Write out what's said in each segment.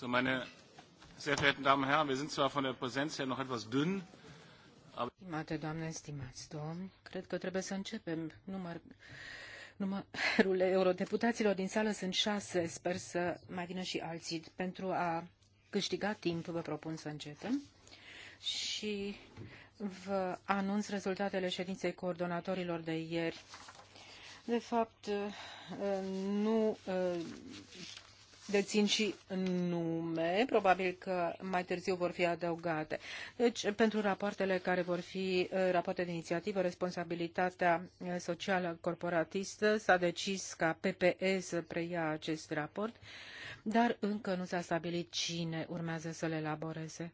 So, meine sehr verehrten Damen und Herren, wir sind zwar von der Präsenz her noch etwas dünn, aber... Stimate doamne, stimați domn, cred că trebuie să începem. Număr, numărul eurodeputaților din sală sunt șase, sper să mai vină și alții. Pentru a câștiga timp, vă propun să începem și vă anunț rezultatele ședinței coordonatorilor de ieri. De fapt, nu dețin și nume, probabil că mai târziu vor fi adăugate. Deci, pentru rapoartele care vor fi eh, rapoarte de inițiativă, responsabilitatea eh, socială corporatistă, s-a decis ca PPE să preia acest raport, dar încă nu s-a stabilit cine urmează să le elaboreze.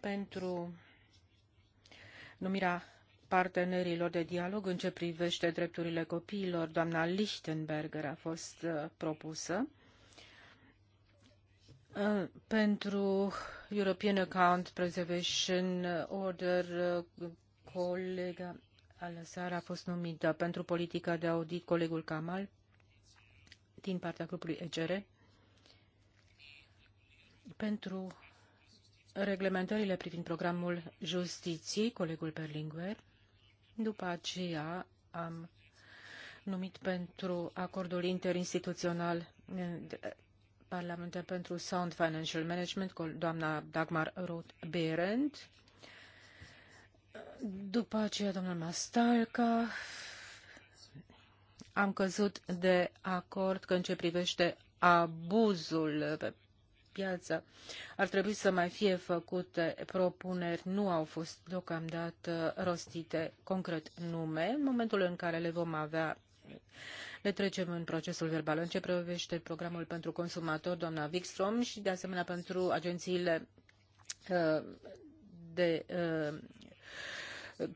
Pentru numirea partenerilor de dialog în ce privește drepturile copiilor. Doamna Lichtenberger a fost uh, propusă uh, pentru European Account Preservation Order. Uh, colega Alăsar a fost numită pentru politica de audit colegul Kamal din partea grupului EGR pentru reglementările privind programul justiției, colegul Berlinguer, după aceea am numit pentru acordul interinstituțional eh, Parlamentul pentru Sound Financial Management cu doamna Dagmar Roth Berend. După aceea, domnul Mastalca, am căzut de acord că în ce privește abuzul pe piață. Ar trebui să mai fie făcute propuneri, nu au fost deocamdată rostite concret nume. În momentul în care le vom avea, le trecem în procesul verbal. În ce privește programul pentru consumator, doamna Wikstrom, și de asemenea pentru agențiile uh, de uh,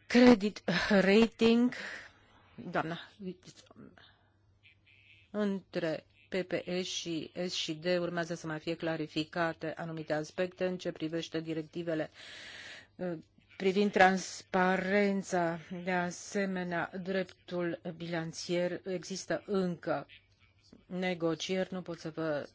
credit rating, doamna Wikstrom, între PPE și S și D urmează să mai fie clarificate anumite aspecte în ce privește directivele uh, privind transparența, de asemenea, dreptul bilanțier, există încă negocieri, nu pot să vă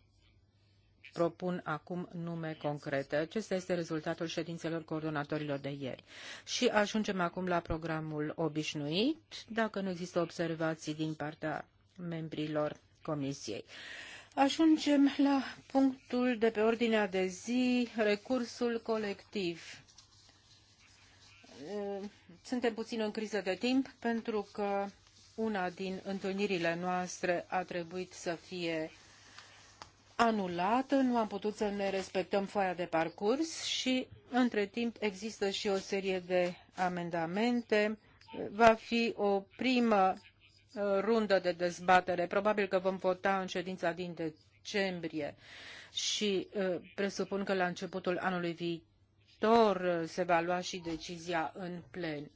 propun acum nume concrete. Acesta este rezultatul ședințelor coordonatorilor de ieri. Și ajungem acum la programul obișnuit. Dacă nu există observații din partea membrilor Comisiei. Ajungem la punctul de pe ordinea de zi, recursul colectiv. Suntem puțin în criză de timp pentru că una din întâlnirile noastre a trebuit să fie anulată, nu am putut să ne respectăm foaia de parcurs și între timp există și o serie de amendamente. Va fi o primă rundă de dezbatere. Probabil că vom vota în ședința din decembrie și uh, presupun că la începutul anului viitor uh, se va lua și decizia în plen.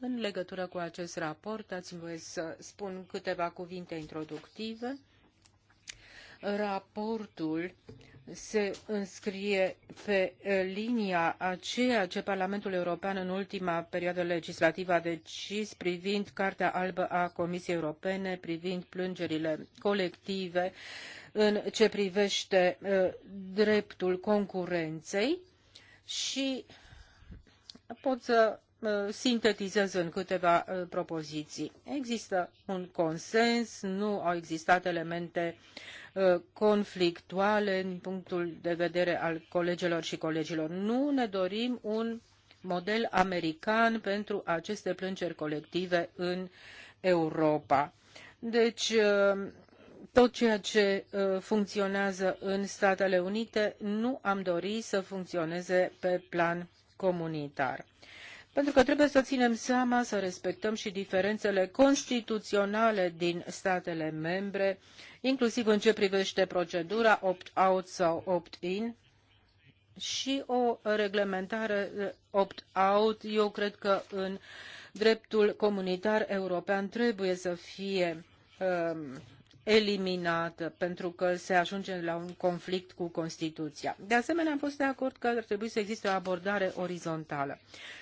În legătură cu acest raport, dați-mi voie să spun câteva cuvinte introductive. Raportul se înscrie pe linia a ceea ce Parlamentul European în ultima perioadă legislativă a decis privind Cartea Albă a Comisiei Europene, privind plângerile colective în ce privește dreptul concurenței și pot să sintetizez în câteva propoziții. Există un consens, nu au existat elemente Uh, conflictuale din punctul de vedere al colegelor și colegilor. Nu ne dorim un model american pentru aceste plângeri colective în Europa. Deci, uh, tot ceea ce uh, funcționează în Statele Unite nu am dori să funcționeze pe plan comunitar pentru că trebuie să ținem seama, să respectăm și diferențele constituționale din statele membre, inclusiv în ce privește procedura opt-out sau opt-in, și o reglementare eh, opt-out, eu cred că în dreptul comunitar european trebuie să fie ehm, eliminată pentru că se ajunge la un conflict cu Constituția. De asemenea, am fost de acord că ar trebui să existe o abordare orizontală.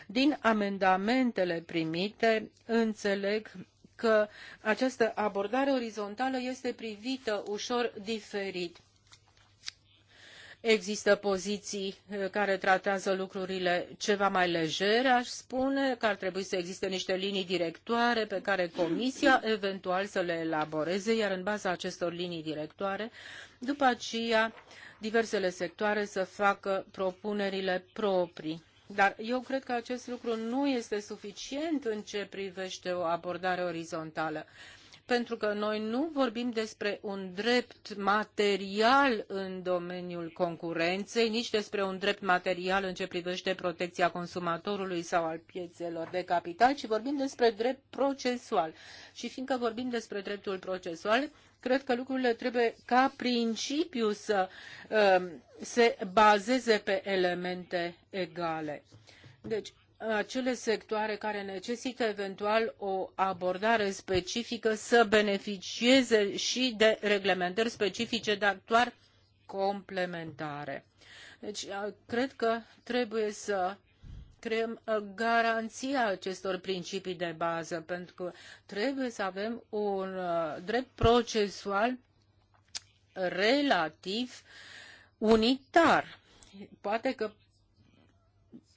Din amendamentele primite, înțeleg că această abordare orizontală este privită ușor diferit Există poziții uh, care tratează lucrurile ceva mai legere, aș spune, că ar trebui să existe niște linii directoare pe care Comisia eventual să le elaboreze, iar în baza acestor linii directoare, după aceea, diversele sectoare să facă propunerile proprii. Dar eu cred că acest lucru nu este suficient în ce privește o abordare orizontală pentru că noi nu vorbim despre un drept material în domeniul concurenței, nici despre un drept material în ce privește protecția consumatorului sau al piețelor de capital, ci vorbim despre drept procesual. Și fiindcă vorbim despre dreptul procesual, cred că lucrurile trebuie ca principiu să um, se bazeze pe elemente egale. Deci, acele sectoare care necesită eventual o abordare specifică să beneficieze și de reglementări specifice, dar doar complementare. Deci, cred că trebuie să creăm garanția acestor principii de bază, pentru că trebuie să avem un drept procesual relativ unitar. Poate că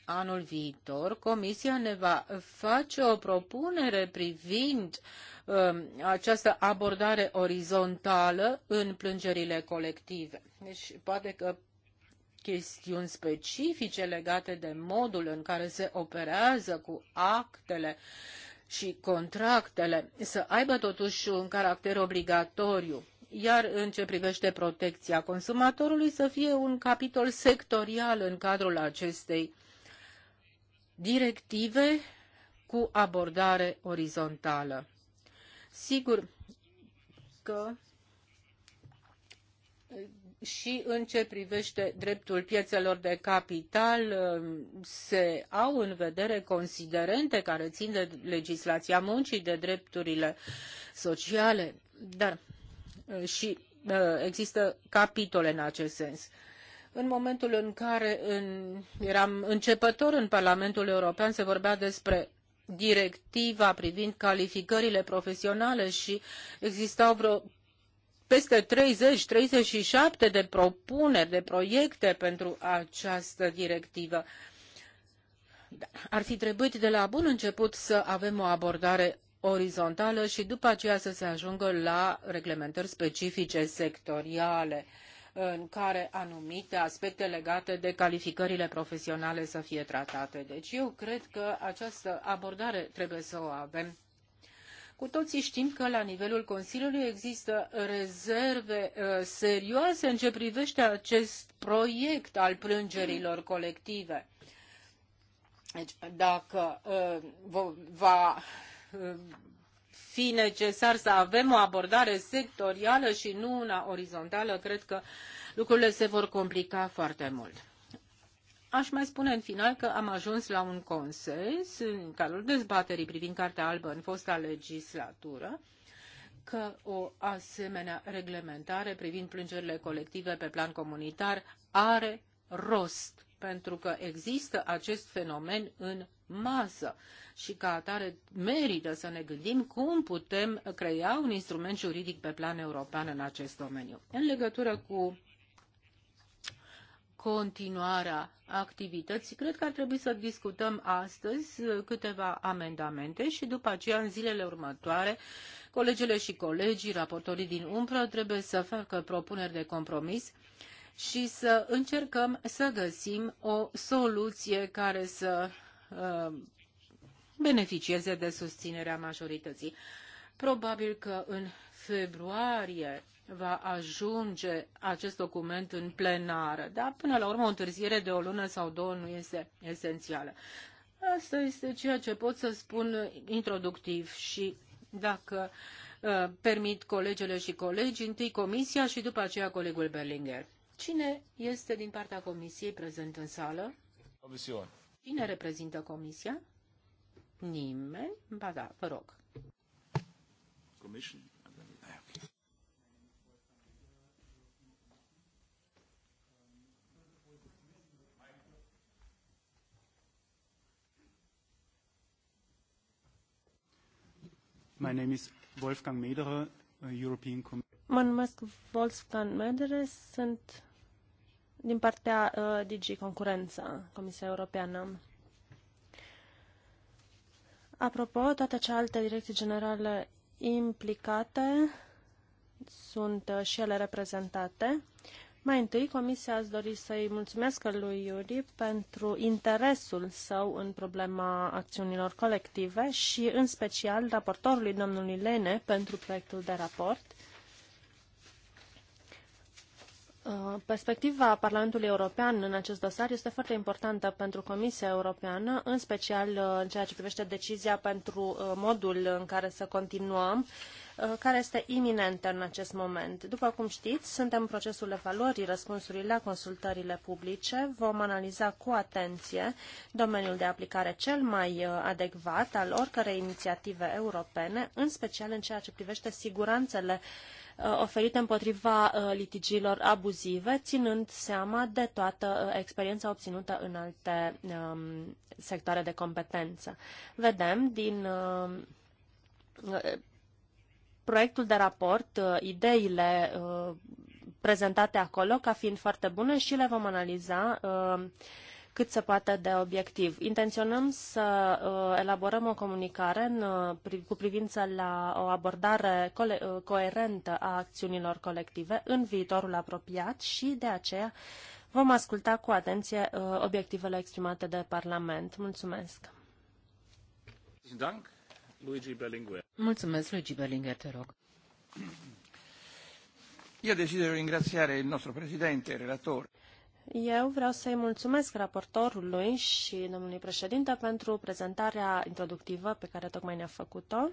anul viitor, Comisia ne va face o propunere privind um, această abordare orizontală în plângerile colective. Deci, poate că chestiuni specifice legate de modul în care se operează cu actele și contractele să aibă totuși un caracter obligatoriu iar în ce privește protecția consumatorului să fie un capitol sectorial în cadrul acestei directive cu abordare orizontală. Sigur că uh, și în ce privește dreptul piețelor de capital uh, se au în vedere considerente care țin de legislația muncii, de drepturile sociale, dar uh, și există capitole în acest sens. În momentul în care în, eram începător în Parlamentul European, se vorbea despre directiva privind calificările profesionale și existau vreo peste 30-37 de propuneri, de proiecte pentru această directivă. Ar fi trebuit de la bun început să avem o abordare orizontală și după aceea să se ajungă la reglementări specifice sectoriale. Uh, în care anumite aspecte legate de calificările profesionale să fie tratate. Deci eu cred că această abordare trebuie să o avem. Cu toții știm că la nivelul Consiliului există rezerve uh, serioase în ce privește acest proiect al plângerilor colective. Deci, dacă uh, va uh, fi necesar să avem o abordare sectorială și nu una orizontală, cred că lucrurile se vor complica foarte mult. Aș mai spune în final că am ajuns la un consens în cadrul dezbaterii privind Cartea Albă în fosta legislatură că o asemenea reglementare privind plângerile colective pe plan comunitar are rost pentru că există acest fenomen în masă și ca atare merită să ne gândim cum putem crea un instrument juridic pe plan european în acest domeniu. În legătură cu continuarea activității. Cred că ar trebui să discutăm astăzi câteva amendamente și după aceea, în zilele următoare, colegele și colegii, raportorii din umbră, trebuie să facă propuneri de compromis și să încercăm să găsim o soluție care să uh, beneficieze de susținerea majorității. Probabil că în februarie va ajunge acest document în plenară, dar până la urmă o întârziere de o lună sau două nu este esențială. Asta este ceea ce pot să spun introductiv și dacă uh, permit colegele și colegii, întâi comisia și după aceea colegul Berlinger. Cine este din partea comisiei prezent în sală? Comision. Cine reprezintă comisia? Nimeni? Ba da, vă rog. Commission. My name is Wolfgang Medere, uh, European Mă numesc Wolfgang Medere, sunt din partea uh, DG Concurență, Comisia Europeană. Apropo, toate cealaltă direcții generale implicate sunt uh, și ele reprezentate. Mai întâi, Comisia ați dori să-i mulțumească lui Iuri pentru interesul său în problema acțiunilor colective și, în special, raportorului domnului Lene pentru proiectul de raport Uh, perspectiva Parlamentului European în acest dosar este foarte importantă pentru Comisia Europeană, în special uh, în ceea ce privește decizia pentru uh, modul în care să continuăm, care este iminentă în acest moment. După cum știți, suntem în procesul evaluării răspunsului la consultările publice. Vom analiza cu atenție domeniul de aplicare cel mai adecvat al oricărei inițiative europene, în special în ceea ce privește siguranțele Uh, oferite împotriva uh, litigiilor abuzive, ținând seama de toată uh, experiența obținută în alte um, sectoare de competență. Vedem din um, proiectul de raport, ideile prezentate acolo ca fiind foarte bune și le vom analiza uh, cât se poate de obiectiv. Intenționăm să uh, elaborăm o comunicare în, uh, cu privință la o abordare uh, coerentă a acțiunilor colective în viitorul apropiat și de aceea vom asculta cu atenție obiectivele exprimate de Parlament. Mulțumesc! Luigi Berlinguer. Mulțumesc, Luigi Berlinguer, te rog. Io desidero ringraziare il nostro Presidente e relatore. Eu vreau să-i mulțumesc raportorului și domnului președinte pentru prezentarea introductivă pe care tocmai ne-a făcut-o.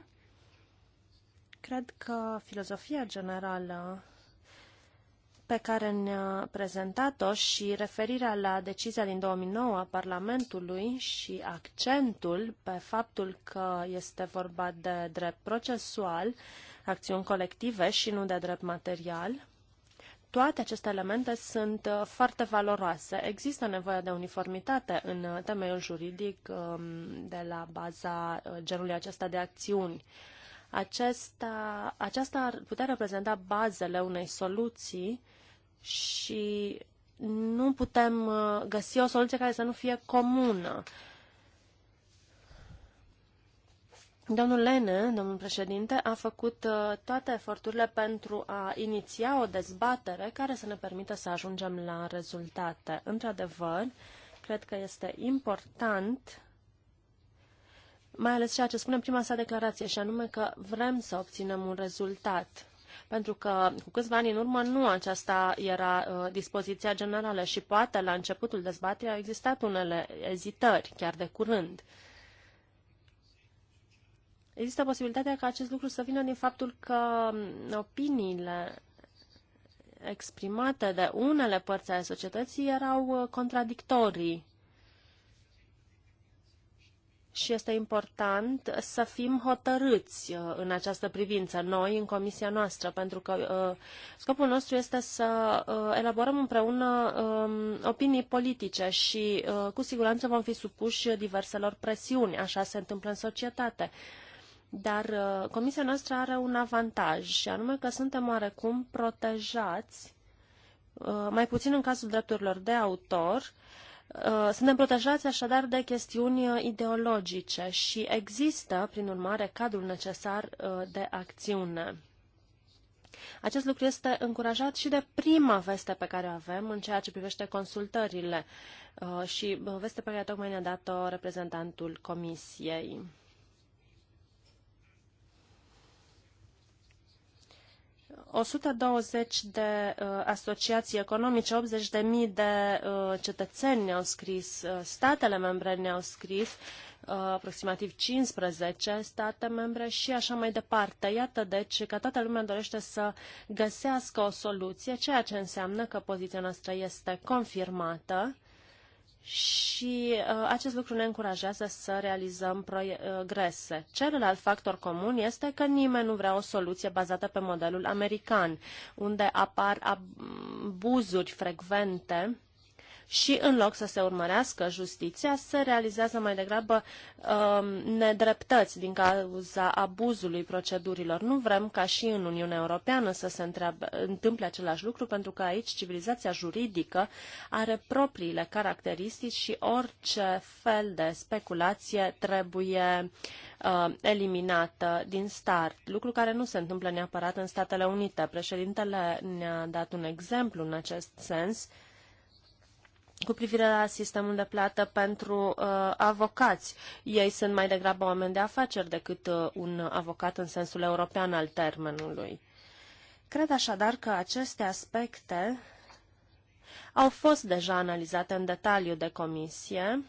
Cred că filozofia generală pe care ne-a prezentat-o și referirea la decizia din 2009 a Parlamentului și accentul pe faptul că este vorba de drept procesual, acțiuni colective și nu de drept material, toate aceste elemente sunt uh, foarte valoroase. Există nevoie de uniformitate în uh, temeiul juridic um, de la baza uh, genului acesta de acțiuni. Acesta, aceasta ar putea reprezenta bazele unei soluții și nu putem găsi o soluție care să nu fie comună. Uh, Domnul Lene, domnul președinte, a făcut uh, toate eforturile pentru a iniția o dezbatere care să ne permită să ajungem la rezultate. Într-adevăr, cred că este important mai ales ceea ce spune prima sa declarație, și anume că vrem să obținem un rezultat. Pentru că cu câțiva ani în urmă nu aceasta era uh, dispoziția generală și poate la începutul dezbaterii au existat unele ezitări, chiar de curând. Uh, Există posibilitatea ca acest lucru să vină din faptul că opiniile exprimate de unele părți ale societății erau uh, contradictorii. Și este important să fim hotărâți uh, în această privință, noi, în comisia noastră, pentru că uh, scopul nostru este să elaborăm împreună um, opinii politice și cu siguranță vom fi supuși diverselor presiuni. Așa se întâmplă în societate. Dar uh, comisia noastră are un avantaj, și anume că suntem oarecum protejați, uh, mai puțin în cazul drepturilor de autor, uh, suntem protejați așadar de chestiuni ideologice și există, prin urmare, cadrul necesar de acțiune. Acest lucru este încurajat și de prima veste pe care o avem în ceea ce privește consultările și veste pe care tocmai ne-a dat-o reprezentantul Comisiei. 120 de uh, asociații economice, 80.000 de mii de uh, cetățeni ne-au scris, uh, statele membre ne-au scris, uh, aproximativ 15 state membre și așa mai departe. Iată deci că toată lumea dorește să găsească o soluție, ceea ce înseamnă că poziția noastră este confirmată și uh, acest lucru ne încurajează să realizăm progrese. Uh, Celălalt factor comun este că nimeni nu vrea o soluție bazată pe modelul american, unde apar abuzuri frecvente și în loc să se urmărească justiția, se realizează mai degrabă um, nedreptăți din cauza abuzului procedurilor. Nu vrem ca și în Uniunea Europeană să se întreabă, întâmple același lucru, pentru că aici civilizația juridică are propriile caracteristici și orice fel de speculație trebuie uh, eliminată din start, lucru care nu se întâmplă neapărat în Statele Unite. Președintele ne-a dat un exemplu în acest sens cu privire la sistemul de plată pentru uh, avocați. Ei sunt mai degrabă oameni de afaceri decât uh, un avocat în sensul european al termenului. Cred așadar că aceste aspecte au fost deja analizate în detaliu de comisie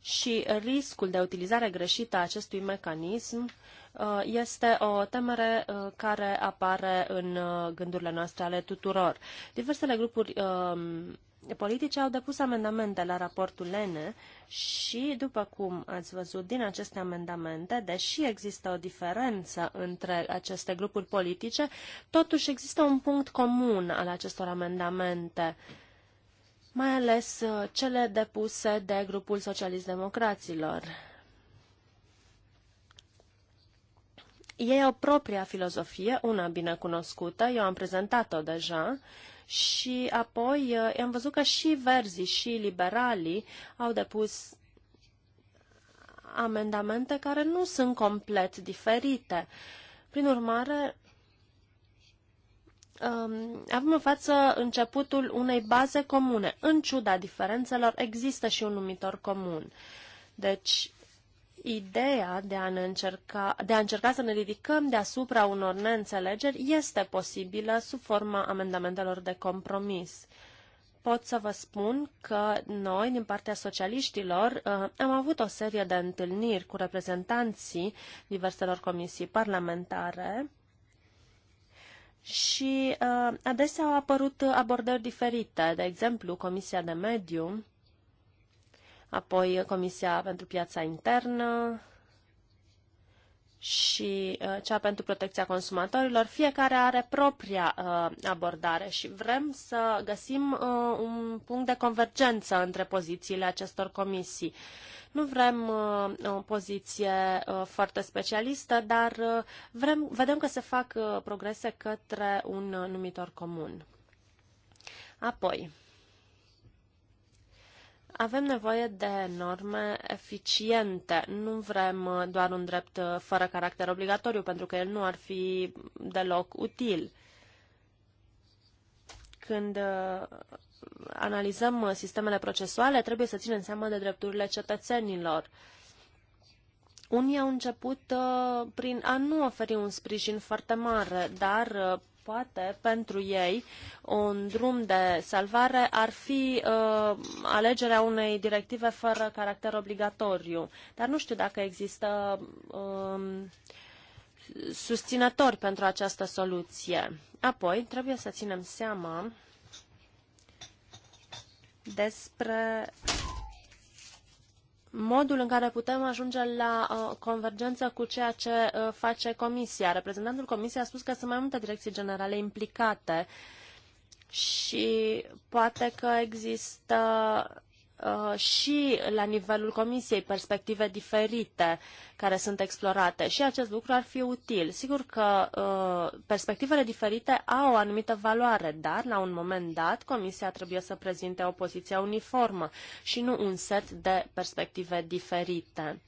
și riscul de utilizare greșită a acestui mecanism uh, Uh, este o temere uh, care apare în uh, gândurile noastre ale tuturor. Diversele grupuri um, politice au depus amendamente la raportul Lene și, după cum ați văzut din aceste amendamente, deși există o diferență între aceste grupuri politice, totuși există un punct comun al acestor amendamente mai ales cele depuse de grupul socialist-democraților. Ei au propria filozofie, una binecunoscută, eu am prezentat-o deja, și apoi uh, am văzut că și verzii și liberalii au depus amendamente care nu sunt complet diferite. Prin urmare, um, avem în față începutul unei baze comune. În ciuda diferențelor, există și un numitor comun. Deci, ideea de a, ne încerca, de a încerca să ne ridicăm deasupra unor neînțelegeri este posibilă sub forma amendamentelor de compromis. Pot să vă spun că noi, din partea socialiștilor, uh, am avut o serie de întâlniri cu reprezentanții diverselor comisii parlamentare și uh, adesea au apărut abordări diferite. De exemplu, Comisia de Mediu apoi uh, Comisia pentru Piața Internă și uh, cea pentru protecția consumatorilor. Fiecare are propria uh, abordare și vrem să găsim un punct de convergență între pozițiile acestor comisii. Nu vrem o poziție foarte specialistă, dar vrem, vedem că se fac progrese către un numitor comun. Apoi, avem nevoie de norme eficiente. Nu vrem uh, doar un drept uh, fără caracter obligatoriu, pentru că el nu ar fi deloc util. Când uh, analizăm sistemele procesuale, trebuie să ținem seama de drepturile cetățenilor. Unii au început prin a nu oferi un sprijin foarte mare, dar poate pentru ei un drum de salvare ar fi uh, alegerea unei directive fără caracter obligatoriu. Dar nu știu dacă există uh, susținători pentru această soluție. Apoi, trebuie să ținem seama despre modul în care putem ajunge la uh, convergență cu ceea ce uh, face Comisia. Reprezentantul Comisiei a spus că sunt mai multe direcții generale implicate și poate că există Uh, și la nivelul comisiei perspective diferite care sunt explorate și acest lucru ar fi util. Sigur că uh, perspectivele diferite au o anumită valoare, dar la un moment dat comisia trebuie să prezinte o poziție uniformă și nu un set de perspective diferite.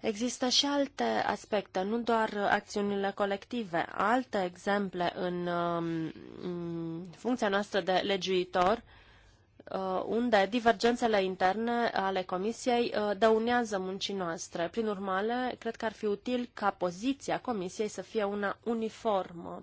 Există și alte aspecte, nu doar acțiunile colective. Alte exemple în um, funcția noastră de legiuitor uh, Uh, unde divergențele interne ale Comisiei uh, dăunează muncii noastre. Prin urmare, cred că ar fi util ca poziția Comisiei să fie una uniformă.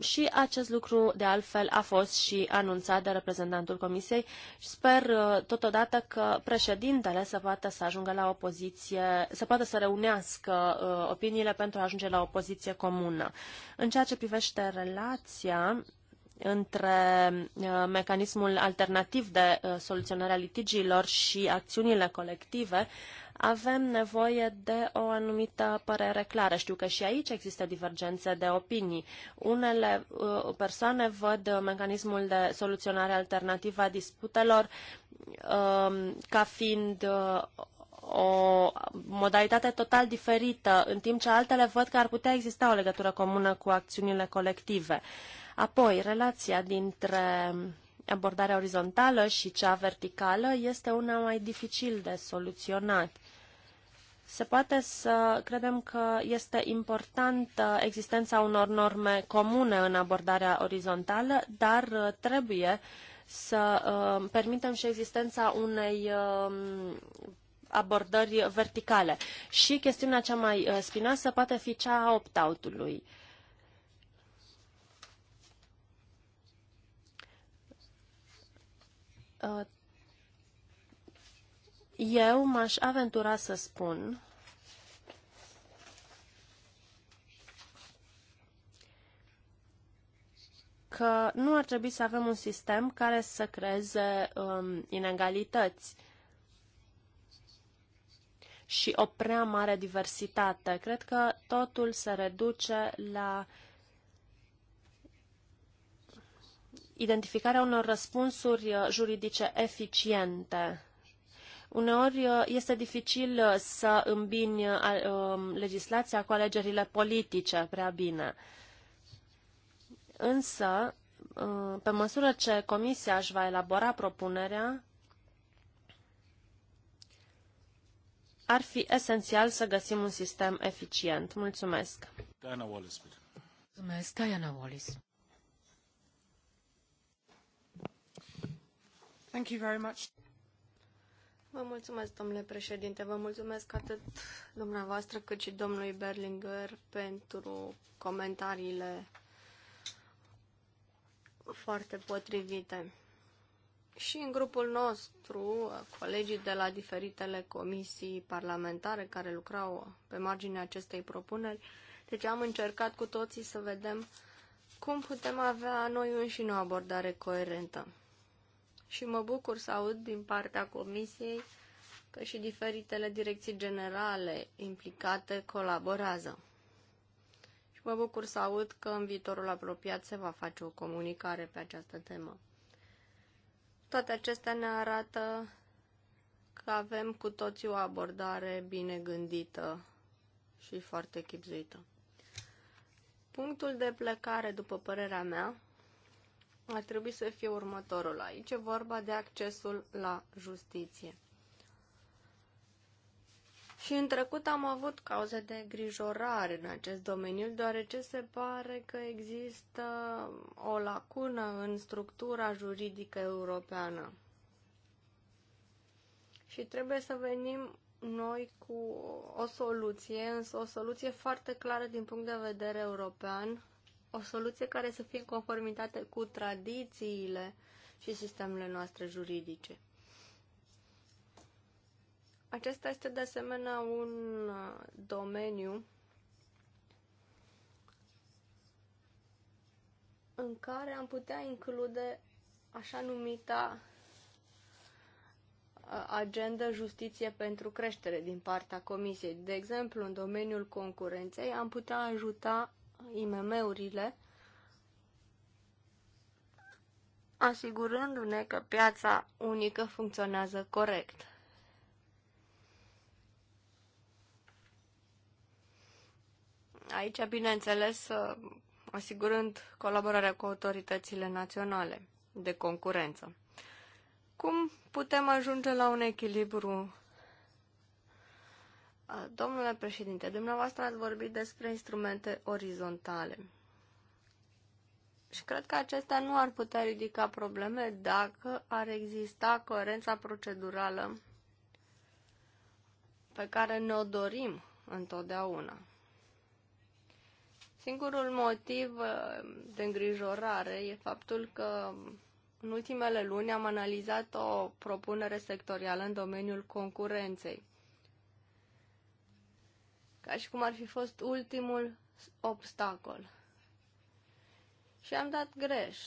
Și acest lucru, de altfel, a fost și anunțat de reprezentantul Comisiei și sper uh, totodată că președintele să poată să ajungă la o poziție, să poată să reunească opiniile pentru a ajunge la o poziție comună. În ceea ce privește relația între uh, mecanismul alternativ de uh, soluționare a litigiilor și acțiunile colective, avem nevoie de o anumită părere clară. Știu că și aici există divergențe de opinii. Unele uh, persoane văd mecanismul de soluționare alternativă a disputelor um, ca fiind o modalitate total diferită, în timp ce altele văd că ar putea exista o legătură comună cu acțiunile colective. Uh, Apoi, relația dintre abordarea orizontală și cea verticală este una mai dificil de soluționat. Se poate să credem că este importantă existența unor norme comune în abordarea orizontală, dar uh, trebuie să uh, permitem și existența unei um, abordări verticale. Și chestiunea cea mai uh, spinoasă poate fi cea a opt-out-ului. Uh, eu m-aș aventura să spun că nu ar trebui să avem un sistem care să creeze um, inegalități și o prea mare diversitate. Cred că totul se reduce la uh, identificarea unor răspunsuri uh, juridice eficiente. Uneori uh, este dificil uh, să îmbini um, legislația cu alegerile politice prea bine. Însă, pe măsură ce Comisia își va elabora propunerea, ar fi esențial să găsim un sistem eficient. Mulțumesc! Diana Wallace, Mulțumesc, Diana Wallis. Vă mulțumesc, domnule președinte, vă mulțumesc atât dumneavoastră cât și domnului Berlinger pentru comentariile foarte potrivite. Și în grupul nostru, colegii de la diferitele comisii parlamentare care lucrau pe marginea acestei propuneri, deci am încercat cu toții să vedem cum putem avea noi înșine o abordare coerentă și mă bucur să aud din partea Comisiei că și diferitele direcții generale implicate colaborează. Și mă bucur să aud că în viitorul apropiat se va face o comunicare pe această temă. Toate acestea ne arată că avem cu toții o abordare bine gândită și foarte chipzuită. Punctul de plecare, după părerea mea, ar trebui să fie următorul. Aici e vorba de accesul la justiție. Și în trecut am avut cauze de grijorare în acest domeniu, deoarece se pare că există o lacună în structura juridică europeană. Și trebuie să venim noi cu o soluție, însă o soluție foarte clară din punct de vedere european, o soluție care să fie în conformitate cu tradițiile și sistemele noastre juridice. Acesta este de asemenea un uh, domeniu în care am putea include așa numita uh, agenda justiție pentru creștere din partea Comisiei. De exemplu, în domeniul concurenței am putea ajuta IMM-urile, asigurându-ne că piața unică funcționează corect. Aici, bineînțeles, asigurând colaborarea cu autoritățile naționale de concurență. Cum putem ajunge la un echilibru Domnule președinte, dumneavoastră ați vorbit despre instrumente orizontale. Și cred că acestea nu ar putea ridica probleme dacă ar exista coerența procedurală pe care ne-o dorim întotdeauna. Singurul motiv de îngrijorare e faptul că în ultimele luni am analizat o propunere sectorială în domeniul concurenței ca și cum ar fi fost ultimul obstacol. Și am dat greș.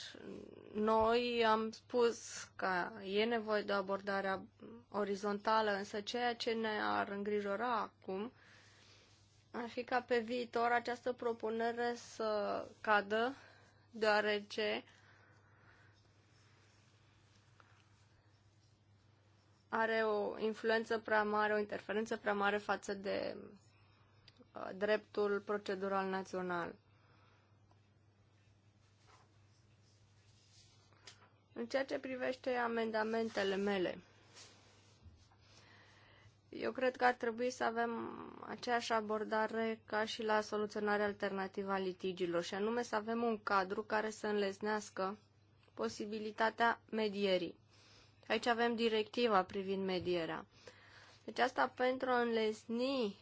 Noi am spus că e nevoie de o abordare orizontală, însă ceea ce ne ar îngrijora acum ar fi ca pe viitor această propunere să cadă, deoarece are o influență prea mare, o interferență prea mare față de dreptul procedural național. În ceea ce privește amendamentele mele, eu cred că ar trebui să avem aceeași abordare ca și la soluționarea alternativă a litigilor, și anume să avem un cadru care să înlesnească posibilitatea medierii. Aici avem directiva privind medierea. Deci asta pentru a înlesni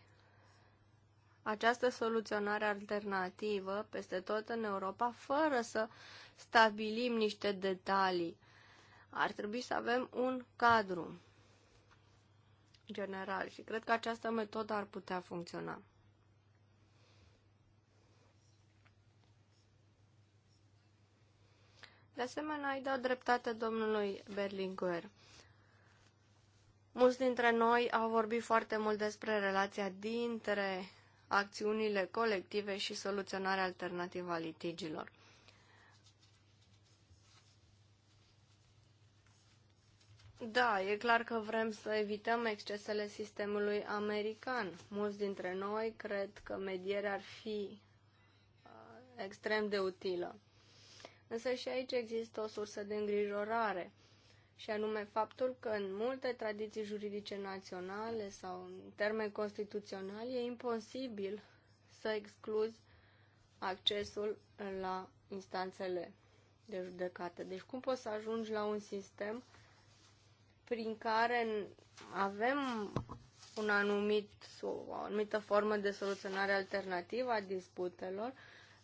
această soluționare alternativă peste tot în Europa, fără să stabilim niște detalii. Ar trebui să avem un cadru general și cred că această metodă ar putea funcționa. De asemenea, îi dau dreptate domnului Berlinguer. Mulți dintre noi au vorbit foarte mult despre relația dintre acțiunile colective și soluționarea alternativă a litigilor. Da, e clar că vrem să evităm excesele sistemului american. Mulți dintre noi cred că medierea ar fi uh, extrem de utilă. Însă și aici există o sursă de îngrijorare – și anume faptul că în multe tradiții juridice naționale sau în termeni constituționali e imposibil să excluzi accesul la instanțele de judecată. Deci cum poți să ajungi la un sistem prin care avem un anumit, o anumită formă de soluționare alternativă a disputelor,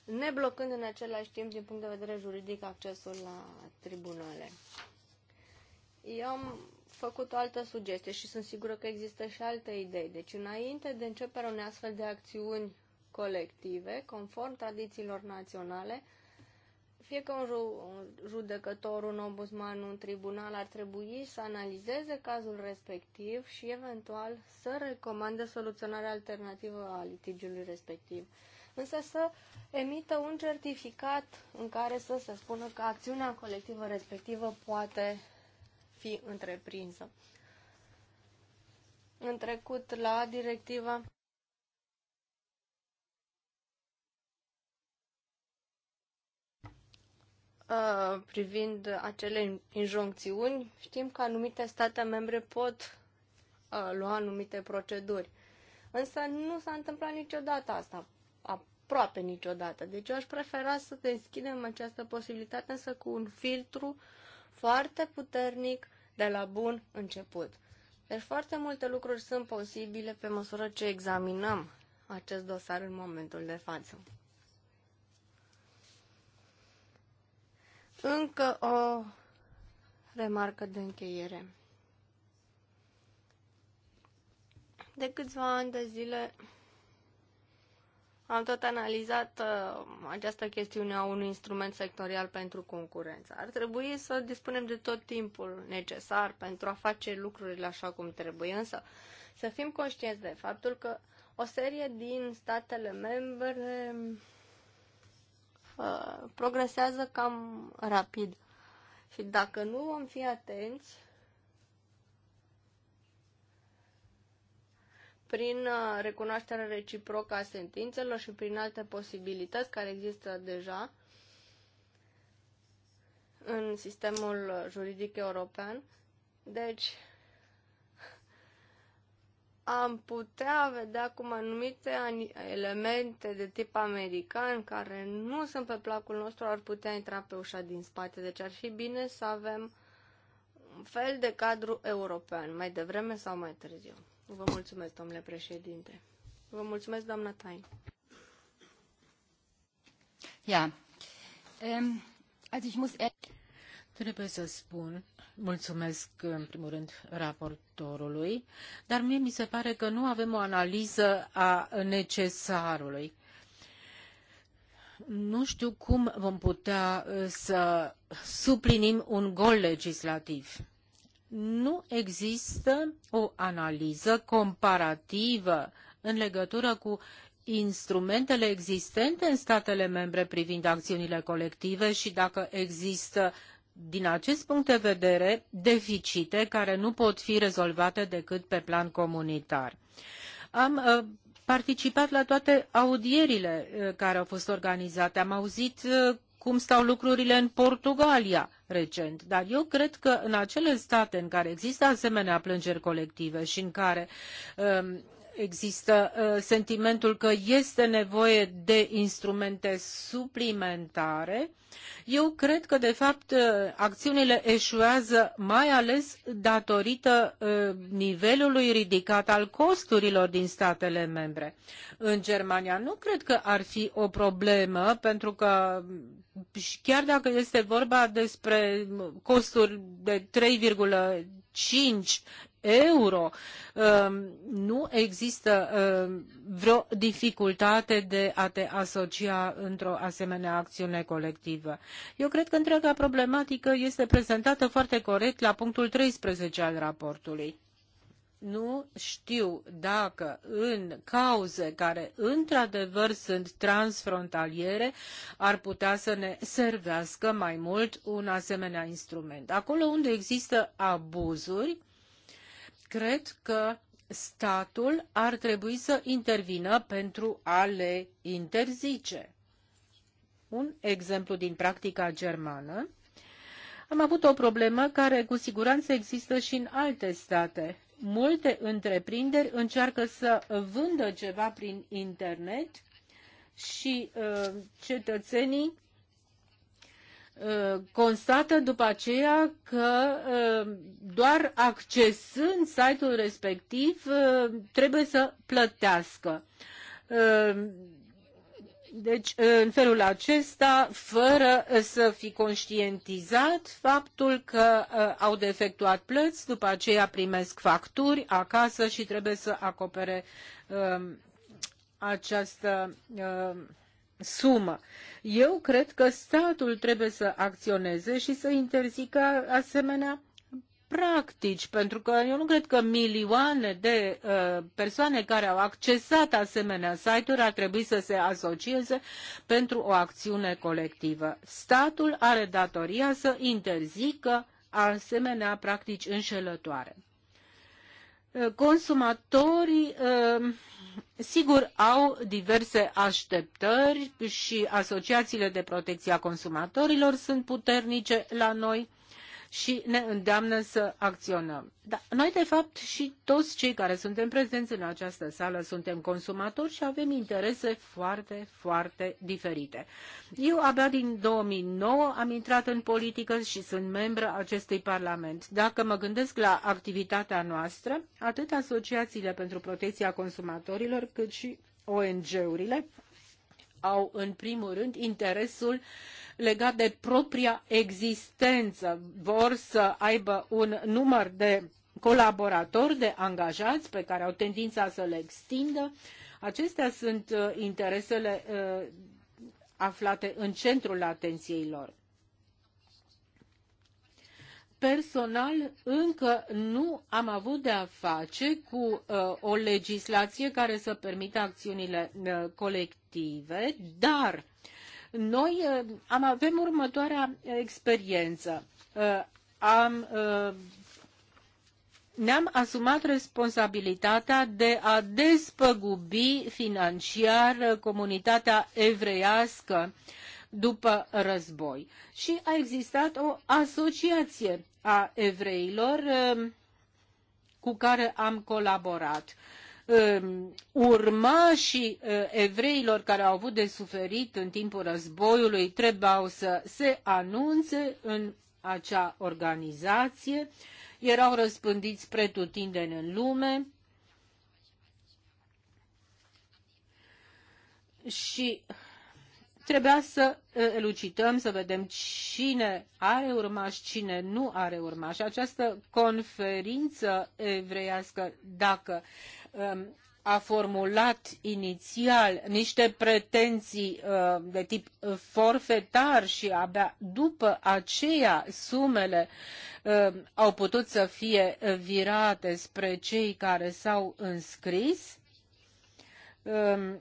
ne blocând în același timp, din punct de vedere juridic, accesul la tribunale. Eu am făcut o altă sugestie și sunt sigură că există și alte idei. Deci, înainte de începerea unei astfel de acțiuni colective, conform tradițiilor naționale, fie că un, judecător, un ombudsman, un tribunal ar trebui să analizeze cazul respectiv și eventual să recomande soluționarea alternativă a litigiului respectiv. Însă să emită un certificat în care să se spună că acțiunea colectivă respectivă poate fi întreprinsă. În trecut, la directiva privind acele injuncțiuni, știm că anumite state membre pot lua anumite proceduri. Însă nu s-a întâmplat niciodată asta, aproape niciodată. Deci eu aș prefera să deschidem această posibilitate, însă cu un filtru uh, foarte puternic de la bun început. Deci foarte multe lucruri sunt posibile pe măsură ce examinăm acest dosar în momentul de față. Încă o remarcă de încheiere. De câțiva ani de zile am tot analizat uh, această chestiune a unui instrument sectorial pentru concurență. Ar trebui să dispunem de tot timpul necesar pentru a face lucrurile așa cum trebuie, însă să fim conștienți de faptul că o serie din statele membre uh, progresează cam rapid. Și dacă nu vom fi atenți, prin uh, recunoașterea reciprocă a sentințelor și prin alte posibilități care există deja în sistemul juridic european. Deci, am putea vedea cum anumite elemente de tip american care nu sunt pe placul nostru ar putea intra pe ușa din spate. Deci ar fi bine să avem un fel de cadru european, mai devreme sau mai târziu. Vă mulțumesc, domnule președinte. Vă mulțumesc, doamna Tain. Ja. Um, Trebuie să spun, mulțumesc în primul rând raportorului, dar mie mi se pare că nu avem o analiză a necesarului. Nu știu cum vom putea uh, să suplinim un gol legislativ nu există o analiză comparativă în legătură cu instrumentele existente în statele membre privind acțiunile colective și dacă există din acest punct de vedere deficite care nu pot fi rezolvate decât pe plan comunitar. Am uh, participat la toate audierile uh, care au fost organizate, am auzit uh, cum stau lucrurile în Portugalia recent, dar eu cred că în acele state în care există asemenea plângeri colective și în care uh, există ă, sentimentul că este nevoie de instrumente suplimentare. Eu cred că, de fapt, ă, acțiunile eșuează mai ales datorită ă, nivelului ridicat al costurilor din statele membre. În Germania nu cred că ar fi o problemă, pentru că chiar dacă este vorba despre costuri de 3,5 euro. Ehm, nu există ehm, vreo dificultate de a te asocia într-o asemenea acțiune colectivă. Eu cred că întreaga problematică este prezentată foarte corect la punctul 13 al raportului nu știu dacă în cauze care într-adevăr sunt transfrontaliere ar putea să ne servească mai mult un asemenea instrument. Acolo unde există abuzuri, cred că statul ar trebui să intervină pentru a le interzice. Un exemplu din practica germană. Am avut o problemă care cu siguranță există și în alte state. Multe întreprinderi încearcă să vândă ceva prin internet și uh, cetățenii Uh, constată după aceea că uh, doar accesând site-ul respectiv uh, trebuie să plătească. Deci, în felul acesta, fără să fi conștientizat faptul că au defectuat plăți, după aceea primesc facturi acasă și trebuie să acopere această sumă. Eu cred că statul trebuie să acționeze și să interzică asemenea practici, pentru că eu nu cred că milioane de uh, persoane care au accesat asemenea site-uri ar trebui să se asocieze pentru o acțiune colectivă. Statul are datoria să interzică asemenea practici înșelătoare. Uh, consumatorii uh, Sigur, au diverse așteptări și asociațiile de protecție a consumatorilor sunt puternice la noi și ne îndeamnă să acționăm. Dar noi, de fapt, și toți cei care suntem prezenți în această sală suntem consumatori și avem interese foarte, foarte diferite. Eu abia din 2009 am intrat în politică și sunt membră acestui Parlament. Dacă mă gândesc la activitatea noastră, atât asociațiile pentru protecția consumatorilor cât și ONG-urile au în primul rând interesul legat de propria existență. Vor să aibă un număr de colaboratori, de angajați pe care au tendința să le extindă. Acestea sunt uh, interesele uh, aflate în centrul atenției lor personal încă nu am avut de a face cu uh, o legislație care să permită acțiunile uh, colective, dar noi uh, am, avem următoarea experiență. Uh, am, uh, ne-am asumat responsabilitatea de a despăgubi financiar uh, comunitatea evreiască uh, după război. Și a existat o asociație a evreilor um, cu care am colaborat um, urmașii uh, evreilor care au avut de suferit în timpul războiului trebuiau să se anunțe în acea organizație, erau răspândiți pretutindeni în lume și uh, Trebuia să elucidăm, să vedem cine are urmași, cine nu are urmași. Această conferință evreiască, dacă um, a formulat inițial niște pretenții uh, de tip forfetar și abia după aceea sumele um, au putut să fie virate spre cei care s-au înscris. Um,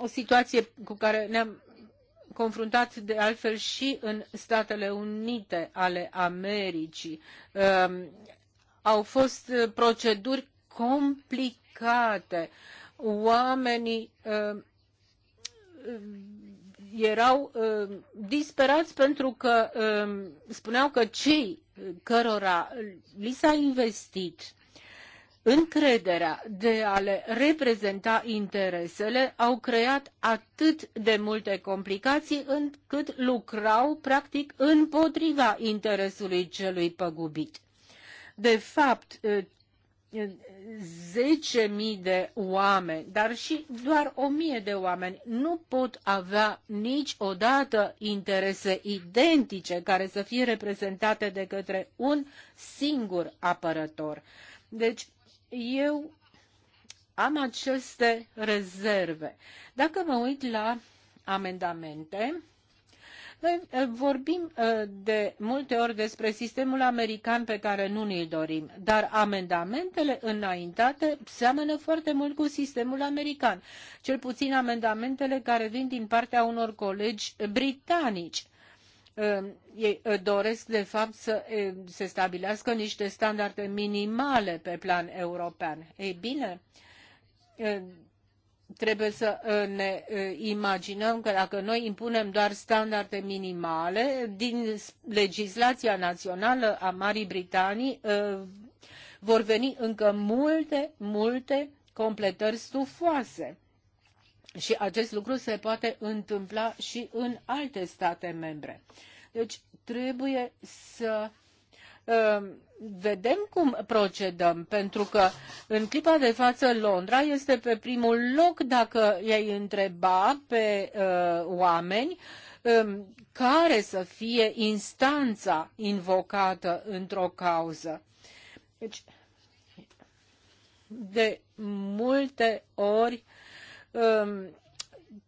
o situație cu care ne-am confruntat de altfel și în Statele Unite ale Americii. Um, au fost uh, proceduri complicate. Oamenii um, erau um, disperați pentru că spuneau că cei cărora li s-a investit încrederea de a le reprezenta interesele au creat atât de multe complicații încât lucrau practic împotriva interesului celui păgubit. De fapt, 10.000 ă, ă, de oameni, dar și doar 1.000 de oameni nu pot avea niciodată interese identice care să fie reprezentate de către un singur apărător. Deci, eu am aceste rezerve. Dacă mă uit la amendamente, noi eh, vorbim eh, de multe ori despre sistemul american pe care nu ne-l dorim, dar amendamentele înaintate seamănă foarte mult cu sistemul american, cel puțin amendamentele care vin din partea unor colegi britanici doresc de fapt să se stabilească niște standarde minimale pe plan european. Ei bine, trebuie să ne imaginăm că dacă noi impunem doar standarde minimale din legislația națională a Marii Britanii vor veni încă multe, multe completări stufoase și acest lucru se poate întâmpla și în alte state membre. Deci trebuie să um, vedem cum procedăm, pentru că în clipa de față Londra este pe primul loc dacă ei întreba pe uh, oameni um, care să fie instanța invocată într-o cauză. Deci, de multe ori uh, Ehm,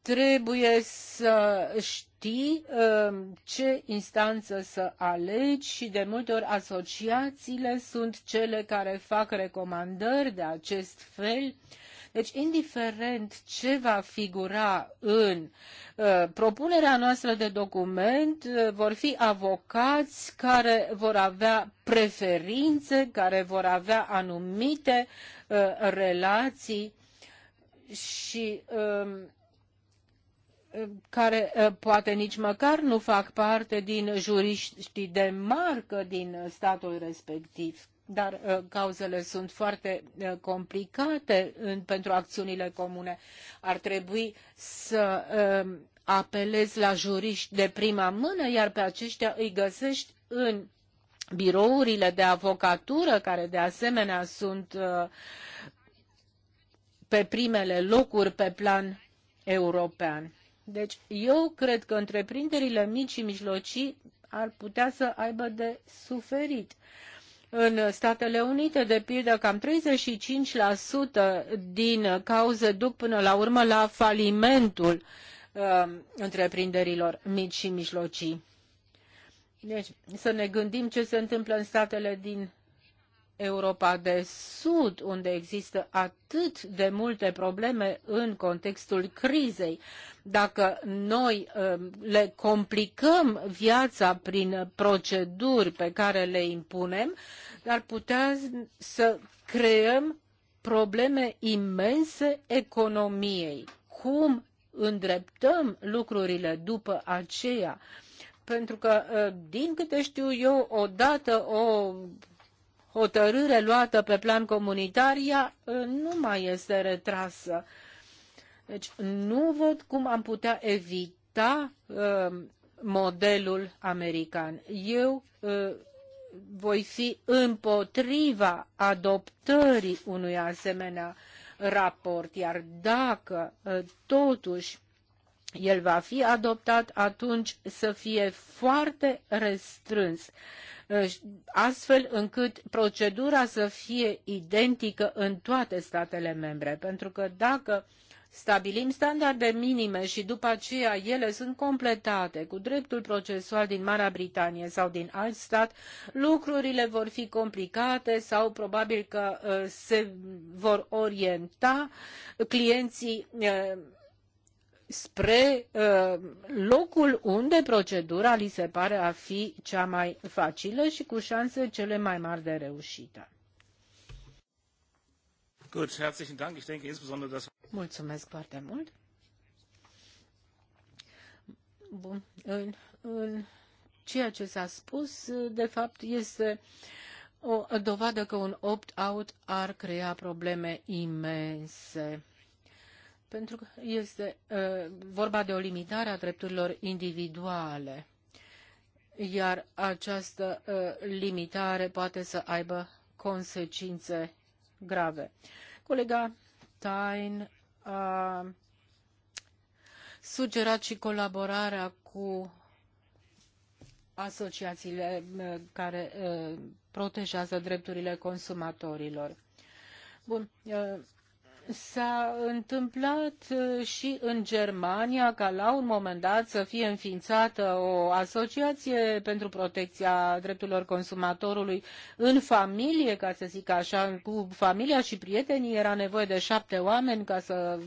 trebuie să știi ehm, ce instanță să alegi și de multe ori asociațiile sunt cele care fac recomandări de acest fel. Deci, indiferent ce va figura în uh, propunerea noastră de document, uh, vor fi avocați care vor avea preferințe, care vor avea anumite uh, relații și um, care uh, poate nici măcar nu fac parte din juriștii de marcă din statul respectiv. Dar uh, cauzele sunt foarte uh, complicate pentru acțiunile comune. Ar trebui să um, apelezi la juriști de prima mână, iar pe aceștia îi găsești în birourile de avocatură, care de asemenea sunt pe primele locuri pe plan european. Deci eu cred că întreprinderile mici și mijlocii ar putea să aibă de suferit. În Statele Unite, de pildă, cam 35% din cauze duc până la urmă la falimentul uh, întreprinderilor mici și mijlocii. Deci să ne gândim ce se întâmplă în statele din Europa de Sud, unde există atât de multe probleme în contextul crizei. Dacă noi um, le complicăm viața prin proceduri pe care le impunem, ar putea să creăm probleme imense economiei. Cum îndreptăm lucrurile după aceea? pentru că, uh, din câte știu eu, odată o hotărâre luată pe plan comunitar, ea uh, nu mai este retrasă. Deci nu văd cum am putea evita uh, modelul american. Eu uh, voi fi împotriva adoptării unui asemenea raport, iar dacă uh, totuși el va fi adoptat, atunci să fie foarte restrâns, uh, astfel încât procedura să fie identică în toate statele membre. Pentru că dacă stabilim standarde minime și după aceea ele sunt completate cu dreptul procesual din Marea Britanie sau din alt stat, lucrurile vor fi complicate sau probabil că uh, se vor orienta clienții uh, spre uh, locul unde procedura li se pare a fi cea mai facilă și cu șanse cele mai mari de reușită. Mulțumesc foarte mult. Bun. În, în ceea ce s-a spus, de fapt, este o dovadă că un opt-out ar crea probleme imense pentru că este uh, vorba de o limitare a drepturilor individuale, iar această uh, limitare poate să aibă consecințe grave. Colega Tain a sugerat și colaborarea cu asociațiile care protejează drepturile consumatorilor. Bun, S-a întâmplat uh, și în Germania ca la un moment dat să fie înființată o asociație pentru protecția drepturilor consumatorului în familie, ca să zic așa, cu familia și prietenii. Era nevoie de șapte oameni ca să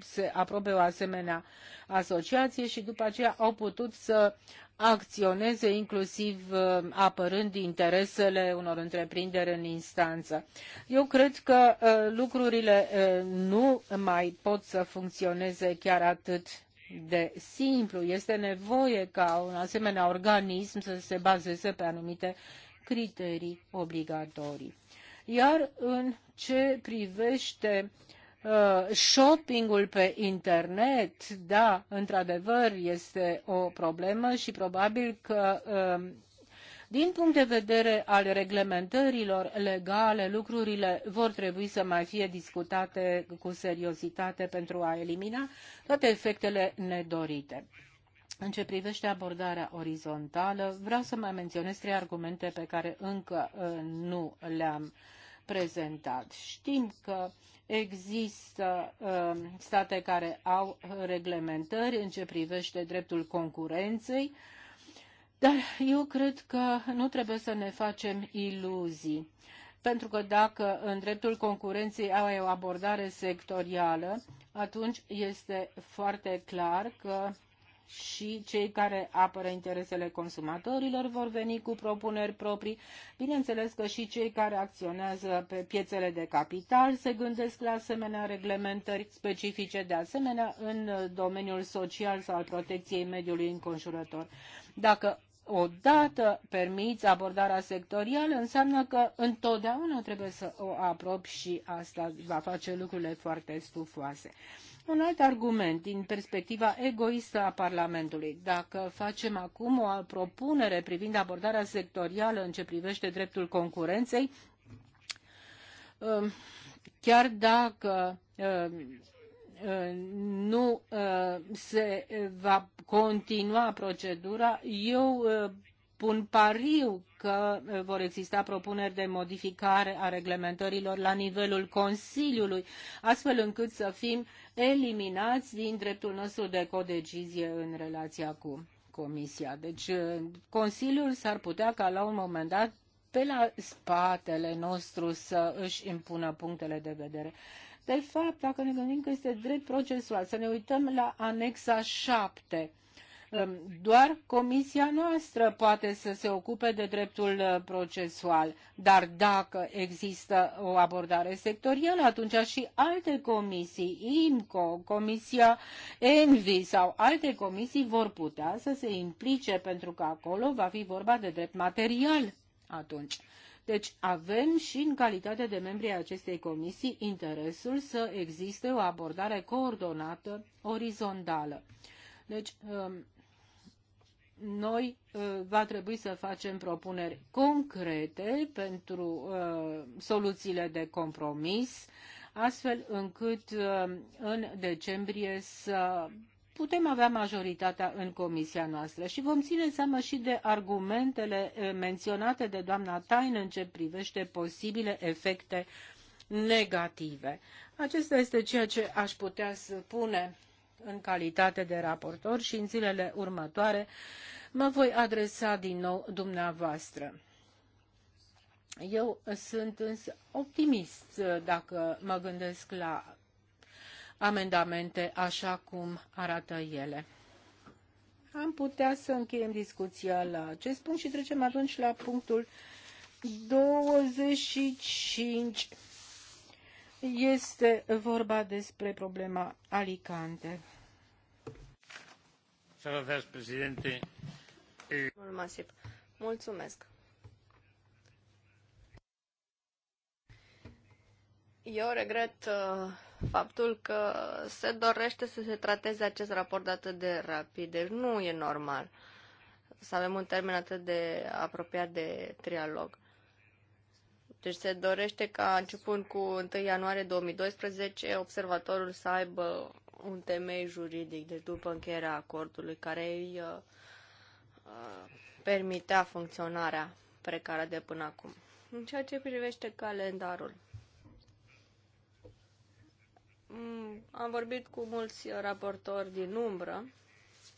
se aprobe o asemenea asociație și după aceea au putut să acționeze inclusiv uh, apărând interesele unor întreprinderi în instanță. Eu cred că uh, lucrurile uh, nu mai pot să funcționeze chiar atât de simplu. Este nevoie ca un asemenea organism să se bazeze pe anumite criterii obligatorii. Iar în ce privește uh, Uh, shoppingul pe internet, da, într-adevăr, este o problemă și probabil că uh, din punct de vedere al reglementărilor legale, lucrurile vor trebui să mai fie discutate cu seriozitate pentru a elimina toate efectele nedorite. În ce privește abordarea orizontală, vreau să mai menționez trei argumente pe care încă uh, nu le-am prezentat. Știm că Există um, state care au reglementări în ce privește dreptul concurenței, dar eu cred că nu trebuie să ne facem iluzii. Pentru că dacă în dreptul concurenței au o abordare sectorială, atunci este foarte clar că și cei care apără interesele consumatorilor vor veni cu propuneri proprii. Bineînțeles că și cei care acționează pe piețele de capital se gândesc la asemenea reglementări specifice, de asemenea în domeniul social sau al protecției mediului înconjurător. Dacă odată permiți abordarea sectorială, înseamnă că întotdeauna trebuie să o aprobi și asta va face lucrurile foarte stufoase. Un alt argument din perspectiva egoistă a Parlamentului. Dacă facem acum o propunere privind abordarea sectorială în ce privește dreptul concurenței, um, chiar dacă um, uh, nu uh, se va continua procedura, eu uh, pun pariu că vor exista propuneri de modificare a reglementărilor la nivelul Consiliului, astfel încât să fim eliminați din dreptul nostru de codecizie în relația cu Comisia. Deci Consiliul s-ar putea ca la un moment dat pe la spatele nostru să își impună punctele de vedere. De fapt, dacă ne gândim că este drept procesual, să ne uităm la anexa 7 Ehm, doar comisia noastră poate să se ocupe de dreptul uh, procesual, dar dacă există o abordare sectorială, atunci și alte comisii, IMCO, Comisia ENVI sau alte comisii vor putea să se implice pentru că acolo va fi vorba de drept material atunci. Deci avem și în calitate de membri ai acestei comisii interesul să existe o abordare coordonată, orizontală. Deci ehm, noi uh, va trebui să facem propuneri concrete pentru uh, soluțiile de compromis, astfel încât uh, în decembrie să putem avea majoritatea în comisia noastră și vom ține seama și de argumentele menționate de doamna Tain în ce privește posibile efecte negative. Acesta este ceea ce aș putea spune în calitate de raportor și în zilele următoare mă voi adresa din nou dumneavoastră. Eu sunt însă optimist dacă mă gândesc la amendamente așa cum arată ele. Am putea să încheiem discuția la acest punct și trecem atunci la punctul 25 este vorba despre problema Alicante. Eh, mulțumesc. Eu regret uh, faptul că se dorește să se trateze acest raport atât de rapid. Deci nu e normal să avem un termen atât de apropiat de trialog. Deci se dorește ca începând cu 1 ianuarie 2012 observatorul să aibă un temei juridic, deci după încheierea acordului care îi uh, uh permitea funcționarea precară de până acum. În ceea ce privește calendarul, mm, am vorbit cu mulți raportori din umbră și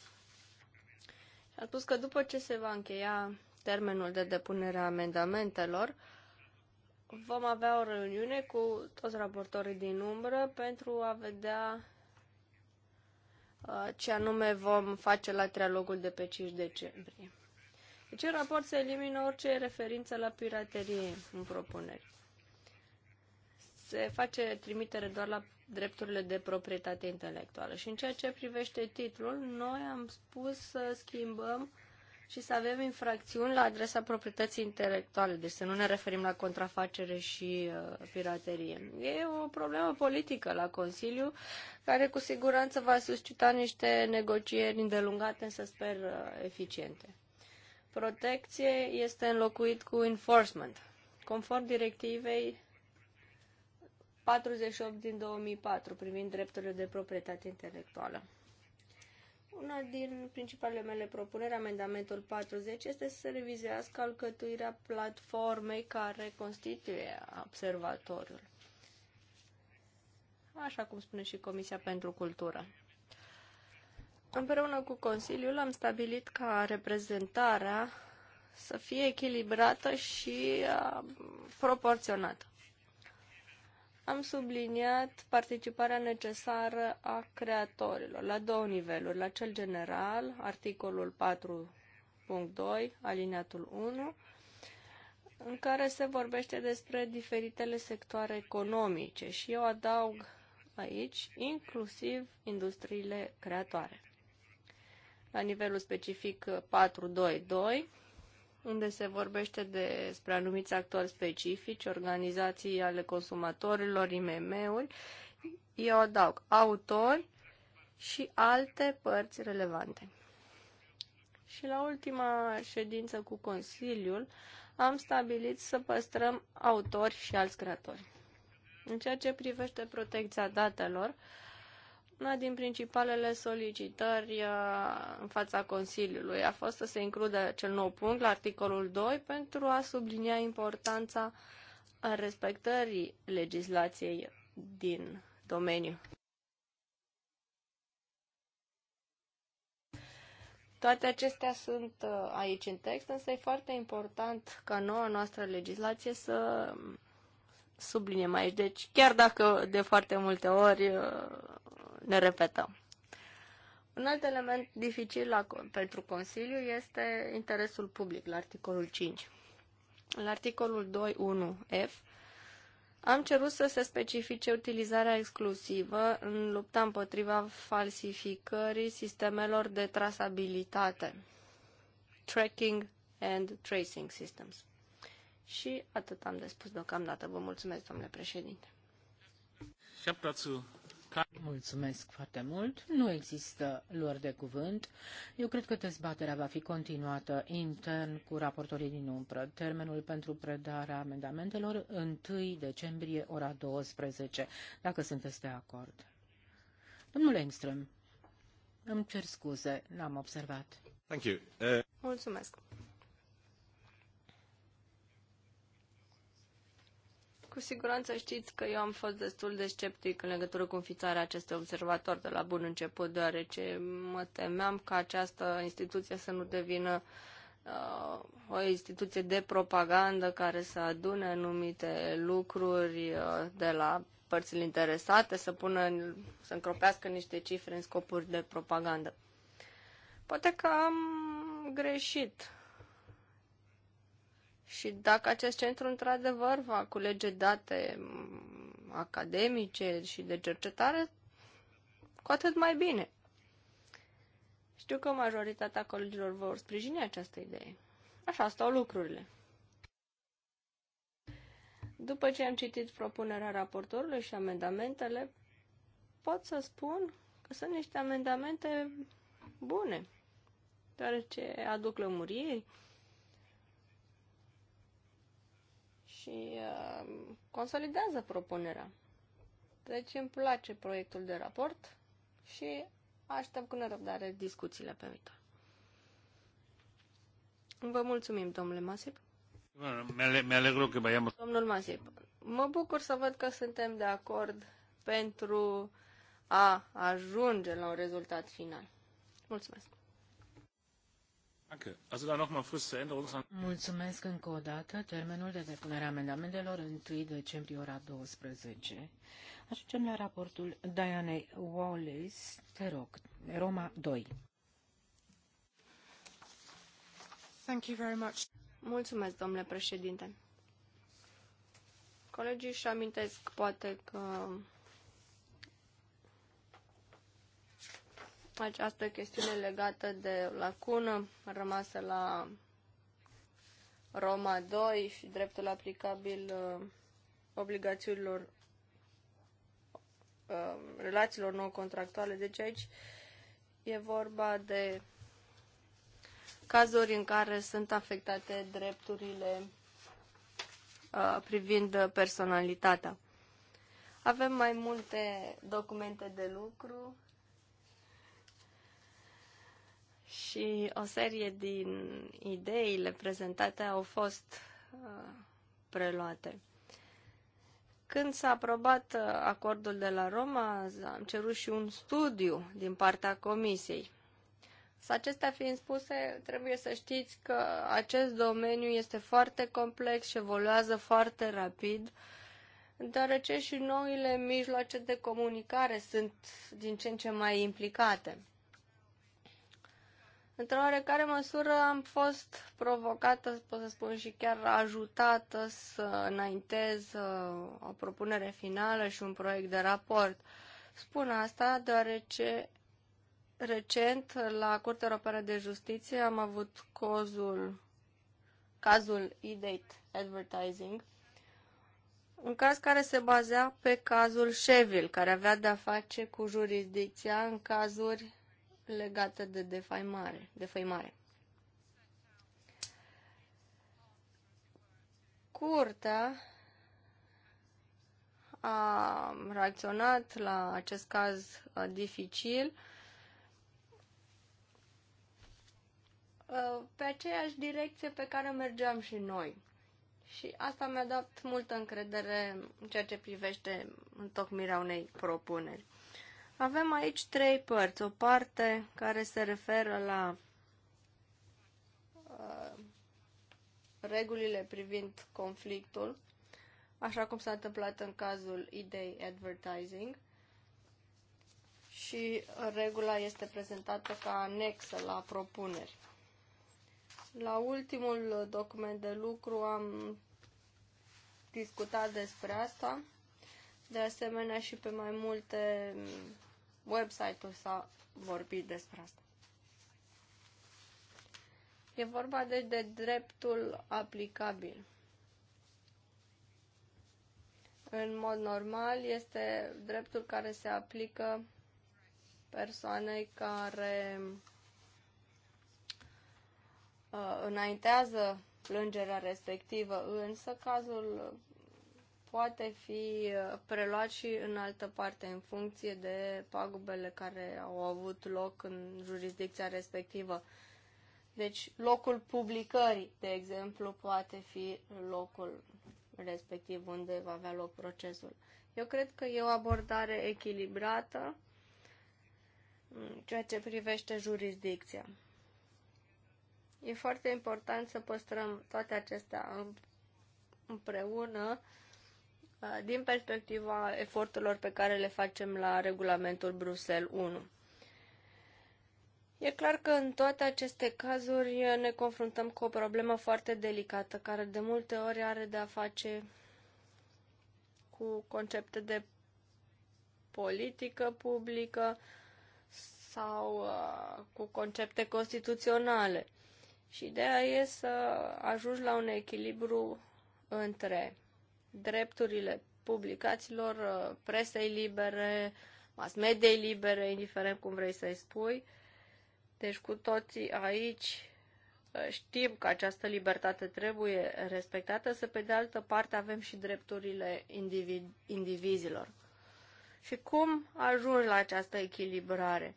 a spus că după ce se va încheia termenul de depunere a amendamentelor, uh, vom avea o reuniune cu toți raportorii din umbră pentru a vedea uh, ce anume vom face la trialogul de pe 5 decembrie. Deci în raport se elimină orice referință la piraterie în propuneri. Se face trimitere doar la drepturile de proprietate intelectuală. Și în ceea ce privește titlul, noi am spus să schimbăm și să avem infracțiuni la adresa proprietății intelectuale, deci să nu ne referim la contrafacere și uh, piraterie. E o problemă politică la Consiliu, care cu siguranță va suscita niște negocieri îndelungate, însă sper uh, eficiente. Protecție este înlocuit cu enforcement. Conform directivei 48 din 2004 privind drepturile de proprietate intelectuală. Una din principalele mele propuneri, amendamentul 40, este să revizească alcătuirea platformei care constituie observatorul. Așa cum spune și Comisia pentru Cultură. Împreună cu Consiliul am stabilit ca reprezentarea să fie echilibrată și uh, proporționată am subliniat participarea necesară a creatorilor la două niveluri, la cel general, articolul 4.2, aliniatul 1, în care se vorbește despre diferitele sectoare economice și eu adaug aici inclusiv industriile creatoare. La nivelul specific 422, unde se vorbește despre anumiți actori specifici, organizații ale consumatorilor, IMM-uri, eu adaug autori și alte părți relevante. Și la ultima ședință cu Consiliul am stabilit să păstrăm autori și alți creatori. În ceea ce privește protecția datelor, una din principalele solicitări uh, în fața Consiliului a fost să se includă cel nou punct la articolul 2 pentru a sublinia importanța respectării legislației din domeniu. Toate acestea sunt uh, aici în text, însă e foarte important ca noua noastră legislație să subliniem aici. Deci, chiar dacă de foarte multe ori uh, ne repetăm. Un alt element dificil la, pentru Consiliu este interesul public, la articolul 5. La articolul 2.1.f f am cerut să se specifice utilizarea exclusivă în lupta împotriva falsificării sistemelor de trasabilitate, tracking and tracing systems. Și atât am de spus deocamdată. Vă mulțumesc, domnule președinte. Ich habe dazu Mulțumesc foarte mult. Nu există lor de cuvânt. Eu cred că dezbaterea va fi continuată intern cu raportorii din umbră. Termenul pentru predarea amendamentelor 1 decembrie ora 12, dacă sunteți de acord. Domnule Engström, îmi cer scuze, n-am observat. Thank you. Uh... Mulțumesc. cu siguranță știți că eu am fost destul de sceptic în legătură cu înființarea acestui observator de la bun început, deoarece mă temeam ca această instituție să nu devină uh, o instituție de propagandă care să adune anumite lucruri uh, de la părțile interesate, să pună, să încropească niște cifre în scopuri de propagandă. Poate că am greșit și dacă acest centru într-adevăr va culege date mm, academice și de cercetare, cu atât mai bine. Știu că majoritatea colegilor vor sprijini această idee. Așa stau lucrurile. După ce am citit propunerea raportorului și amendamentele, pot să spun că sunt niște amendamente bune, deoarece aduc lămuriri, și uh, consolidează propunerea. Deci îmi place proiectul de raport și aștept cu nerăbdare discuțiile pe viitor. Vă mulțumim, domnule Masip. Mă alegru că vayamos. Domnul Masip, mă bucur să văd că suntem de acord pentru a ajunge la un rezultat final. Mulțumesc. Da Mulțumesc încă o dată. Termenul de depunere a amendamentelor 1 decembrie ora 12. Ajungem la raportul Dianei Wallace, te rog, Roma 2. Thank you very much. Mulțumesc, domnule președinte. Colegii își amintesc poate că această chestiune legată de lacună rămasă la Roma 2 și dreptul aplicabil uh, obligațiilor uh, relațiilor non-contractuale. Deci aici e vorba de cazuri în care sunt afectate drepturile uh, privind personalitatea. Avem mai multe documente de lucru și o serie din ideile prezentate au fost uh, preluate. Când s-a aprobat uh, acordul de la Roma, am cerut și un studiu din partea Comisiei. Să acestea fiind spuse, trebuie să știți că acest domeniu este foarte complex și evoluează foarte rapid, deoarece și noile mijloace de comunicare sunt din ce în ce mai implicate. Într-o oarecare măsură am fost provocată, pot să spun și chiar ajutată să înaintez uh, o propunere finală și un proiect de raport. Spun asta deoarece recent la Curtea Europeană de Justiție am avut cozul, cazul E-Date Advertising, un caz care se bazea pe cazul Sheville, care avea de-a face cu jurisdicția în cazuri legată de defaimare. defaimare. Curtea a reacționat la acest caz uh, dificil uh, pe aceeași direcție pe care mergeam și noi. Și asta mi-a dat multă încredere în ceea ce privește întocmirea unei propuneri. Avem aici trei părți. O parte care se referă la uh, regulile privind conflictul, așa cum s-a întâmplat în cazul idei advertising și regula este prezentată ca anexă la propuneri. La ultimul document de lucru am discutat despre asta, de asemenea și pe mai multe website-ul s-a vorbit despre asta. E vorba deci de dreptul aplicabil. În mod normal este dreptul care se aplică persoanei care uh, înaintează plângerea respectivă, însă cazul poate fi uh, preluat și în altă parte în funcție de pagubele care au avut loc în jurisdicția respectivă. Deci locul publicării, de exemplu, poate fi locul respectiv unde va avea loc procesul. Eu cred că e o abordare echilibrată în ceea ce privește jurisdicția. E foarte important să păstrăm toate acestea împreună Uh, din perspectiva eforturilor pe care le facem la regulamentul Bruxelles 1. E clar că în toate aceste cazuri ne confruntăm cu o problemă foarte delicată, care de multe ori are de a face cu concepte de politică publică sau uh, cu concepte constituționale. Și ideea e să ajungi la un echilibru între drepturile publicaților, uh, presei libere, mass mediei libere, indiferent cum vrei să-i spui. Deci cu toții aici uh, știm că această libertate trebuie respectată, să pe de altă parte avem și drepturile individ- indivizilor. Și cum ajungi la această echilibrare?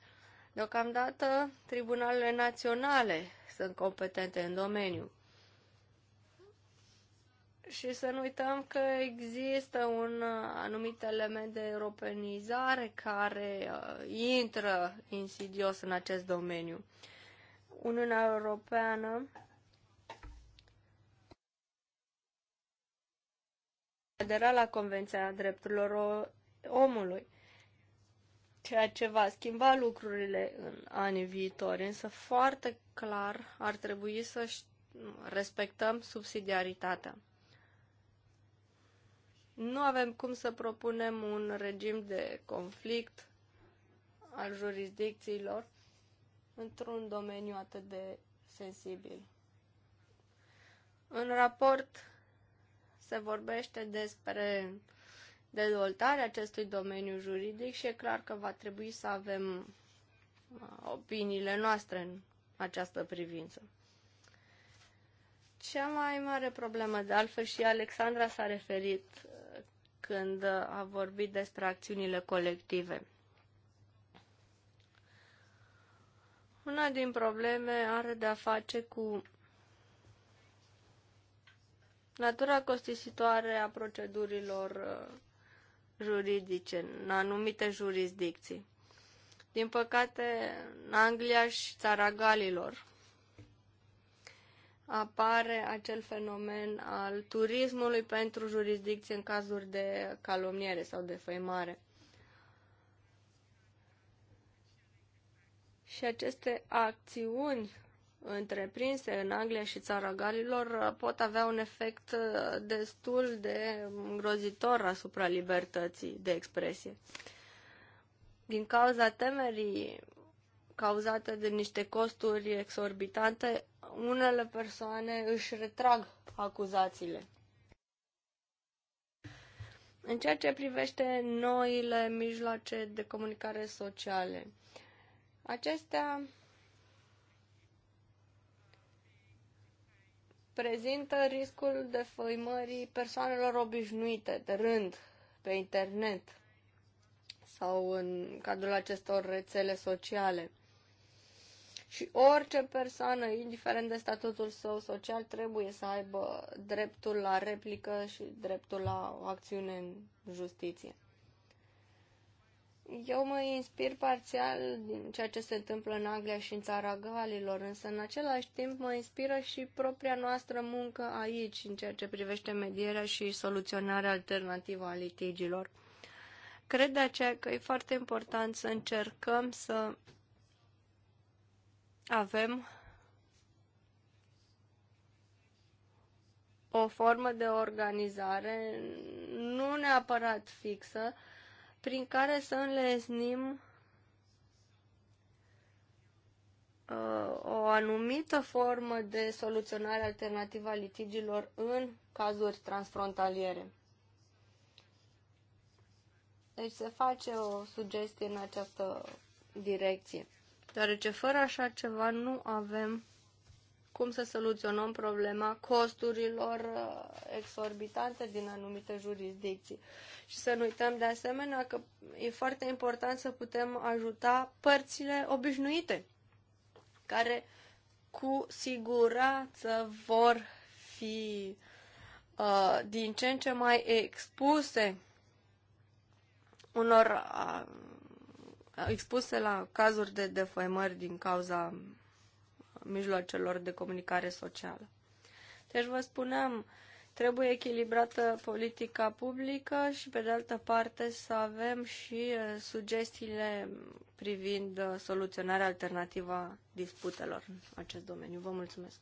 Deocamdată, tribunalele naționale sunt competente în domeniu. Și să nu uităm că există un uh, anumit element de europenizare care uh, intră insidios în acest domeniu. Uniunea Europeană adera la Convenția Drepturilor Omului, ceea ce va schimba lucrurile în anii viitori, însă foarte clar ar trebui să respectăm subsidiaritatea. Nu avem cum să propunem un regim de conflict al jurisdicțiilor într-un domeniu atât de sensibil. În raport se vorbește despre dezvoltarea acestui domeniu juridic și e clar că va trebui să avem uh, opiniile noastre în această privință. Cea mai mare problemă, de altfel și Alexandra s-a referit când a vorbit despre acțiunile colective. Una din probleme are de a face cu natura costisitoare a procedurilor uh, juridice în anumite jurisdicții. Din păcate, în Anglia și țara Galilor, apare acel fenomen al turismului pentru jurisdicție în cazuri de calomniere sau de făimare. Și aceste acțiuni întreprinse în Anglia și țara Galilor pot avea un efect uh, destul de îngrozitor asupra libertății de expresie. Din cauza temerii cauzate de niște costuri exorbitante, unele persoane își retrag acuzațiile. În ceea ce privește noile mijloace de comunicare sociale, acestea prezintă riscul de făimării persoanelor obișnuite, de rând, pe internet sau în cadrul acestor rețele sociale. Și orice persoană, indiferent de statutul său social, trebuie să aibă dreptul la replică și dreptul la o acțiune în justiție. Eu mă inspir parțial din ceea ce se întâmplă în Anglia și în țara Galilor, însă în același timp mă inspiră și propria noastră muncă aici, în ceea ce privește medierea și soluționarea alternativă a litigiilor. Cred de aceea că e foarte important să încercăm să avem o formă de organizare, nu neapărat fixă, prin care să înleznim uh, o anumită formă de soluționare alternativă a litigilor în cazuri transfrontaliere. Deci se face o sugestie în această direcție deoarece fără așa ceva nu avem cum să soluționăm problema costurilor uh, exorbitante din anumite jurisdicții. Și să nu uităm de asemenea că e foarte important să putem ajuta părțile obișnuite, care cu siguranță vor fi uh, din ce în ce mai expuse unor uh, expuse la cazuri de defăimări din cauza mijloacelor de comunicare socială. Deci vă spuneam, trebuie echilibrată politica publică și pe de altă parte să avem și uh, sugestiile privind uh, soluționarea alternativă a disputelor în acest domeniu. Vă mulțumesc!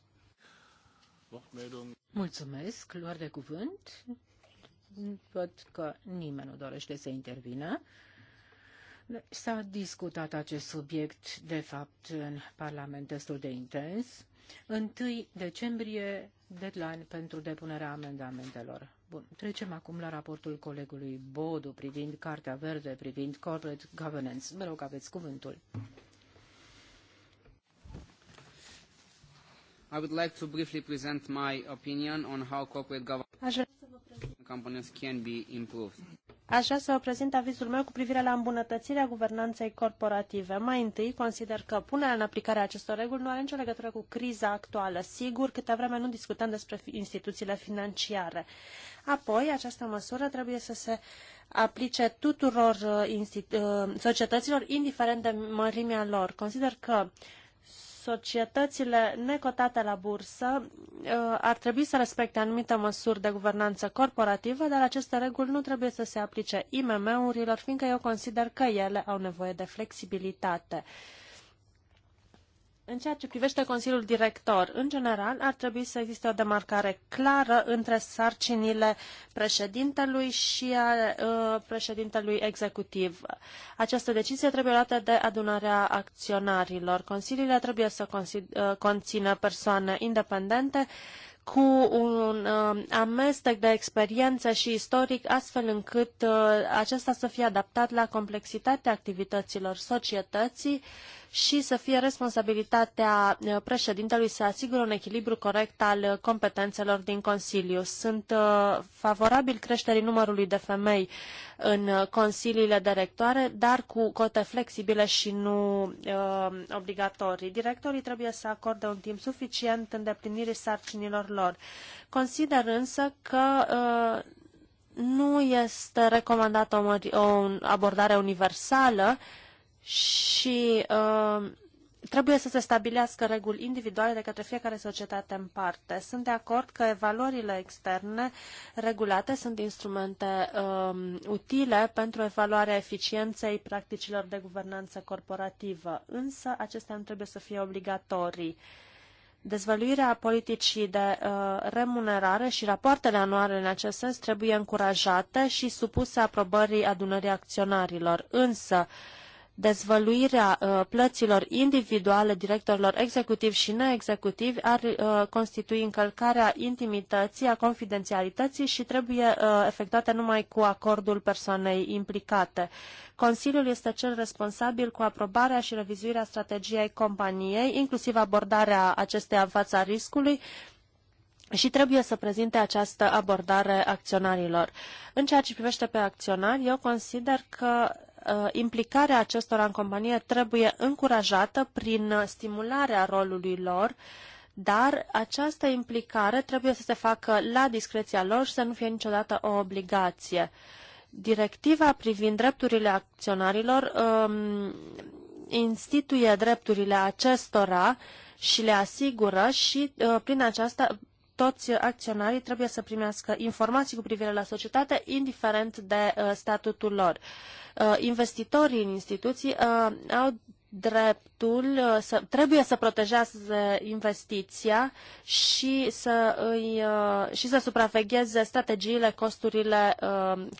Mulțumesc, luar de cuvânt. Văd că nimeni nu dorește să intervină. S-a discutat acest subiect, de fapt, în Parlament destul de intens. 1 decembrie, deadline pentru depunerea amendamentelor. Bun, trecem acum la raportul colegului Bodu privind Cartea Verde, privind Corporate Governance. Vă rog, aveți cuvântul. I would like to briefly present my opinion on how corporate governance companies can be improved. Aș vrea să vă prezint avizul meu cu privire la îmbunătățirea guvernanței corporative. Mai întâi, consider că punerea în aplicare a acestor reguli nu are nicio legătură cu criza actuală. Sigur, câte vreme nu discutăm despre instituțiile financiare. Apoi, această măsură trebuie să se aplice tuturor uh, uh, societăților, indiferent de mărimea lor. Consider că uh, societățile necotate la bursă uh, ar trebui să respecte anumite măsuri de guvernanță corporativă, dar aceste reguli nu trebuie să se aplice IMM-urilor, fiindcă eu consider că ele au nevoie de flexibilitate. În ceea ce privește Consiliul Director, în general, ar trebui să existe o demarcare clară între sarcinile președintelui și a uh, președintelui executiv. Această decizie trebuie luată de adunarea acționarilor. Consiliile trebuie să uh, conțină persoane independente cu un uh, amestec de experiență și istoric, astfel încât uh, acesta să fie adaptat la complexitatea activităților societății și să fie responsabilitatea uh, președintelui să asigure un echilibru corect al uh, competențelor din Consiliu. Sunt uh, favorabil creșterii numărului de femei în consiliile de rectoare, dar cu cote flexibile și nu uh, obligatorii. Directorii trebuie să acorde un timp suficient îndeplinirii sarcinilor lor. Consider însă că uh, nu este recomandată o, o abordare universală și uh, trebuie să se stabilească reguli individuale de către fiecare societate în parte. Sunt de acord că evaluările externe regulate sunt instrumente um, utile pentru evaluarea eficienței practicilor de guvernanță corporativă, însă acestea nu trebuie să fie obligatorii. Dezvăluirea politicii de uh, remunerare și rapoartele anuale în acest sens trebuie încurajate și supuse aprobării adunării acționarilor. Însă, uh, dezvăluirea uh, plăților individuale directorilor executivi și neexecutivi ar uh, constitui încălcarea intimității, a confidențialității și trebuie uh, efectuată numai cu acordul persoanei implicate. Consiliul este cel responsabil cu aprobarea și revizuirea strategiei companiei, inclusiv abordarea acesteia în fața riscului, și trebuie să prezinte această abordare acționarilor. În ceea ce privește pe acționari, eu consider că Uh, implicarea acestora în companie trebuie încurajată prin stimularea rolului lor, dar această implicare trebuie să se facă la discreția lor și să nu fie niciodată o obligație. Directiva privind drepturile acționarilor um, instituie drepturile acestora și le asigură și uh, prin aceasta toți acționarii trebuie să primească informații cu privire la societate, indiferent de uh, statutul lor. Uh, investitorii în instituții uh, au dreptul, să, trebuie să protejeze investiția și să, îi, și să supravegheze strategiile, costurile,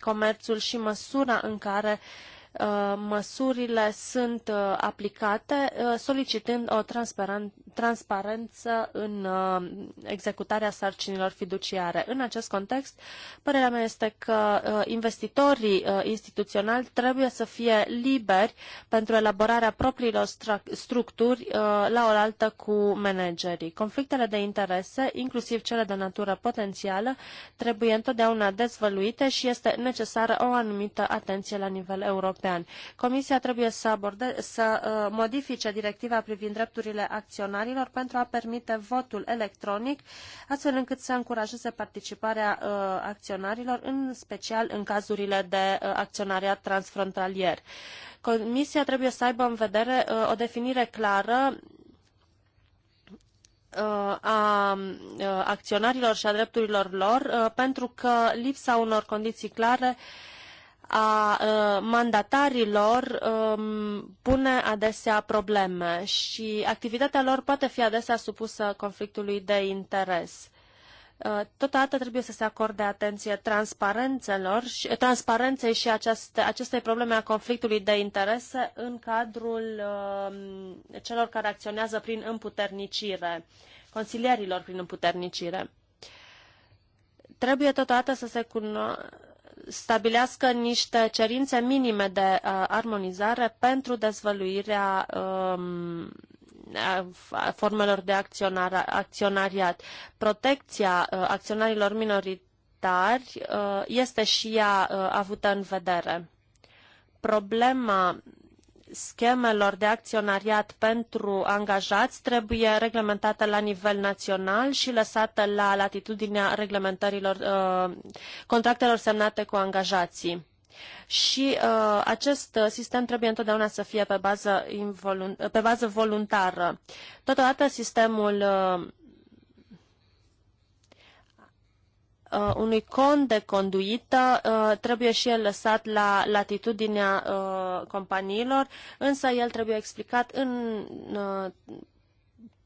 comerțul și măsura în care Uh, măsurile sunt uh, aplicate, uh, solicitând o transparență în executarea sarcinilor fiduciare. În acest context, părerea mea este că investitorii instituționali trebuie să fie liberi pentru elaborarea propriilor structuri la oaltă cu managerii. Conflictele de interese, inclusiv cele de natură potențială, trebuie întotdeauna dezvăluite și este necesară o anumită atenție la nivel european european. Comisia trebuie să, aborde, să uh, modifice directiva privind drepturile acționarilor pentru a permite votul electronic, astfel încât să încurajeze participarea uh, acționarilor, în special în cazurile de uh, acționariat transfrontalier. Comisia trebuie să aibă în vedere o definire clară a acționarilor și a drepturilor lor, pentru că lipsa unor condiții clare uh, a mandatarilor pune adesea probleme și activitatea lor poate fi adesea supusă conflictului de interes. Totodată trebuie să se acorde atenție transparențelor și, transparenței și aceste, acestei probleme a conflictului de interese în cadrul uh, celor care acționează prin împuternicire, consilierilor prin împuternicire. Trebuie totodată să se cunoască stabilească niște cerințe minime de uh, armonizare pentru dezvăluirea um, formelor de acționar, acționariat. Protecția uh, acționarilor minoritari uh, este și ea uh, avută în vedere. Problema schemelor de acționariat pentru angajați trebuie reglementată la nivel național și lăsată la latitudinea reglementărilor uh, contractelor semnate cu angajații. Și uh, acest sistem trebuie întotdeauna să fie pe bază, pe bază voluntară. Totodată, sistemul uh, uh, unui cont de conduită uh, trebuie și el lăsat la latitudinea uh, companiilor, însă el trebuie explicat în uh,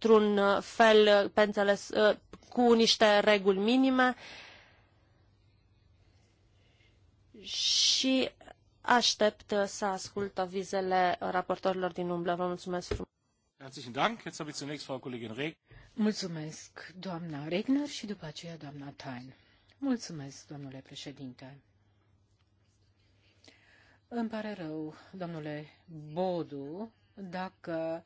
într-un fel pe înțeles, uh, cu niște reguli minime și aștept să ascult avizele raportorilor din umblă. Vă mulțumesc frumos! Mulțumesc, doamna Regner și după aceea doamna Tain. Mulțumesc, domnule președinte. Îmi pare rău, domnule Bodu, dacă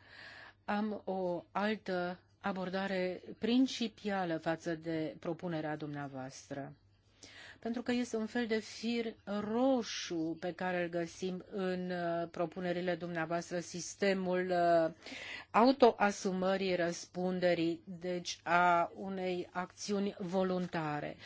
am o altă abordare principială față de propunerea dumneavoastră pentru că este un fel de fir roșu pe care îl găsim în uh, propunerile dumneavoastră, sistemul uh, autoasumării răspunderii, deci a unei acțiuni voluntare.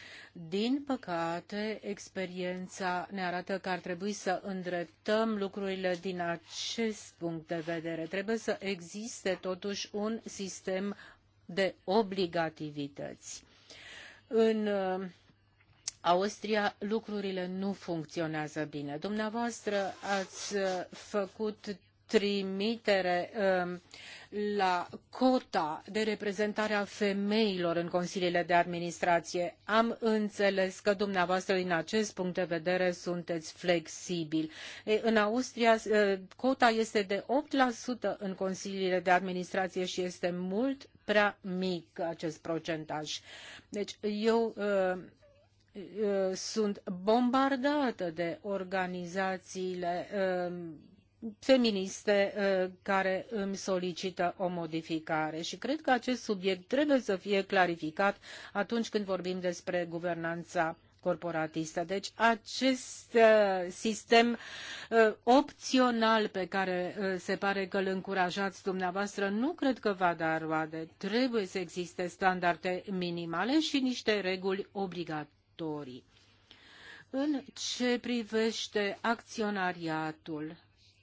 Din păcate, experiența ne arată că ar trebui să îndreptăm lucrurile din acest punct de vedere. Trebuie să existe totuși un sistem de obligativități. În uh, Austria lucrurile nu funcționează bine. Dumneavoastră ați uh, făcut trimitere um, la cota de reprezentare a femeilor în consiliile de administrație. Am înțeles că dumneavoastră, din acest punct de vedere, sunteți flexibil. În Austria, uh, cota este de 8% în consiliile de administrație și este mult prea mic acest procentaj. Deci, eu uh, Uh, sunt bombardată de organizațiile uh, feministe uh, care îmi solicită o modificare și cred că acest subiect trebuie să fie clarificat atunci când vorbim despre guvernanța corporatistă. Deci acest sistem opțional pe care se pare că îl încurajați dumneavoastră nu cred că va da roade. Trebuie să existe standarde minimale și niște reguli obligatorii actorii. În ce privește acționariatul,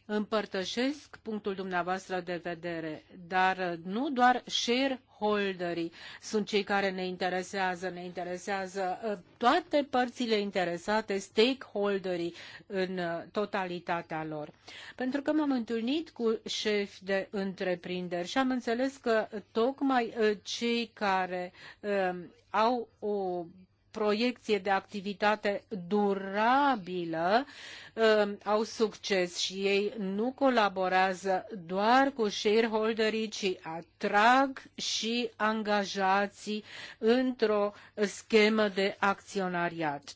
împărtășesc punctul dumneavoastră de vedere, dar nu doar shareholderii sunt cei care ne interesează, ne interesează uh, toate părțile interesate, stakeholderii în uh, totalitatea lor. Pentru că m-am întâlnit cu șefi de întreprinderi și am înțeles că tocmai uh, cei care au o proiecție de activitate durabilă um, au succes și ei nu colaborează doar cu shareholderii, ci atrag și angajații într-o schemă de acționariat.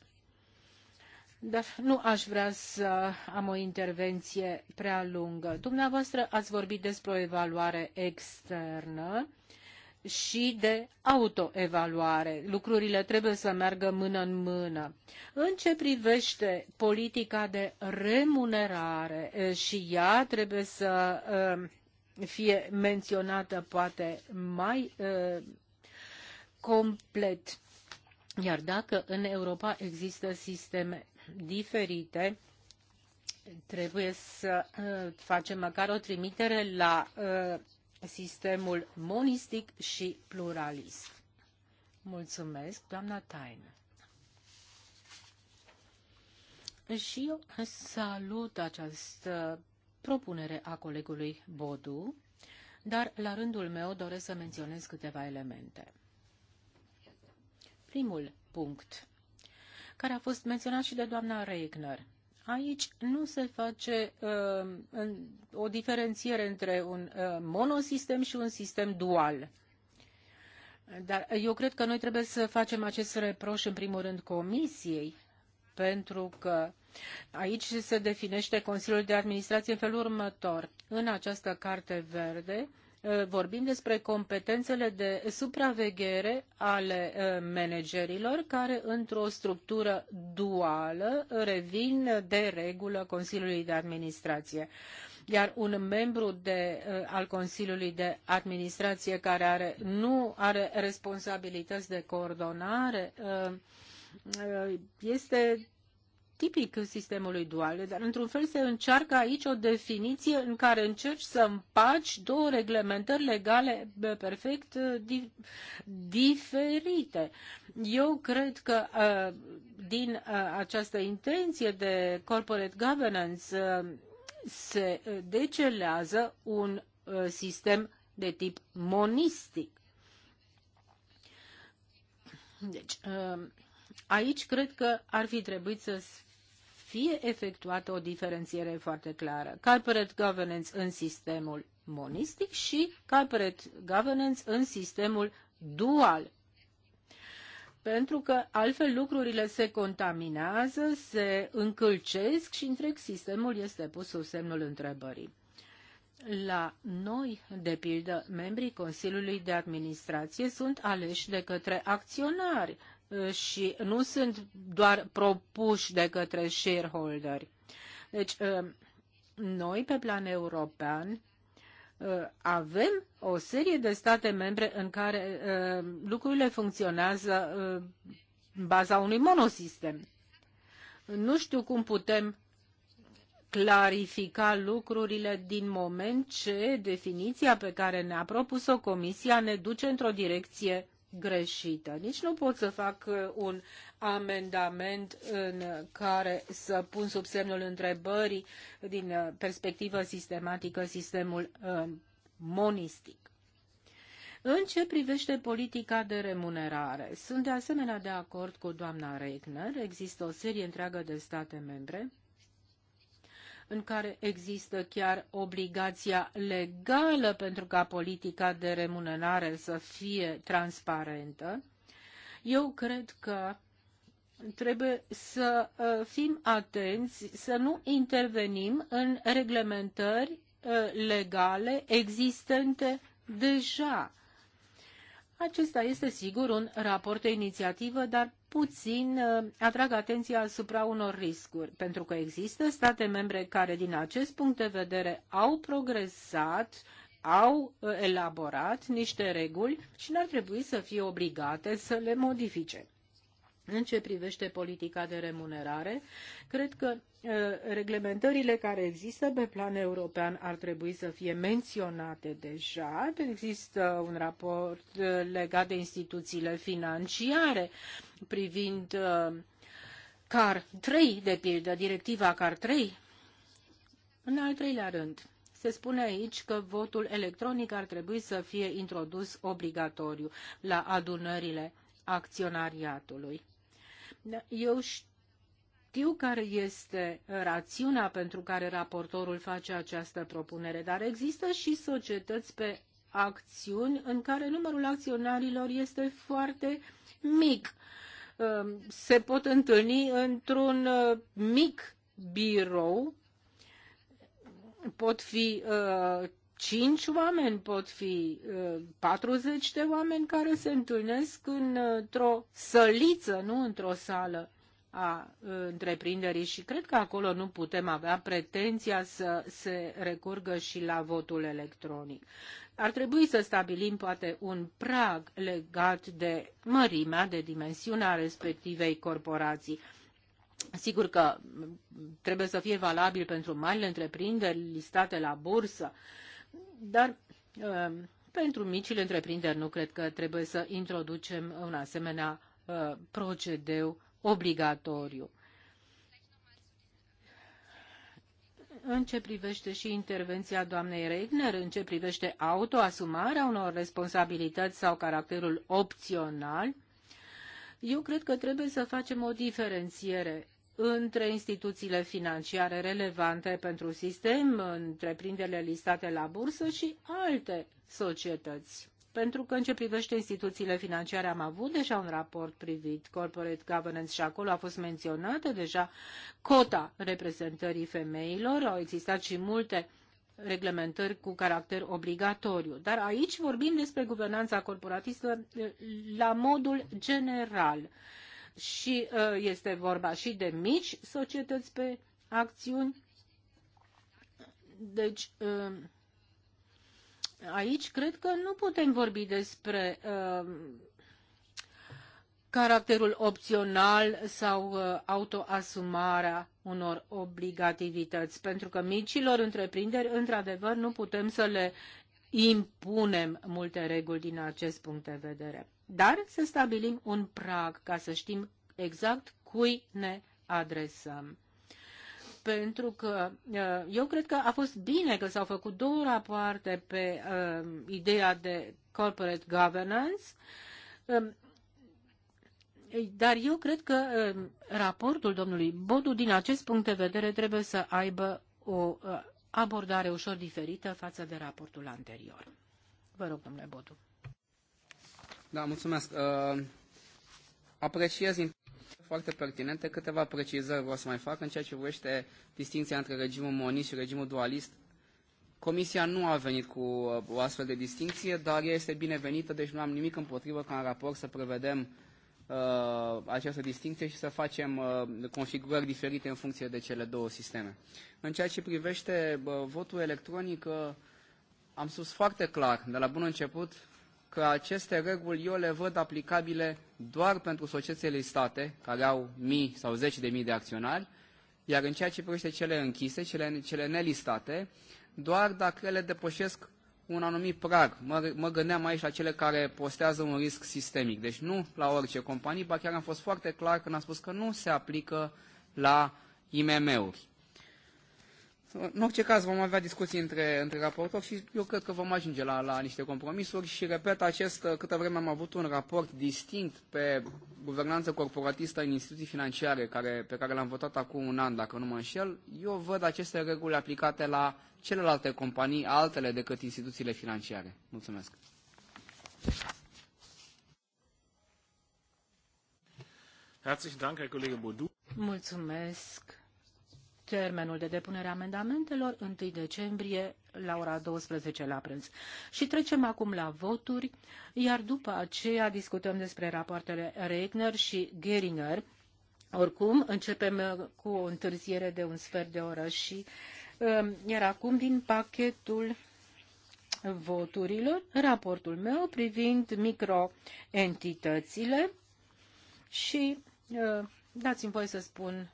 Dar nu aș vrea să am o intervenție prea lungă. Dumneavoastră ați vorbit despre o evaluare externă. Uh, și de autoevaluare. Lucrurile trebuie să meargă mână în mână. În ce privește politica de remunerare și ea trebuie să fie menționată poate mai complet. Iar dacă în Europa există sisteme diferite, trebuie să facem măcar o trimitere la sistemul monistic și pluralist. Mulțumesc, doamna Taină. Și eu salut această propunere a colegului Bodu, dar la rândul meu doresc să menționez câteva elemente. Primul punct, care a fost menționat și de doamna Reigner, Aici nu se face uh, în, o diferențiere între un uh, monosistem și un sistem dual. Dar eu cred că noi trebuie să facem acest reproș în primul rând Comisiei, pentru că aici se definește Consiliul de Administrație în felul următor. În această carte verde, uh, Eh, vorbim despre competențele de supraveghere ale eh, managerilor care într-o structură duală revin de regulă Consiliului de Administrație. Iar un membru de, eh, al Consiliului de Administrație care nu are responsabilități de coordonare este tipic sistemului dual, dar într-un fel se încearcă aici o definiție în care încerci să împaci două reglementări legale perfect uh, di diferite. Eu cred că uh, din uh, această intenție de corporate governance se decelează un sistem de tip monistic. Deci, aici cred că ar fi trebuit să fie efectuată o diferențiere foarte clară. Corporate governance în sistemul monistic și corporate governance în sistemul dual. Pentru că altfel lucrurile se contaminează, se încălcesc și întreg sistemul este pus sub semnul întrebării. La noi, de pildă, membrii Consiliului de Administrație sunt aleși de către acționari, și nu sunt doar propuși de către shareholderi. Deci, ă, noi, pe plan european, ă, avem o serie de state membre în care ă, lucrurile funcționează în baza unui monosistem. Nu știu cum putem clarifica lucrurile din moment ce definiția pe care ne-a propus-o Comisia ne duce într-o direcție greșită. Nici nu pot să fac uh, un amendament în care să pun sub semnul întrebării din uh, perspectivă sistematică sistemul uh, monistic. În ce privește politica de remunerare, sunt de asemenea de acord cu doamna Regner. Există o serie întreagă de state membre în care există chiar obligația legală pentru ca politica de remunerare să fie transparentă, eu cred că trebuie să uh, fim atenți să nu intervenim în reglementări uh, legale existente deja acesta este sigur un raport de inițiativă, dar puțin uh, atrag atenția asupra unor riscuri, pentru că există state membre care din acest punct de vedere au progresat, au uh, elaborat niște reguli și n-ar trebui să fie obligate să le modifice. În ce privește politica de remunerare, cred că uh, reglementările care există pe plan european ar trebui să fie menționate deja. Există un raport uh, legat de instituțiile financiare privind uh, CAR 3, de pildă, directiva CAR 3. În al treilea rând, se spune aici că votul electronic ar trebui să fie introdus obligatoriu la adunările acționariatului. Da, eu știu care este rațiunea pentru care raportorul face această propunere, dar există și societăți pe acțiuni în care numărul acționarilor este foarte mic. Um, se pot întâlni într-un uh, mic birou pot fi uh, Cinci oameni, pot fi uh, patruzeci de oameni care se întâlnesc într-o săliță, nu într-o sală a uh, întreprinderii și cred că acolo nu putem avea pretenția să se recurgă și la votul electronic. Ar trebui să stabilim poate un prag legat de mărimea, de dimensiunea respectivei corporații. Sigur că trebuie să fie valabil pentru marile întreprinderi listate la bursă, uh, dar um, pentru micile întreprinderi nu cred că trebuie să introducem un asemenea uh, procedeu obligatoriu. în ce privește și intervenția doamnei Regner, în ce privește autoasumarea unor responsabilități sau caracterul opțional, eu cred că trebuie să facem o diferențiere între instituțiile financiare relevante pentru sistem, întreprinderile listate la bursă și alte societăți. Pentru că în ce privește instituțiile financiare am avut deja un raport privit corporate governance și acolo a fost menționată deja cota reprezentării femeilor, au existat și multe reglementări cu caracter obligatoriu. Dar aici vorbim despre guvernanța corporatistă la modul general și uh, este vorba și de mici societăți pe acțiuni. Deci, uh, aici cred că nu putem vorbi despre uh, caracterul opțional sau autoasumarea unor obligativități, pentru că micilor întreprinderi, într-adevăr, nu putem să le impunem multe reguli din acest punct de vedere dar să stabilim un prag ca să știm exact cui ne adresăm. Pentru că uh, eu cred că a fost bine că s-au făcut două rapoarte pe uh, ideea de corporate governance, um, dar eu cred că um, raportul domnului Bodu, din acest punct de vedere, trebuie să aibă o uh, abordare ușor diferită față de raportul anterior. Vă rog, domnule Bodu. Da, mulțumesc. Uh, apreciez foarte pertinente. Câteva precizări vreau să mai fac în ceea ce privește distinția între regimul monist și regimul dualist. Comisia nu a venit cu uh, o astfel de distinție, dar ea este binevenită, deci nu am nimic împotrivă ca în raport să prevedem uh, această distinție și să facem uh, configurări diferite în funcție de cele două sisteme. În ceea ce privește uh, votul electronic, uh, am spus foarte clar de la bun început că aceste reguli eu le văd aplicabile doar pentru societățile state, care au mii sau zeci de mii de acționari, iar în ceea ce privește cele închise, cele, cele nelistate, doar dacă ele depășesc un anumit prag. Mă, mă gândeam aici la cele care postează un risc sistemic. Deci nu la orice companie, ba chiar am fost foarte clar când am spus că nu se aplică la IMM-uri. În orice caz vom avea discuții între, între raportori și eu cred că vom ajunge la, la niște compromisuri și repet acest, câtă vreme am avut un raport distinct pe guvernanță corporatistă în instituții financiare care, pe care l-am votat acum un an, dacă nu mă înșel, eu văd aceste reguli aplicate la celelalte companii, altele decât instituțiile financiare. Mulțumesc. Herzlichen Dank, Herr Kollege Mulțumesc termenul de depunere a amendamentelor 1 decembrie la ora 12 la prânz. Și trecem acum la voturi, iar după aceea discutăm despre rapoartele Regner și Geringer. Oricum, începem uh, cu o întârziere de un sfert de oră și um, iar acum din pachetul voturilor, raportul meu privind microentitățile și uh, dați-mi voie să spun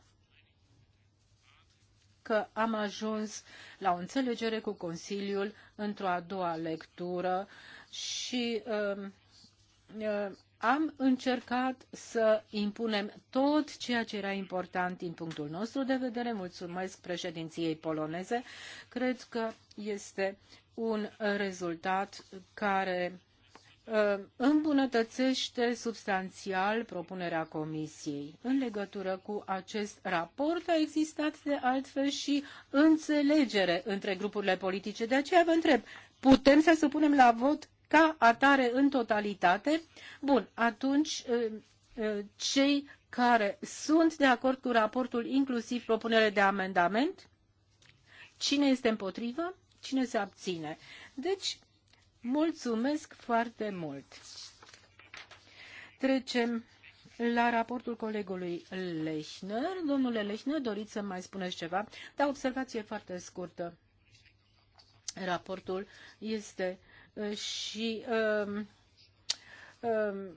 că am ajuns la o înțelegere cu Consiliul într-o a doua lectură și uh, uh, am încercat să impunem tot ceea ce era important din punctul nostru de vedere. Mulțumesc președinției poloneze. Cred că este un rezultat care Uh, îmbunătățește substanțial propunerea Comisiei. În legătură cu acest raport a existat de altfel și înțelegere între grupurile politice. De aceea vă întreb, putem să supunem la vot ca atare în totalitate? Bun, atunci uh, uh, cei care sunt de acord cu raportul, inclusiv propunere de amendament? Cine este împotrivă? Cine se abține? Deci, Mulțumesc foarte mult! Trecem la raportul colegului Lechner. Domnule Lechner, doriți să mai spuneți ceva? Da, observație foarte scurtă. Raportul este uh, și um, um,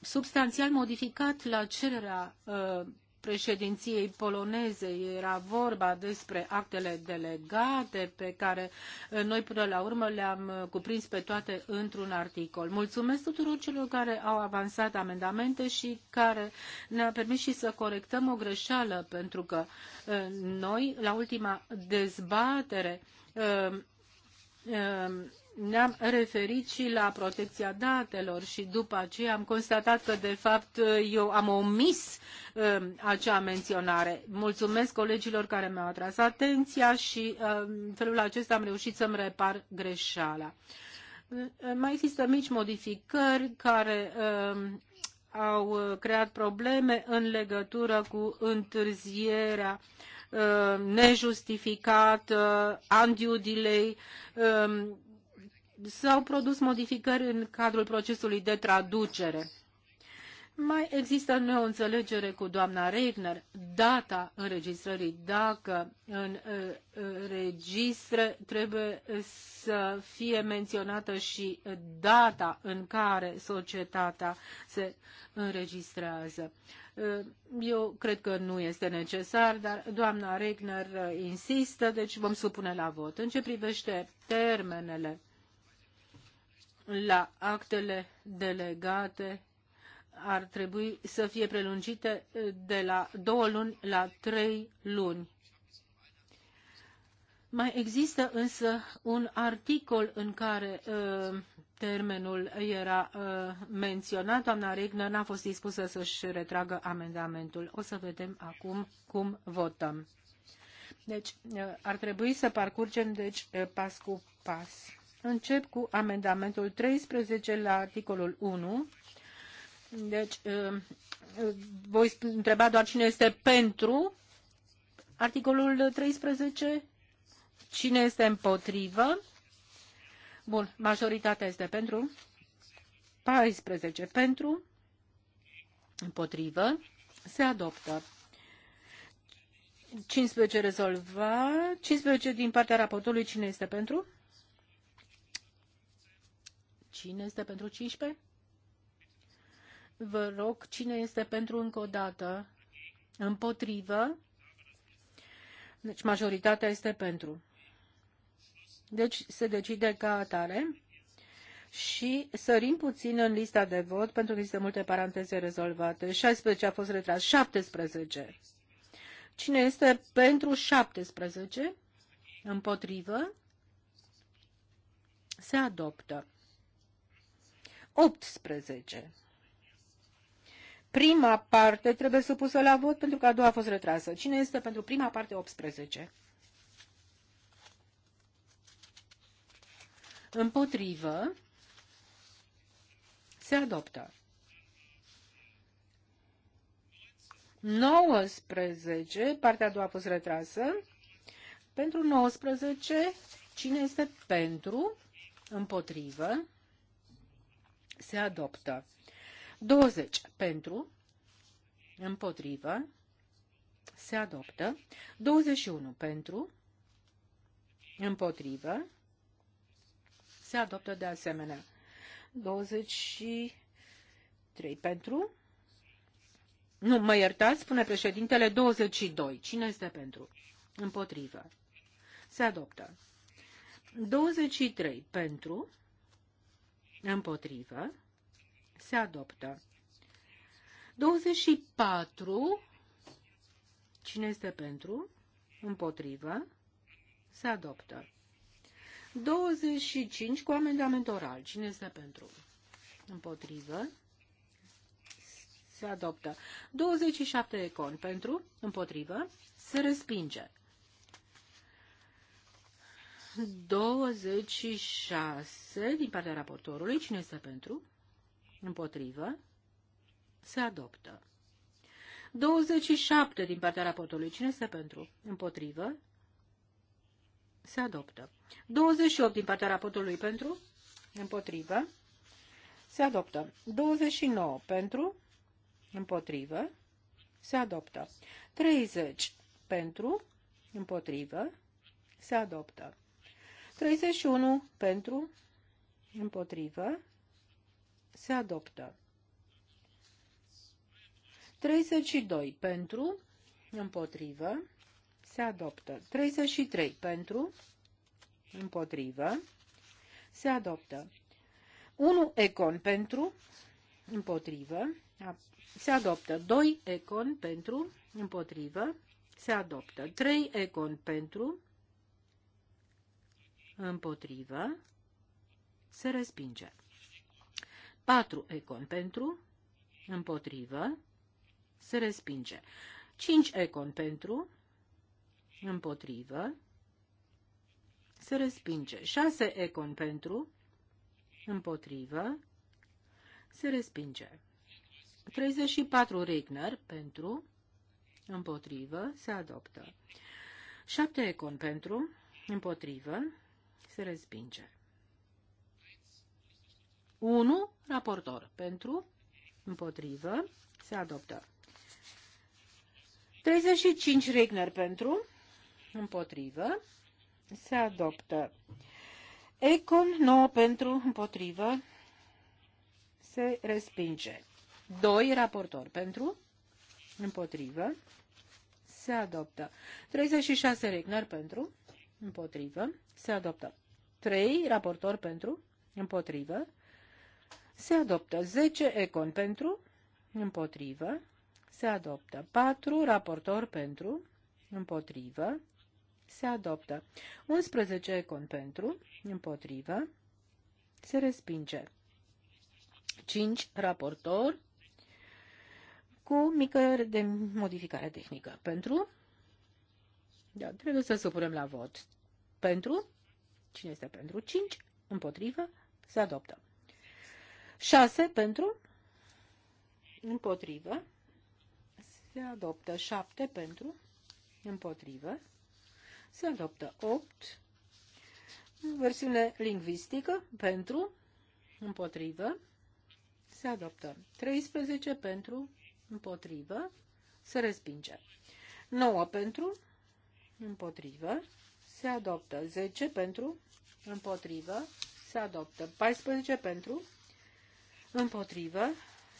substanțial modificat la cererea uh, președinției poloneze era vorba despre actele delegate pe care eh, noi până la urmă le-am eh, cuprins pe toate într-un articol. Mulțumesc tuturor celor care au avansat amendamente și care ne-a permis și să corectăm o greșeală, pentru că eh, noi, la ultima dezbatere, ne-am referit și la protecția datelor și după aceea am constatat că, de fapt, eu am omis um, acea menționare. Mulțumesc colegilor care mi-au atras atenția și um, în felul acesta am reușit să-mi repar greșeala. Uh, mai există mici modificări care um, au creat probleme în legătură cu întârzierea uh, nejustificată, undue delay, s-au produs modificări în cadrul procesului de traducere. Mai există neînțelegere cu doamna Regner. Data înregistrării, dacă în registre trebuie să fie menționată și data în care societatea se înregistrează. Eu cred că nu este necesar, dar doamna Regner insistă, deci vom supune la vot. În ce privește termenele la actele delegate ar trebui să fie prelungite eh, de la două luni la trei luni. Mai există însă un articol în care uh, termenul era uh, menționat. Doamna Regnă n-a fost dispusă să-și retragă amendamentul. O să vedem acum cum votăm. Deci uh, ar trebui să parcurgem deci pas cu pas. Încep cu amendamentul 13 la articolul 1. Deci, uh, uh, voi întreba doar cine este pentru articolul 13, cine este împotrivă. Bun, majoritatea este pentru. 14 pentru, împotrivă, se adoptă. 15 rezolva, 15 din partea raportului, cine este pentru? Cine este pentru 15? Vă rog, cine este pentru încă o dată? Împotrivă? Deci majoritatea este pentru. Deci se decide ca atare și sărim puțin în lista de vot pentru că există multe paranteze rezolvate. 16 a fost retras. 17. Cine este pentru 17? Împotrivă? Se adoptă. 18. Prima parte trebuie supusă la vot pentru că a doua a fost retrasă. Cine este pentru prima parte 18? Împotrivă se adoptă. 19, partea a doua a fost retrasă. Pentru 19, cine este pentru, împotrivă, se adoptă. 20 pentru, împotrivă, se adoptă. 21 pentru, împotrivă, se adoptă de asemenea. 23 pentru, nu, mă iertați, spune președintele, 22. Cine este pentru? Împotrivă. Se adoptă. 23 pentru, Împotrivă. Se adoptă. 24. Cine este pentru? Împotrivă. Se adoptă. 25 cu amendament oral. Cine este pentru? Împotrivă. Se adoptă. 27 con pentru, împotrivă, se respinge. 26 din partea raportorului. Cine este pentru? Împotrivă. Se adoptă. 27 din partea raportorului. Cine este pentru? Împotrivă. Se adoptă. 28 din partea raportorului pentru? Împotrivă. Se adoptă. 29 pentru? Împotrivă. Se adoptă. 30 pentru? Împotrivă. Se adoptă. 31 pentru, împotrivă, se adoptă. 32 pentru, împotrivă, se adoptă. 33 pentru, împotrivă, se adoptă. 1 econ pentru, împotrivă, se adoptă. 2 econ pentru, împotrivă, se adoptă. 3 econ pentru, împotrivă, se respinge. 4 econ pentru, împotrivă, se respinge. 5 econ pentru, împotrivă, se respinge. 6 econ pentru, împotrivă, se respinge. 34 Regner pentru, împotrivă, se adoptă. 7 Econ pentru, împotrivă, se respinge. 1. Raportor pentru, împotrivă, se adoptă. 35. Regner pentru, împotrivă, se adoptă. Econ 9 pentru, împotrivă, se respinge. 2. Raportor pentru, împotrivă, se adoptă. 36. Regner pentru, împotrivă, se adoptă. 3, raportor pentru, împotrivă, se adoptă 10, econ pentru, împotrivă, se adoptă 4, raportor pentru, împotrivă, se adoptă 11, econ pentru, împotrivă, se respinge 5, raportor cu mică de modificare tehnică pentru, da, trebuie să supunem la vot, pentru, Cine este pentru? 5. Împotrivă. Se adoptă. 6 pentru. Împotrivă. Se adoptă 7 pentru. Împotrivă. Se adoptă 8. Versiune lingvistică pentru. Împotrivă. Se adoptă 13 pentru. Împotrivă. Se respinge. 9 pentru. Împotrivă se adoptă. 10 pentru, împotrivă, se adoptă. 14 pentru, împotrivă,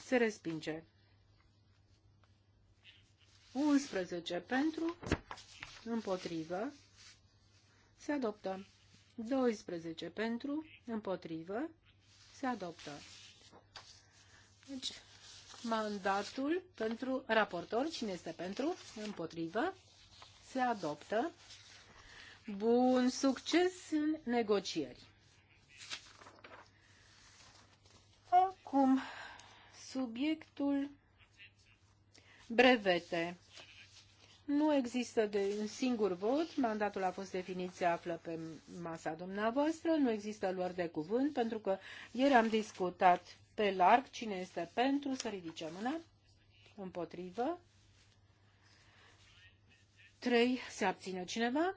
se respinge. 11 pentru, împotrivă, se adoptă. 12 pentru, împotrivă, se adoptă. Deci, mandatul pentru raportor, cine este pentru, împotrivă, se adoptă bun succes în negocieri. Acum, subiectul brevete. Nu există de un singur vot, mandatul a fost definit, se află pe masa dumneavoastră, nu există luări de cuvânt, pentru că ieri am discutat pe larg cine este pentru, să ridice mâna, împotrivă, trei se abține cineva,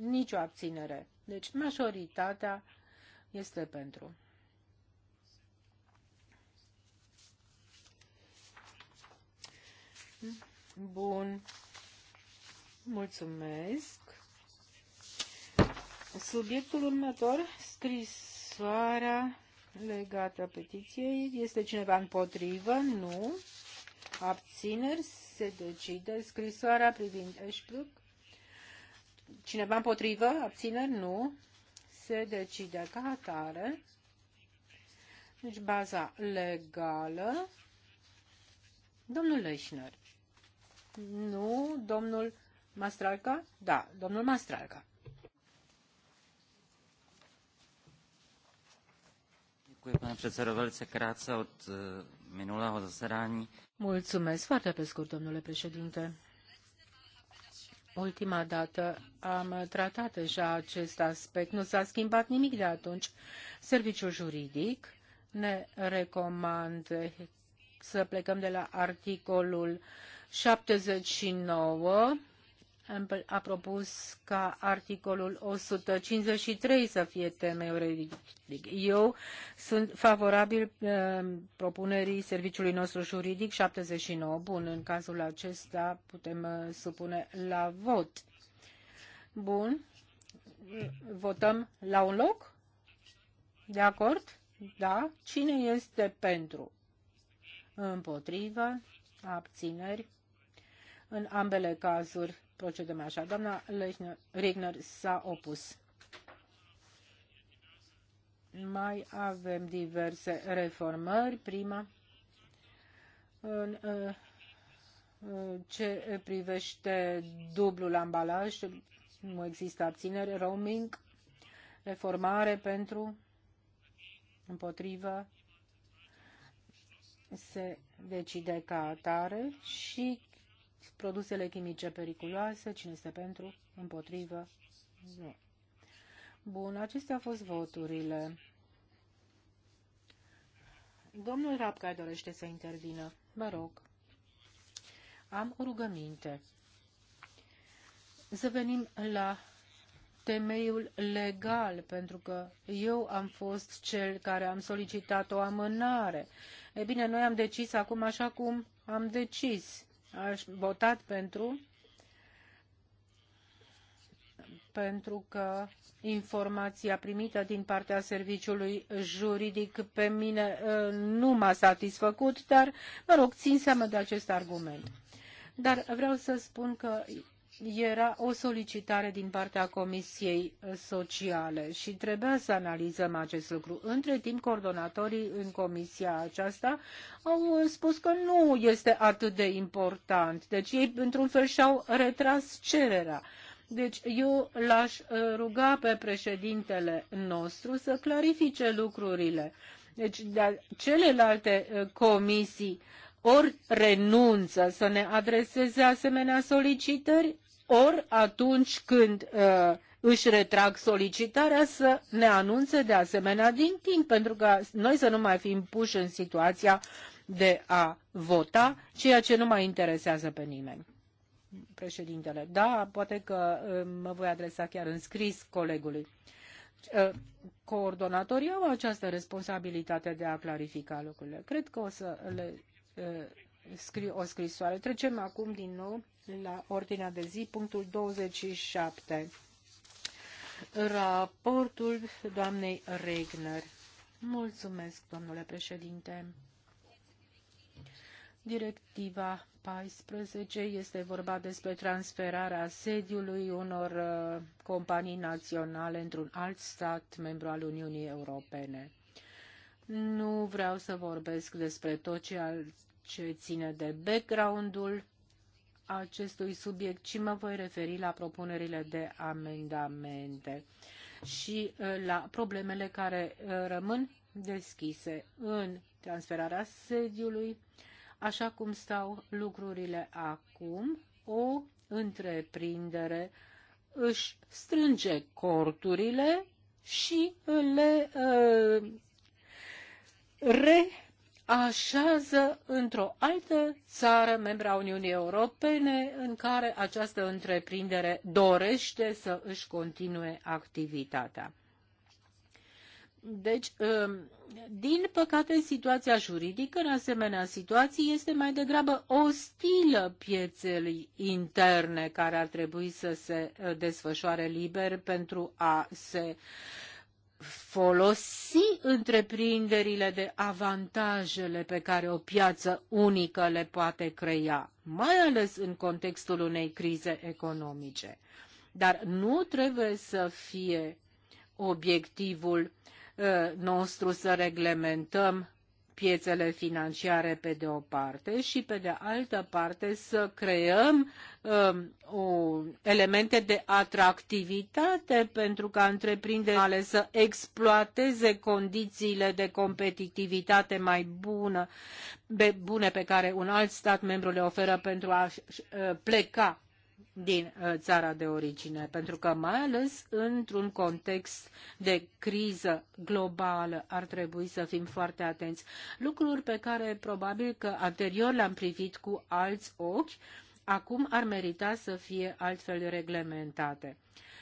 Nicio abținere. Deci majoritatea este pentru. Bun. Mulțumesc. Subiectul următor, scrisoarea legată petiției, este cineva împotrivă? Nu. Abțineri se decide scrisoarea privind Eșbruc Cineva împotrivă? Abțineri? Nu. Se decide ca atare. Deci baza legală. Domnul Leșner. Nu, domnul Mastralca? Da, domnul Mastralca. Děkuji, pane předsedo, velice krátce od eh, minulého zasedání. Mulțumesc foarte pe scurt, domnule președinte ultima dată am tratat deja acest aspect. Nu s-a schimbat nimic de atunci. Serviciul juridic ne recomandă să plecăm de la articolul 79 a propus ca articolul 153 să fie temeiul juridic. Eu sunt favorabil ehm, propunerii serviciului nostru juridic 79. Bun, în cazul acesta putem ă, supune la vot. Bun. Votăm la un loc? De acord? Da. Cine este pentru? Împotrivă? Abțineri? În ambele cazuri procedăm așa. Doamna Lechner, Regner s-a opus. Mai avem diverse reformări. Prima, în uh, uh, ce privește dublul ambalaj, nu există abținere, roaming, reformare pentru, împotrivă, se decide ca atare și produsele chimice periculoase, cine este pentru, împotrivă, nu. Bun, acestea au fost voturile. Domnul Rapca dorește să intervină. Mă rog. Am o rugăminte. Să venim la temeiul legal, pentru că eu am fost cel care am solicitat o amânare. E bine, noi am decis acum așa cum am decis a votat pentru pentru că informația primită din partea serviciului juridic pe mine uh, nu m-a satisfăcut, dar, mă rog, țin seama de acest argument. Dar vreau să spun că era o solicitare din partea Comisiei Sociale și trebuia să analizăm acest lucru. Între timp, coordonatorii în comisia aceasta au spus că nu este atât de important. Deci ei, într-un fel, și-au retras cererea. Deci eu l-aș uh, ruga pe președintele nostru să clarifice lucrurile. Deci de celelalte uh, comisii ori renunță să ne adreseze asemenea solicitări, ori atunci când uh, își retrag solicitarea să ne anunțe de asemenea din timp, pentru că noi să nu mai fim puși în situația de a vota, ceea ce nu mai interesează pe nimeni. Președintele, da, poate că uh, mă voi adresa chiar în scris colegului. Uh, coordonatorii au această responsabilitate de a clarifica lucrurile. Cred că o să le uh, scriu o scrisoare. Trecem acum din nou la ordinea de zi, punctul 27. Raportul doamnei Regner. Mulțumesc, domnule președinte. Directiva 14 este vorba despre transferarea sediului unor uh, companii naționale într-un alt stat membru al Uniunii Europene. Nu vreau să vorbesc despre tot ceea ce ține de background-ul acestui subiect ci mă voi referi la propunerile de amendamente și uh, la problemele care uh, rămân deschise în transferarea sediului, așa cum stau lucrurile acum, o întreprindere își strânge corturile și le uh, re așează într-o altă țară membră a Uniunii Europene în care această întreprindere dorește să își continue activitatea. Deci, um, din păcate, situația juridică în asemenea situații este mai degrabă ostilă pieței interne care ar trebui să se uh, desfășoare liber pentru a se uh, folosi întreprinderile de avantajele pe care o piață unică le poate crea, mai ales în contextul unei crize economice. Dar nu trebuie să fie obiectivul uh, nostru să reglementăm piețele financiare pe de o parte și pe de altă parte să creăm uh, o, elemente de atractivitate pentru ca întreprinderile să exploateze condițiile de competitivitate mai bună, be, bune pe care un alt stat membru le oferă pentru a uh, pleca din uh, țara de origine, pentru că mai ales într-un context de criză globală ar trebui să fim foarte atenți. Lucruri pe care probabil că anterior le-am privit cu alți ochi, acum ar merita să fie altfel reglementate.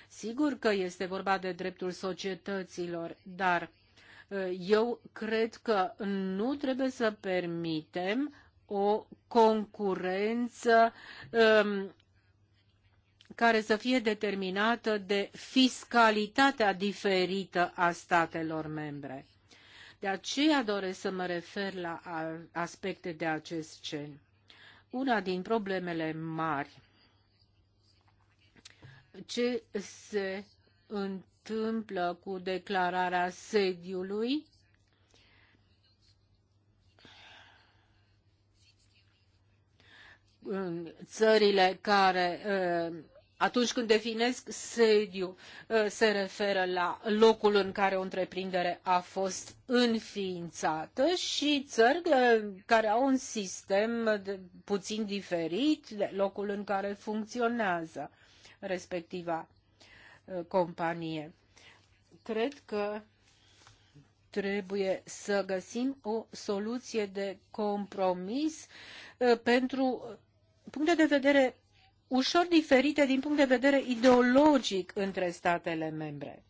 Sigur că este vorba de dreptul societăților, dar uh, eu cred că nu trebuie să permitem o concurență um, care să fie determinată de fiscalitatea diferită a statelor membre. De aceea doresc să mă refer la aspecte de acest gen. Una din problemele mari ce se întâmplă cu declararea sediului în țările care uh, atunci când definesc sediu, ă, se referă la locul în care o întreprindere a fost înființată și țări ă, care au un sistem puțin diferit de locul în care funcționează respectiva ă, companie. Cred că trebuie să găsim o soluție de compromis pentru puncte de vedere ușor diferite din punct de vedere ideologic între statele membre.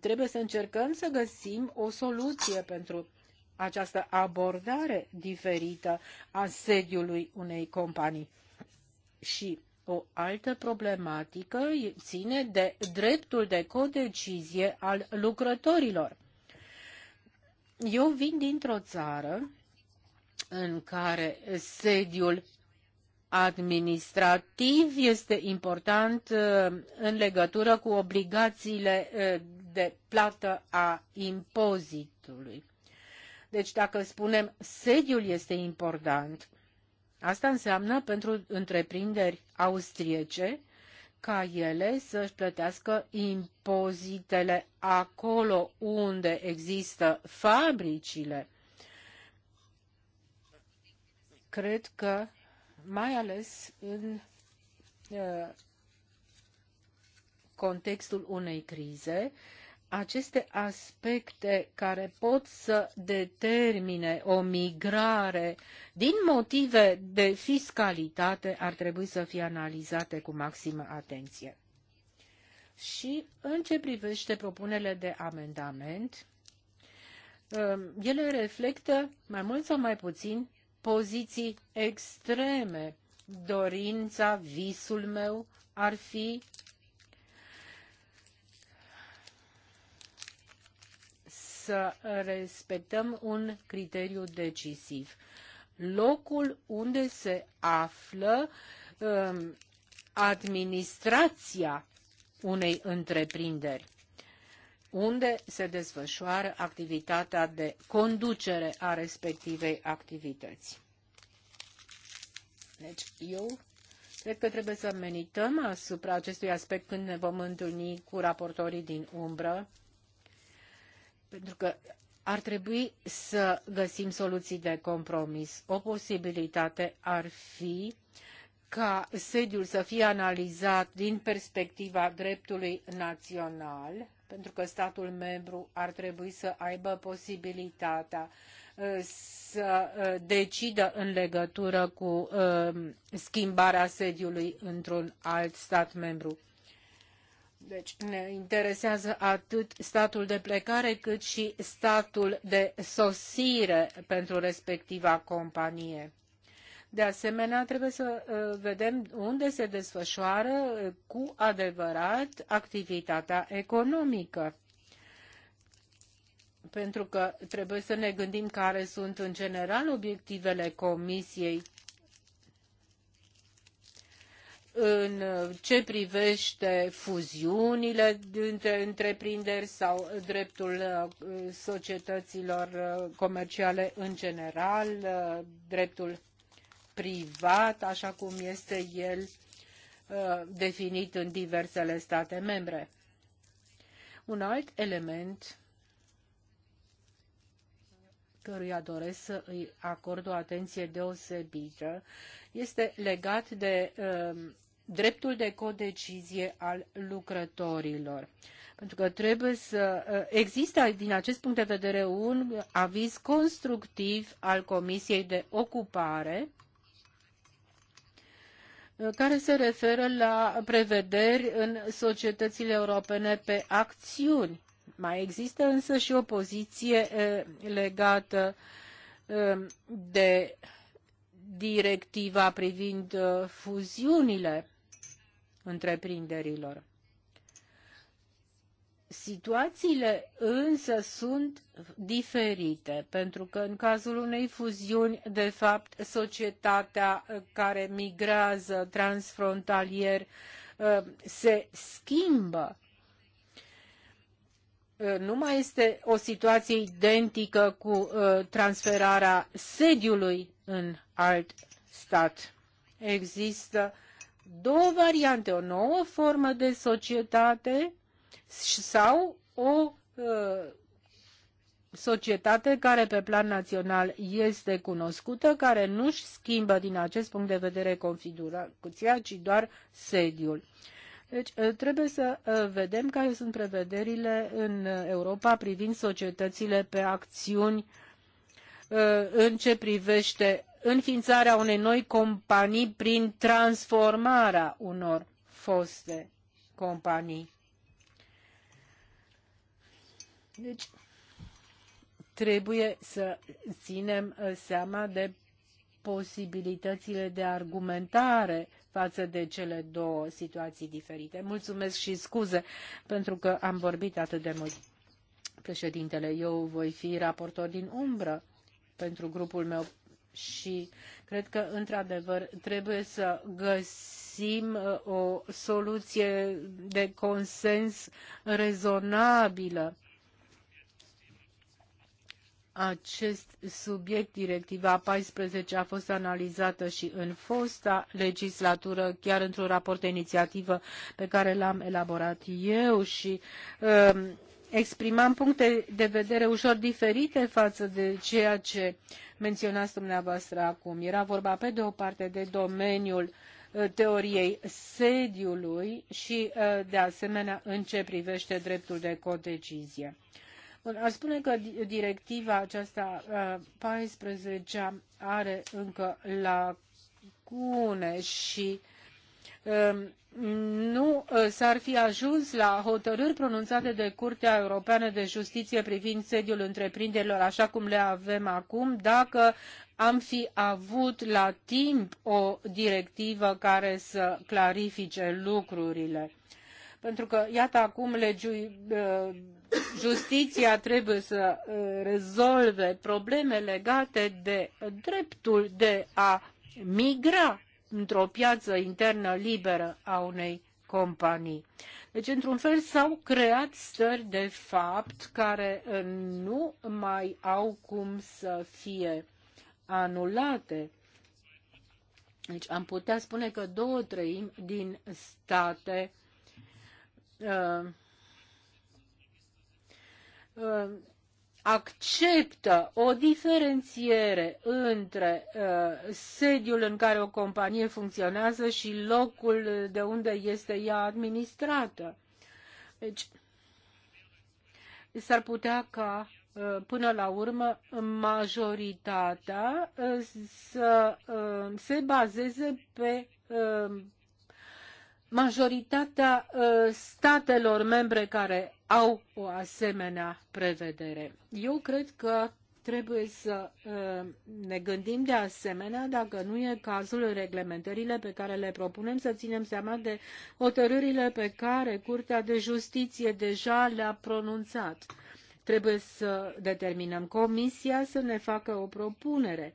Trebuie să încercăm să găsim o soluție pentru această abordare diferită a sediului unei companii. Și o altă problematică ține de dreptul de codecizie al lucrătorilor. Eu vin dintr-o țară în care sediul administrativ este important uh, în legătură cu obligațiile uh, de plată a impozitului. Deci dacă spunem sediul este important, asta înseamnă pentru întreprinderi austriece ca ele să-și plătească impozitele acolo unde există fabricile. Cred că mai ales în uh, contextul unei crize, aceste aspecte care pot să determine o migrare din motive de fiscalitate ar trebui să fie analizate cu maximă atenție. Și în ce privește propunerile de amendament, uh, ele reflectă mai mult sau mai puțin poziții extreme. Dorința, visul meu ar fi să respectăm un criteriu decisiv. Locul unde se află um, administrația unei întreprinderi unde se desfășoară activitatea de conducere a respectivei activități. Deci eu cred că trebuie să menităm asupra acestui aspect când ne vom întâlni cu raportorii din umbră, pentru că ar trebui să găsim soluții de compromis. O posibilitate ar fi ca sediul să fie analizat din perspectiva dreptului național pentru că statul membru ar trebui să aibă posibilitatea uh, să uh, decidă în legătură cu uh, schimbarea sediului într-un alt stat membru. Deci ne interesează atât statul de plecare cât și statul de sosire pentru respectiva companie. De asemenea, trebuie să uh, vedem unde se desfășoară uh, cu adevărat activitatea economică. Pentru că trebuie să ne gândim care sunt în general obiectivele Comisiei în uh, ce privește fuziunile dintre întreprinderi sau dreptul societăților comerciale în general, dreptul privat, așa cum este el uh, definit în diversele state membre. Un alt element căruia doresc să îi acord o atenție deosebită este legat de uh, dreptul de codecizie al lucrătorilor. Pentru că trebuie să uh, există, din acest punct de vedere, un aviz constructiv al Comisiei de Ocupare Uh, care se referă la prevederi în societățile europene pe acțiuni. Mai există însă și o poziție uh, legată uh, de directiva privind fuziunile întreprinderilor. Situațiile însă sunt diferite, pentru că în cazul unei fuziuni, de fapt, societatea uh, care migrează transfrontalier uh, se schimbă. Uh, nu mai este o situație identică cu transferarea sediului în alt stat. Există două variante, o nouă formă de societate sau o uh, societate care pe plan național este cunoscută, care nu-și schimbă din acest punct de vedere configurația, ci doar sediul. Deci uh, trebuie să uh, vedem care sunt prevederile în Europa privind societățile pe acțiuni în ce privește înființarea unei noi companii prin transformarea unor foste companii. Deci, trebuie să ținem uh, seama de posibilitățile de argumentare față de cele două situații diferite. Mulțumesc și scuze pentru că am vorbit atât de mult. Președintele, eu voi fi raportor din umbră pentru grupul meu și cred că, într-adevăr, trebuie să găsim uh, o soluție de consens rezonabilă acest subiect, directiva 14, a fost analizată și în fosta legislatură, chiar într-un raport de inițiativă pe care l-am elaborat eu și uh, exprimam puncte de vedere ușor diferite față de ceea ce menționați dumneavoastră acum. Era vorba pe de o parte de domeniul uh, teoriei sediului și, uh, de asemenea, în ce privește dreptul de codecizie. Aș spune că directiva aceasta 14 uh, are încă lacune și um, nu uh, s-ar fi ajuns la hotărâri pronunțate de Curtea Europeană de Justiție privind sediul întreprinderilor așa cum le avem acum, dacă am fi avut la timp o directivă care să clarifice lucrurile pentru că, iată, acum legiu, uh, justiția trebuie să uh, rezolve probleme legate de dreptul de a migra într-o piață internă liberă a unei companii. Deci, într-un fel, s-au creat stări de fapt care uh, nu mai au cum să fie anulate. Deci am putea spune că două treimi din state Uh, uh, acceptă o diferențiere între uh, sediul în care o companie funcționează și locul de unde este ea administrată. Deci, s-ar putea ca până la urmă majoritatea să se bazeze pe majoritatea uh, statelor membre care au o asemenea prevedere. Eu cred că trebuie să uh, ne gândim de asemenea dacă nu e cazul în reglementările pe care le propunem să ținem seama de hotărârile pe care Curtea de Justiție deja le-a pronunțat. Trebuie să determinăm comisia să ne facă o propunere.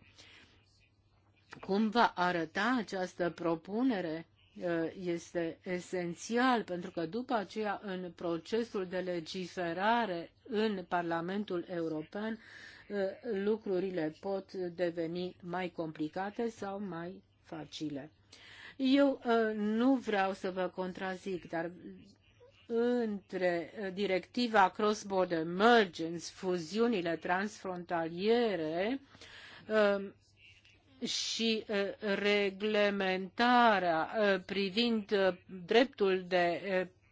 Cum va arăta această propunere? Uh, este esențial pentru că după aceea în procesul de legiferare în Parlamentul European uh, lucrurile pot deveni mai complicate sau mai facile. Eu uh, nu vreau să vă contrazic, dar între directiva cross-border mergence, fuziunile transfrontaliere, și uh, reglementarea uh, privind uh, dreptul de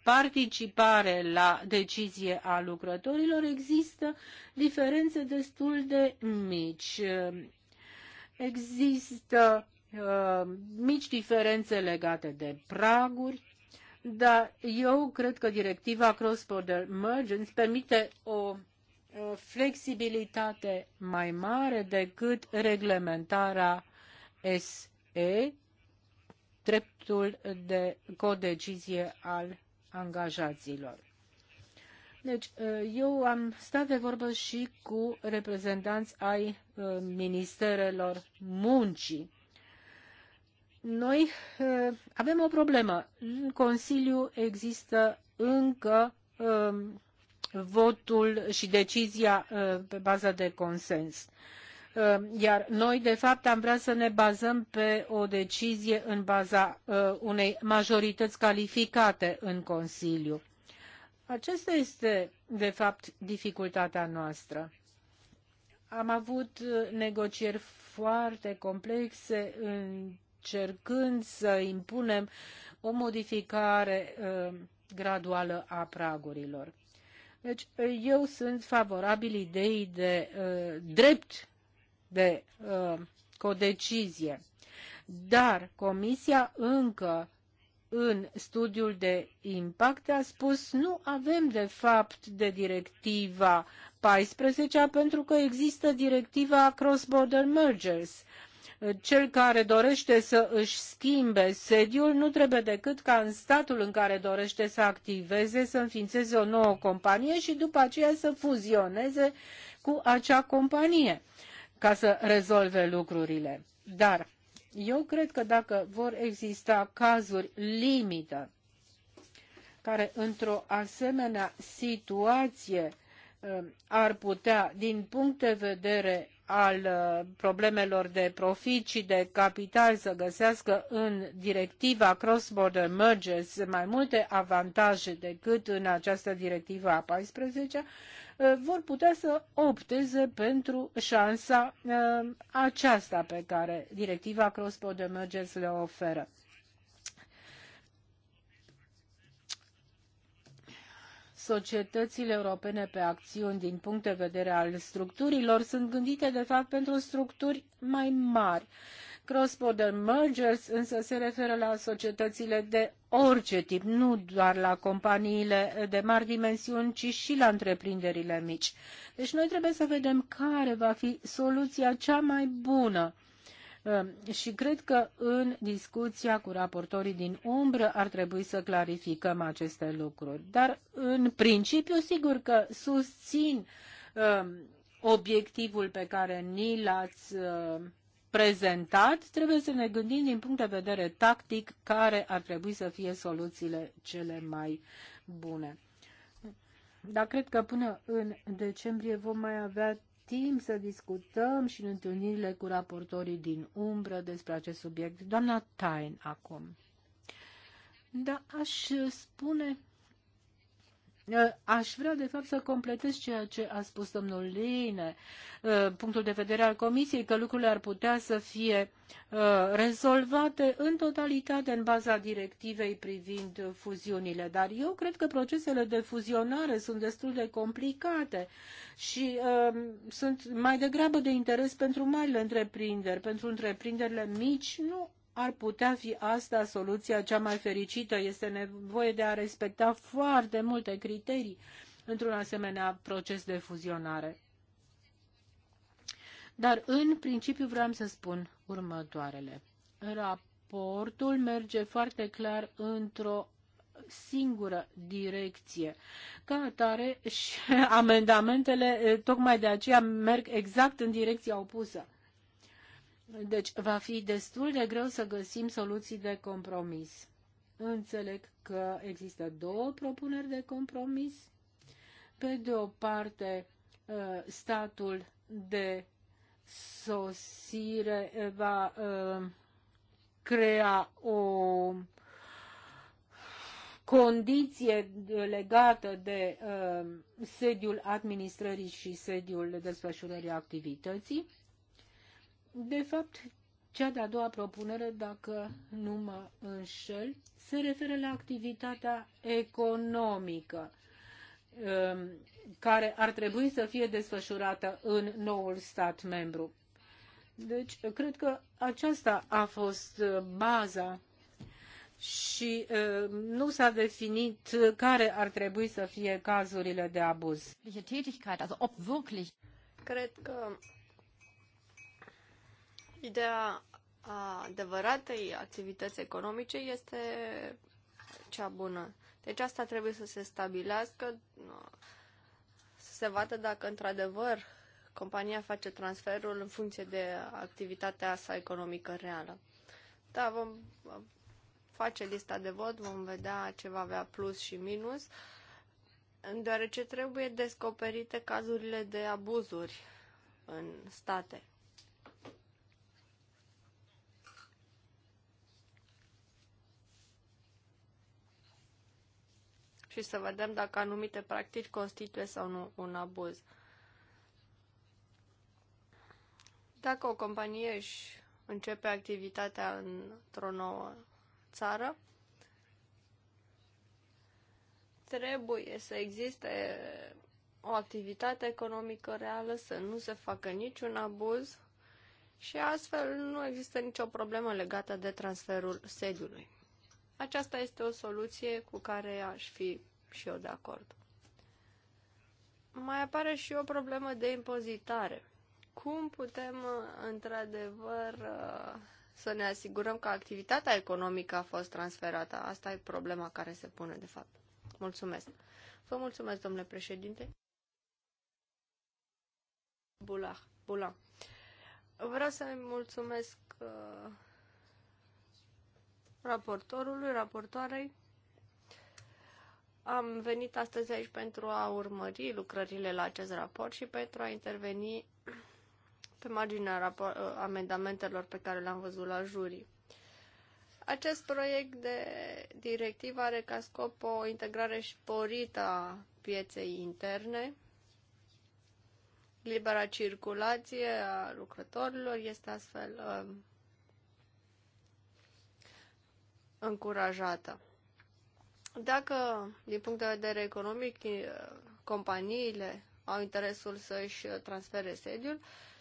participare la decizie a lucrătorilor, există diferențe destul de mici. Există mici diferențe legate de praguri, dar eu cred că directiva Cross-Border Mergence permite o Uh, flexibilitate mai mare decât reglementarea SE, dreptul de codecizie al angajaților. Deci, uh, eu am stat de vorbă și cu reprezentanți ai uh, ministerelor muncii. Noi avem o problemă. În Consiliu există încă um, votul și decizia uh, pe bază de consens. Uh, iar noi, de fapt, am vrea să ne bazăm pe o decizie în baza uh, unei majorități calificate în Consiliu. aceasta este, de fapt, dificultatea noastră. Am avut negocieri foarte complexe încercând să impunem o modificare graduală a pragurilor. Deci eu sunt favorabil ideii de uh, drept de uh, codecizie, dar Comisia încă în studiul de impact a spus nu avem de fapt de directiva 14 pentru că există directiva Cross Border Mergers cel care dorește să își schimbe sediul nu trebuie decât ca în statul în care dorește să activeze să înființeze o nouă companie și după aceea să fuzioneze cu acea companie ca să rezolve lucrurile. Dar eu cred că dacă vor exista cazuri limită care într-o asemenea situație um, ar putea, din punct de vedere al uh, problemelor de profit și de capital să găsească în directiva Cross-Border Mergers mai multe avantaje decât în această directivă a 14 uh, vor putea să opteze pentru șansa uh, aceasta pe care directiva Cross-Border Mergers le oferă. societățile europene pe acțiuni din punct de vedere al structurilor sunt gândite de fapt pentru structuri mai mari. Cross-border mergers însă se referă la societățile de orice tip, nu doar la companiile de mari dimensiuni, ci și la întreprinderile mici. Deci noi trebuie să vedem care va fi soluția cea mai bună Ehm, și cred că în discuția cu raportorii din umbră ar trebui să clarificăm aceste lucruri. Dar, în principiu, sigur că susțin ehm, obiectivul pe care ni l-ați ehm, prezentat, trebuie să ne gândim din punct de vedere tactic care ar trebui să fie soluțiile cele mai bune. Dar cred că până în decembrie vom mai avea timp să discutăm și în întâlnirile cu raportorii din umbră despre acest subiect. Doamna Tain acum. Da, aș spune Ă, aș vrea, de fapt, să completez ceea ce a spus domnul Line, ă, punctul de vedere al Comisiei, că lucrurile ar putea să fie ă, rezolvate în totalitate în baza directivei privind fuziunile. Dar eu cred că procesele de fuzionare sunt destul de complicate și uh, sunt mai degrabă de interes pentru marile întreprinderi. Pentru întreprinderile mici nu ar putea fi asta soluția cea mai fericită. Este nevoie de a respecta foarte multe criterii într-un asemenea proces de fuzionare. Dar în principiu vreau să spun următoarele. Raportul merge foarte clar într-o singură direcție. Ca atare și amendamentele tocmai de aceea merg exact în direcția opusă. Deci va fi destul de greu să găsim soluții de compromis. Înțeleg că există două propuneri de compromis. Pe de o parte, uh, statul de sosire uh, va uh, crea o condiție legată de sediul administrării și sediul desfășurării activității de fapt, cea de-a doua propunere, dacă nu mă înșel, se referă la activitatea economică um, care ar trebui să fie desfășurată în noul stat membru. Deci, cred că aceasta a fost uh, baza și uh, nu s-a definit care ar trebui să fie cazurile de abuz. Cred că Ideea adevăratei activități economice este cea bună. Deci asta trebuie să se stabilească, să se vadă dacă într-adevăr compania face transferul în funcție de activitatea sa economică reală. Da, vom face lista de vot, vom vedea ce va avea plus și minus, deoarece trebuie descoperite cazurile de abuzuri în state. și să vedem dacă anumite practici constituie sau nu un abuz. Dacă o companie își începe activitatea într-o nouă țară, trebuie să existe o activitate economică reală, să nu se facă niciun abuz și astfel nu există nicio problemă legată de transferul sediului. Aceasta este o soluție cu care aș fi și eu de acord. Mai apare și o problemă de impozitare. Cum putem, uh, într-adevăr, uh, să ne asigurăm că activitatea economică a fost transferată? Asta e problema care se pune, de fapt. Mulțumesc. Vă mulțumesc, domnule președinte. Bula. Bula. Vreau să-i mulțumesc uh, raportorului, raportoarei. Am venit astăzi aici pentru a urmări lucrările la acest raport și pentru a interveni pe marginea amendamentelor pe care le-am văzut la jurii. Acest proiect de directivă are ca scop o integrare sporită a pieței interne. Libera circulație a lucrătorilor este astfel um, încurajată. Dacă, din punct de vedere economic, companiile au interesul să-și transfere sediul,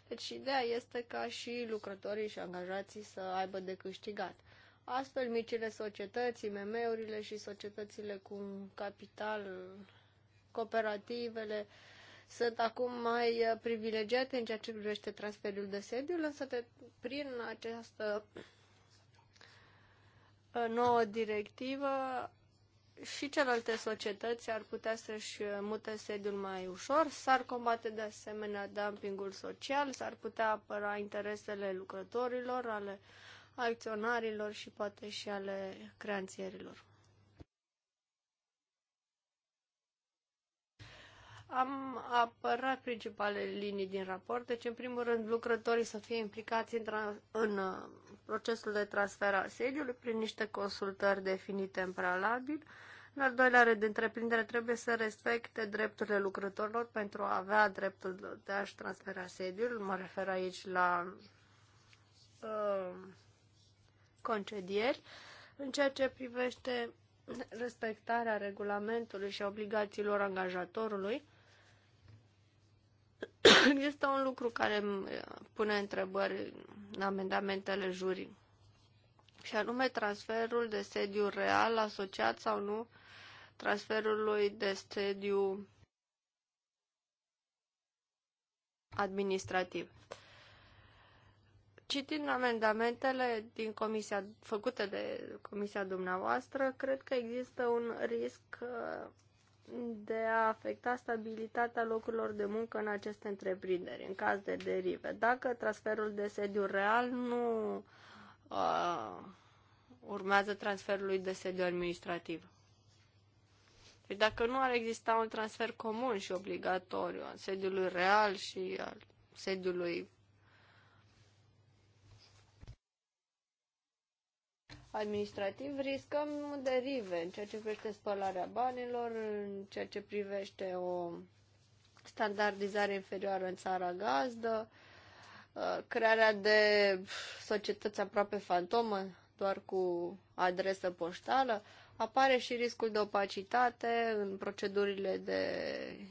deci ideea este ca și lucrătorii și angajații să aibă de câștigat. Astfel, micile societăți, MM-urile și societățile cu capital, cooperativele, sunt acum mai privilegiate în ceea ce privește transferul de sediul, însă de, prin această nouă directivă și celelalte societăți ar putea să-și mute sediul mai ușor, s-ar combate de asemenea dumpingul social, s-ar putea apăra interesele lucrătorilor, ale acționarilor și poate și ale creanțierilor. Am apărat principalele linii din raport, deci în primul rând lucrătorii să fie implicați în, în procesul de transfer al sediului prin niște consultări definite în prealabil. În al doilea rând, întreprindere trebuie să respecte drepturile lucrătorilor pentru a avea dreptul de a-și transfera sediul. Mă refer aici la uh, concedieri. În ceea ce privește respectarea regulamentului și obligațiilor angajatorului, Este un lucru care eh, pune întrebări în amendamentele jurii, și anume transferul de sediu real asociat sau nu transferului de sediu administrativ. Citind amendamentele din comisia, făcute de comisia dumneavoastră, cred că există un risc eh, de a afecta stabilitatea locurilor de muncă în aceste întreprinderi, în caz de derive. Dacă transferul de sediu real nu uh, urmează transferului de sediu administrativ. Deci dacă nu ar exista un transfer comun și obligatoriu al sediului real și al sediului administrativ, riscăm derive în ceea ce privește spălarea banilor, în ceea ce privește o standardizare inferioară în țara gazdă, uh, crearea de societăți aproape fantomă, doar cu adresă poștală, apare și riscul de opacitate în procedurile de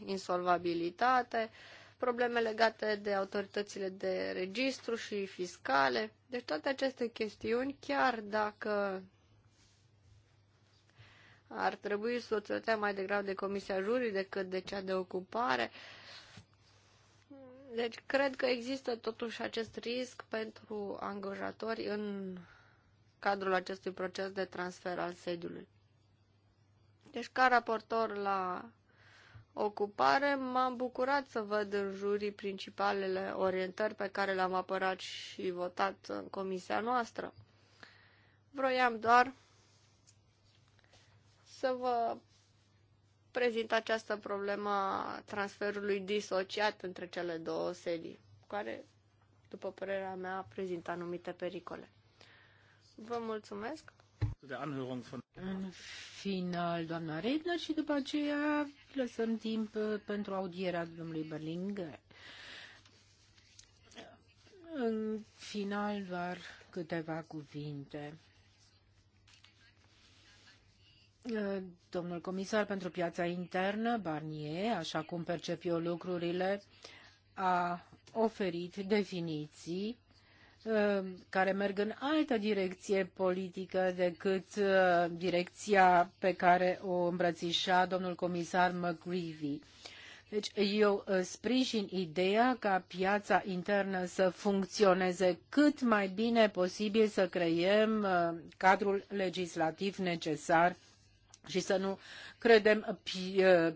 insolvabilitate, uh, probleme legate de autoritățile de registru și fiscale. Deci toate aceste chestiuni, chiar dacă ar trebui să o tratea mai degrabă de Comisia Jurii decât de cea de ocupare. Deci cred că există totuși acest risc pentru angajatori în cadrul acestui proces de transfer al sediului. Deci ca raportor la ocupare, m-am bucurat să văd în jurii principalele orientări pe care le-am apărat și votat în comisia noastră. Vroiam doar să vă prezint această problemă a transferului disociat între cele două sedii, care, după părerea mea, prezintă anumite pericole. Vă mulțumesc! În final, doamna Redner și după aceea lăsăm timp uh, pentru audierea domnului Berlinghe. În final, doar câteva cuvinte. Uh, domnul comisar pentru piața internă, Barnier, așa cum percep eu lucrurile, a oferit definiții Um, care merg în altă direcție politică decât uh, direcția pe care o îmbrățișa domnul comisar McGreevy. Deci eu uh, sprijin ideea ca piața internă să funcționeze cât mai bine posibil, să creiem uh, cadrul legislativ necesar și să nu credem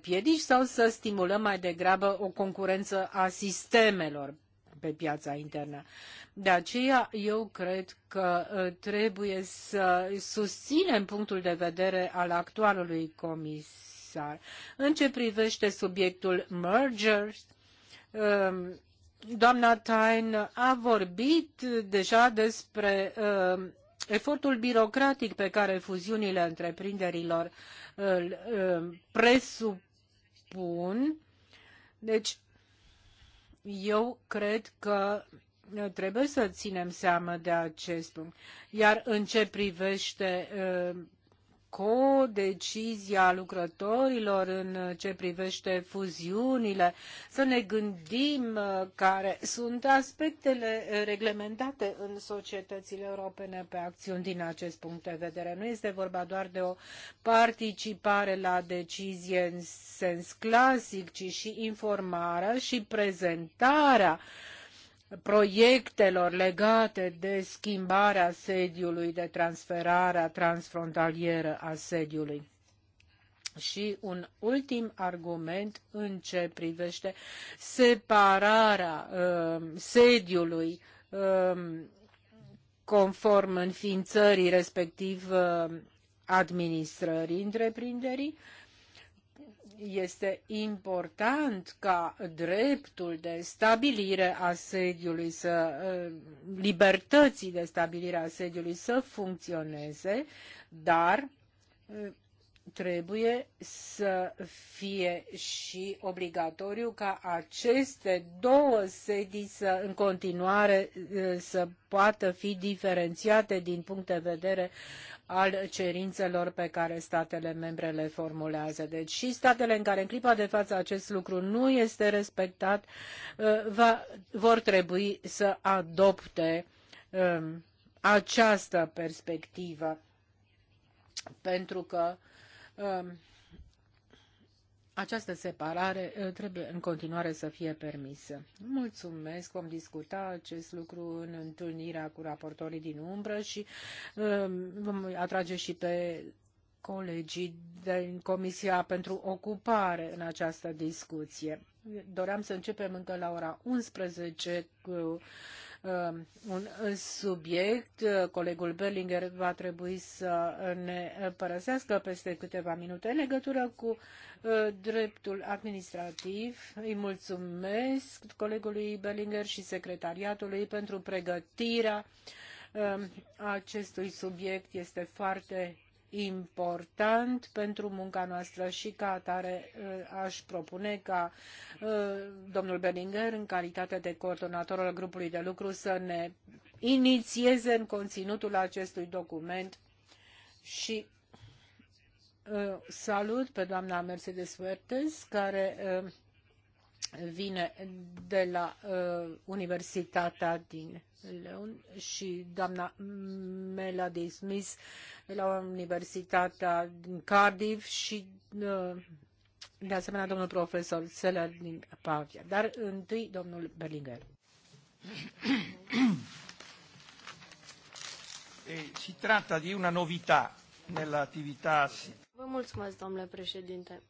piedici sau să stimulăm mai degrabă o concurență a sistemelor pe piața internă. De aceea, eu cred că uh, trebuie să susținem punctul de vedere al actualului comisar. În ce privește subiectul mergers, um, doamna Tain a vorbit deja despre um, efortul birocratic pe care fuziunile întreprinderilor îl um, presupun. Deci, eu cred că uh, trebuie să ținem seama de acest punct. Iar în ce privește uh, codecizia lucrătorilor în ce privește fuziunile, să ne gândim uh, care sunt aspectele reglementate în societățile europene pe acțiuni din acest punct de vedere. Nu este vorba doar de o participare la decizie în sens clasic, ci și informarea și prezentarea uh, proiectelor legate de schimbarea sediului, de transferarea transfrontalieră a sediului. Și un ultim argument în ce privește separarea uh, sediului uh, conform înființării respectiv uh, administrării întreprinderii. Uh, este important ca dreptul de stabilire a sediului, să, eh, libertății de stabilire a sediului să funcționeze, dar eh, trebuie să fie și obligatoriu ca aceste două sedii să în continuare eh, să poată fi diferențiate din punct de vedere al cerințelor pe care statele membre le formulează. Deci și statele în care în clipa de față acest lucru nu este respectat uh, va, vor trebui să adopte um, această perspectivă pentru că um, această separare uh, trebuie în continuare să fie permisă. Mulțumesc, vom discuta acest lucru în întâlnirea cu raportorii din umbră și uh, vom atrage și pe colegii din Comisia pentru Ocupare în această discuție. Doream să începem încă la ora 11 cu Um, un subiect. Uh, colegul Berlinger va trebui să ne părăsească peste câteva minute în legătură cu uh, dreptul administrativ. Îi mulțumesc colegului Berlinger și secretariatului pentru pregătirea um, acestui subiect. Este foarte important pentru munca noastră și ca atare uh, aș propune ca uh, domnul Berlinger, în calitate de coordonator al grupului de lucru, să ne inițieze în conținutul acestui document și uh, salut pe doamna Mercedes Huertes, care vine de la Universitatea din Leon și doamna Melody Smith de la Universitatea din Cardiff și uh, de asemenea domnul profesor Seller din Pavia. Dar întâi domnul Berlinger. Si tratta di una novità nell'attività. Vă mulțumesc, domnule președinte.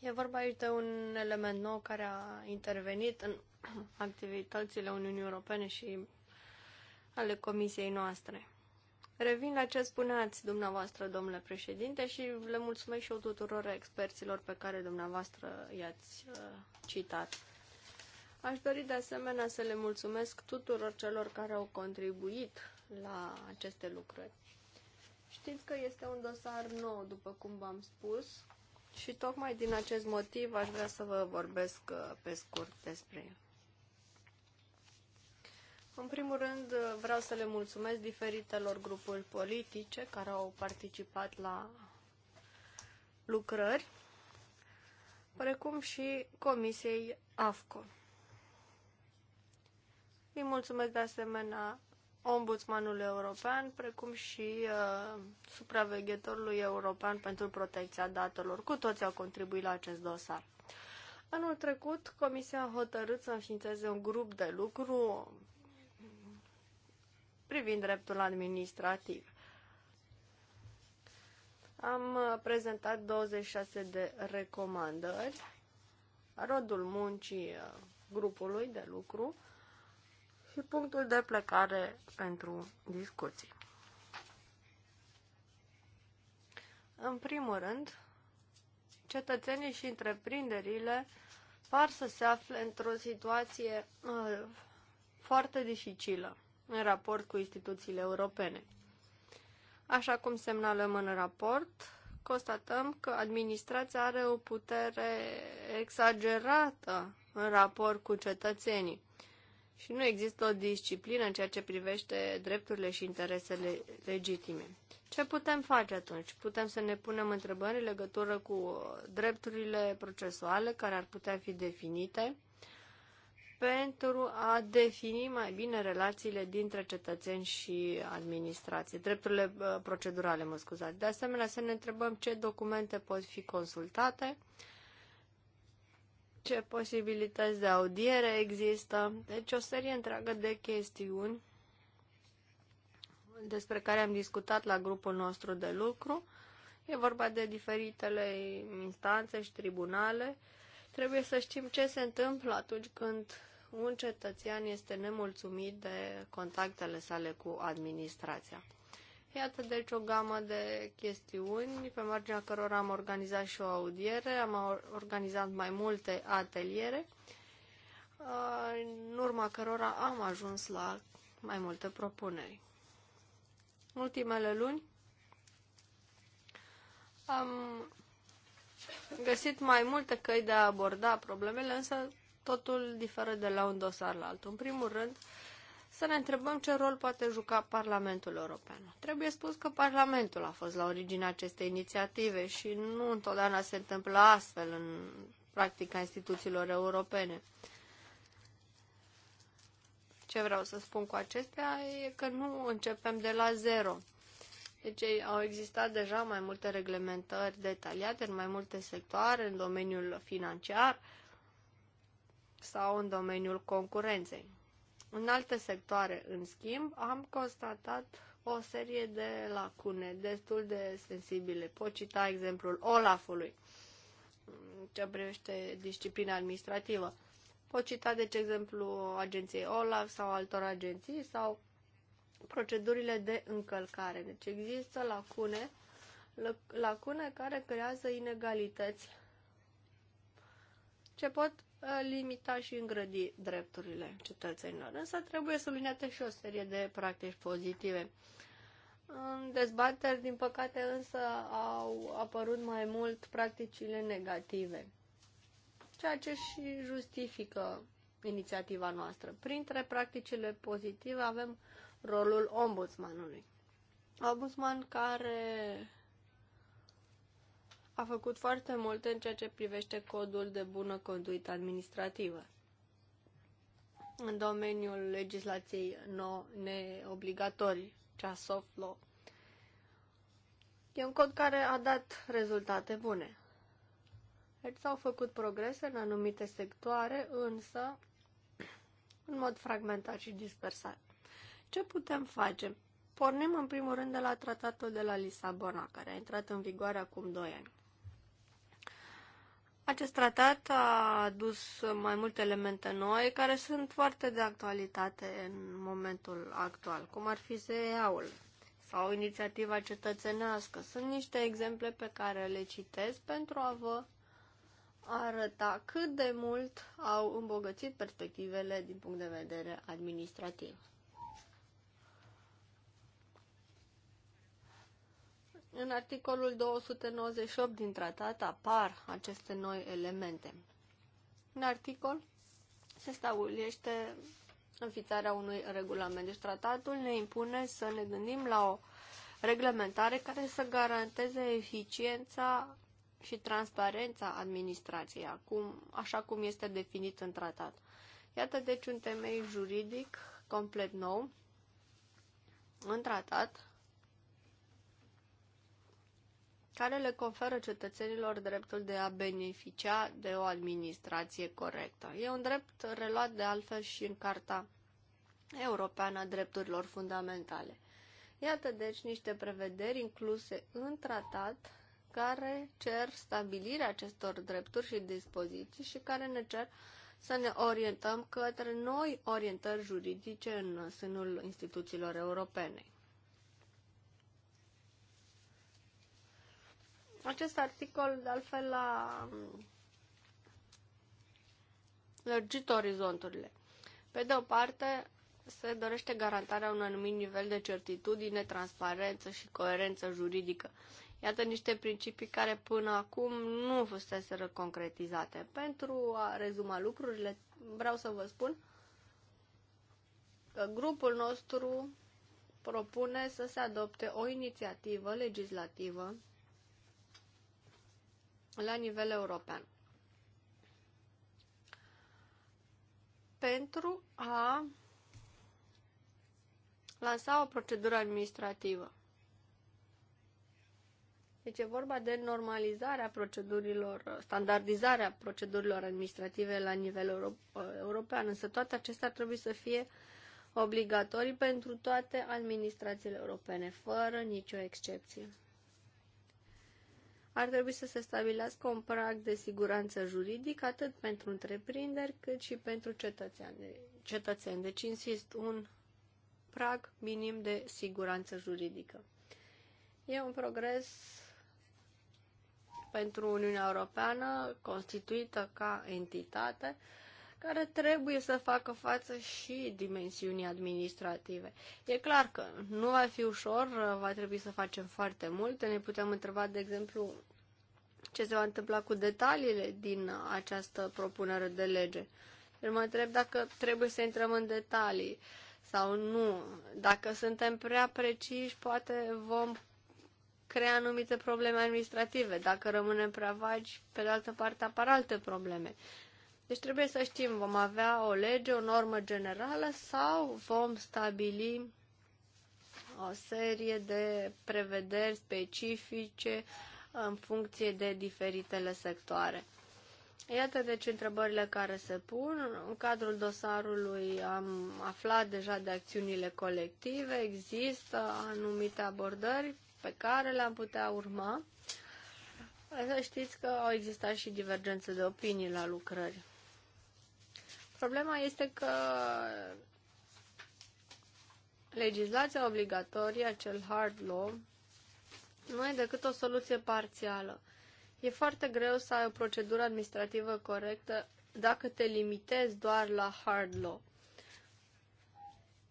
E vorba aici de un element nou care a intervenit în activitățile Uniunii Europene și ale comisiei noastre. Revin la ce spuneați dumneavoastră, domnule președinte, și le mulțumesc și eu tuturor experților pe care dumneavoastră i-ați uh, citat. Aș dori de asemenea să le mulțumesc tuturor celor care au contribuit la aceste lucrări. Știți că este un dosar nou, după cum v-am spus, și tocmai din acest motiv aș vrea să vă vorbesc uh, pe scurt despre el. În primul rând, uh, vreau să le mulțumesc diferitelor grupuri politice care au participat la lucrări, precum și Comisiei AFCO. Îi mulțumesc de asemenea ombudsmanului european, precum și uh, supraveghetorului european pentru protecția datelor. Cu toți au contribuit la acest dosar. Anul trecut, Comisia a hotărât să înființeze un grup de lucru privind dreptul administrativ. Am prezentat 26 de recomandări, rodul muncii uh, grupului de lucru, și punctul de plecare pentru discuții. În primul rând, cetățenii și întreprinderile par să se afle într-o situație uh, foarte dificilă în raport cu instituțiile europene. Așa cum semnalăm în raport, constatăm că administrația are o putere exagerată în raport cu cetățenii și nu există o disciplină în ceea ce privește drepturile și interesele legitime. Ce putem face atunci? Putem să ne punem întrebări în legătură cu drepturile procesuale care ar putea fi definite pentru a defini mai bine relațiile dintre cetățeni și administrație, drepturile uh, procedurale, mă scuzați. De asemenea, să ne întrebăm ce documente pot fi consultate, ce posibilități de audiere există. Deci o serie întreagă de chestiuni despre care am discutat la grupul nostru de lucru. E vorba de diferitele instanțe și tribunale. Trebuie să știm ce se întâmplă atunci când un cetățean este nemulțumit de contactele sale cu administrația. Iată deci o gamă de chestiuni pe marginea cărora am organizat și o audiere, am organizat mai multe ateliere, în urma cărora am ajuns la mai multe propuneri. În ultimele luni am găsit mai multe căi de a aborda problemele, însă totul diferă de la un dosar la altul. În primul rând, să ne întrebăm ce rol poate juca Parlamentul European. Trebuie spus că Parlamentul a fost la originea acestei inițiative și nu întotdeauna se întâmplă astfel în practica instituțiilor europene. Ce vreau să spun cu acestea e că nu începem de la zero. Deci au existat deja mai multe reglementări detaliate în mai multe sectoare, în domeniul financiar sau în domeniul concurenței. În alte sectoare, în schimb, am constatat o serie de lacune destul de sensibile. Pot cita exemplul Olafului, ce privește disciplina administrativă. Pot cita, deci, exemplu agenției Olaf sau altor agenții sau procedurile de încălcare. Deci există lacune, lacune care creează inegalități ce pot limita și îngrădi drepturile cetățenilor. Însă trebuie subliniate și o serie de practici pozitive. În dezbateri, din păcate, însă au apărut mai mult practicile negative, ceea ce și justifică inițiativa noastră. Printre practicile pozitive avem rolul ombudsmanului. Ombudsman care a făcut foarte multe în ceea ce privește codul de bună conduită administrativă. În domeniul legislației no neobligatorii, cea soft law. E un cod care a dat rezultate bune. Deci s-au făcut progrese în anumite sectoare, însă în mod fragmentat și dispersat. Ce putem face? Pornim în primul rând de la tratatul de la Lisabona, care a intrat în vigoare acum 2 ani. Acest tratat a adus mai multe elemente noi care sunt foarte de actualitate în momentul actual, cum ar fi ZEA-ul sau inițiativa cetățenească. Sunt niște exemple pe care le citesc pentru a vă arăta cât de mult au îmbogățit perspectivele din punct de vedere administrativ. În articolul 298 din tratat apar aceste noi elemente. În articol se stabilește înființarea unui regulament. Deci tratatul ne impune să ne gândim la o reglementare care să garanteze eficiența și transparența administrației, acum, așa cum este definit în tratat. Iată deci un temei juridic complet nou în tratat care le conferă cetățenilor dreptul de a beneficia de o administrație corectă. E un drept reluat de altfel și în Carta Europeană a Drepturilor Fundamentale. Iată deci niște prevederi incluse în tratat care cer stabilirea acestor drepturi și dispoziții și care ne cer să ne orientăm către noi orientări juridice în sânul instituțiilor europene. Acest articol, de altfel, a mm, lărgit orizonturile. Pe de o parte, se dorește garantarea unui anumit nivel de certitudine, transparență și coerență juridică. Iată niște principii care până acum nu fuseseră concretizate. Pentru a rezuma lucrurile, vreau să vă spun că grupul nostru propune să se adopte o inițiativă legislativă la nivel european. Pentru a lansa o procedură administrativă. Deci e vorba de normalizarea procedurilor, standardizarea procedurilor administrative la nivel euro ă, european, însă toate acestea trebuie să fie obligatorii pentru toate administrațiile europene, fără nicio excepție ar trebui să se stabilească un prag de siguranță juridică atât pentru întreprinderi cât și pentru cetățeni. cetățeni. Deci, insist, un prag minim de siguranță juridică. E un progres pentru Uniunea Europeană constituită ca entitate uh, care trebuie să facă față și dimensiunii administrative. E clar că nu va fi ușor, va trebui să facem foarte multe. Ne putem întreba, de exemplu, ce se va întâmpla cu detaliile din această propunere de lege. Eu mă întreb dacă trebuie să intrăm în detalii sau nu. Dacă suntem prea preciși, poate vom crea anumite probleme administrative. Dacă rămânem prea vagi, pe de altă parte apar alte probleme. Deci trebuie să știm, vom avea o lege, o normă generală sau vom stabili o serie de prevederi specifice în funcție de diferitele sectoare. Iată deci întrebările care se pun. În cadrul dosarului am aflat deja de acțiunile colective. Există anumite abordări pe care le-am putea urma. Să știți că au existat și divergențe de opinii la lucrări. Problema este că legislația obligatorie, acel hard law, nu e decât o soluție parțială. E foarte greu să ai o procedură administrativă corectă dacă te limitezi doar la hard law.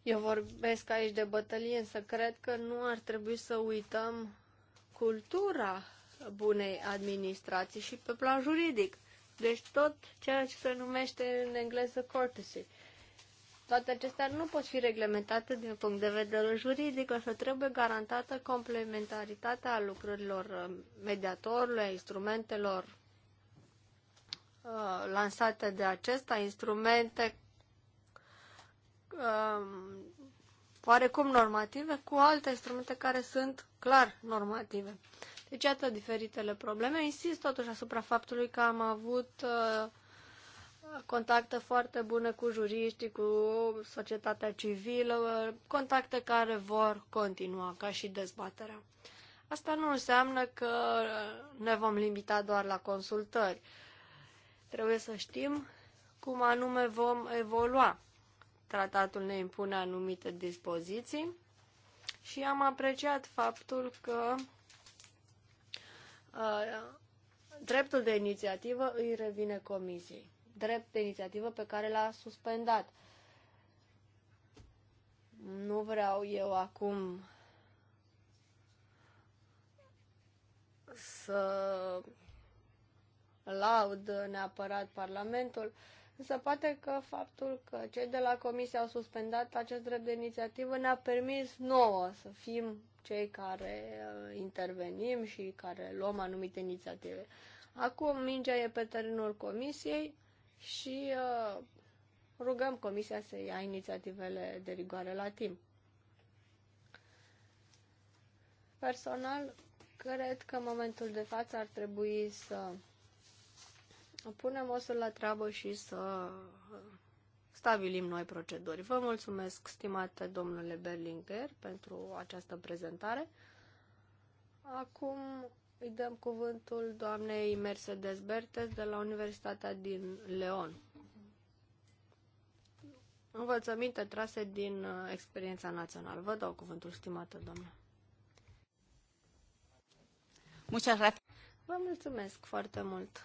Eu vorbesc aici de bătălie, însă cred că nu ar trebui să uităm cultura bunei administrații și pe plan juridic. Deci tot ceea ce se numește în engleză courtesy. Toate acestea nu pot fi reglementate din punct de vedere juridic, așa trebuie garantată complementaritatea lucrurilor uh, mediatorului, instrumentelor uh, lansate de acesta, instrumente uh, oarecum normative cu alte instrumente care sunt clar normative. Deci, iată diferitele probleme. Insist totuși asupra faptului că am avut uh, contacte foarte bune cu juriștii, cu societatea civilă, uh, contacte care vor continua, ca și dezbaterea. Asta nu înseamnă că ne vom limita doar la consultări. Trebuie să știm cum anume vom evolua. Tratatul ne impune anumite dispoziții și am apreciat faptul că dreptul de inițiativă îi revine comisiei. Drept de inițiativă pe care l-a suspendat. Nu vreau eu acum să laud neapărat Parlamentul, însă poate că faptul că cei de la Comisie au suspendat acest drept de inițiativă ne-a permis nouă să fim cei care uh, intervenim și care luăm anumite inițiative. Acum mingea e pe terenul comisiei și uh, rugăm comisia să ia inițiativele de rigoare la timp. Personal, cred că în momentul de față ar trebui să punem osul la treabă și să stabilim noi proceduri. Vă mulțumesc, stimate domnule Berlinger, pentru această prezentare. Acum îi dăm cuvântul doamnei Mercedes Bertes de la Universitatea din Leon. Învățăminte trase din uh, experiența națională. Vă dau cuvântul, stimată doamnă. Vă mulțumesc foarte mult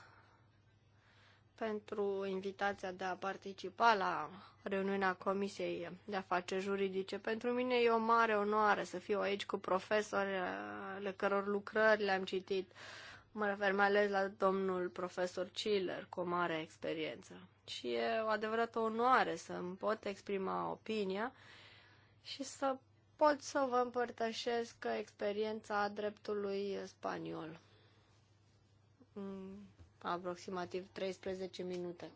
pentru invitația de a participa la reuniunea Comisiei de Afaceri Juridice. Pentru mine e o mare onoare să fiu aici cu profesori ale căror lucrări le-am citit. Mă refer mai ales la domnul profesor Chiller, cu o mare experiență. Și e o adevărată onoare să îmi pot exprima opinia și să pot să vă împărtășesc experiența dreptului spaniol mm aproximativ 13 minute.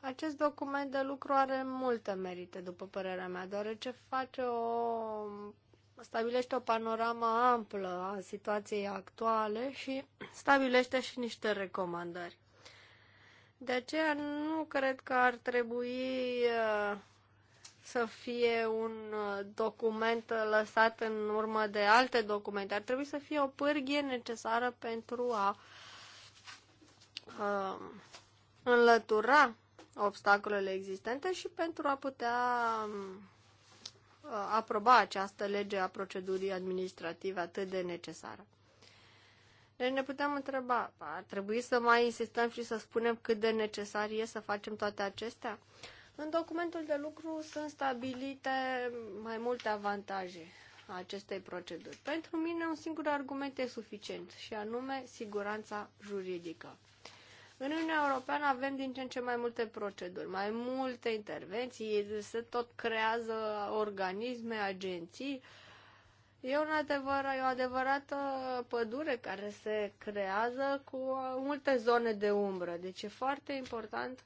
Acest document de lucru are multe merite, după părerea mea, deoarece face o stabilește o panoramă amplă a situației actuale și stabilește și niște recomandări. De aceea nu cred că ar trebui uh, să fie un uh, document lăsat în urmă de alte documente. Ar trebui să fie o pârghie necesară pentru a uh, înlătura obstacolele existente și pentru a putea um, uh, aproba această lege a procedurii administrative atât de necesară. Deci ne putem întreba, ar trebui să mai insistăm și să spunem cât de necesar e să facem toate acestea? În documentul de lucru sunt stabilite mai multe avantaje a acestei proceduri. Pentru mine un singur argument e suficient și anume siguranța juridică. În Uniunea Europeană avem din ce în ce mai multe proceduri, mai multe intervenții, se tot creează organisme, agenții. E, un adevăr, e o adevărată pădure care se creează cu multe zone de umbră. Deci e foarte important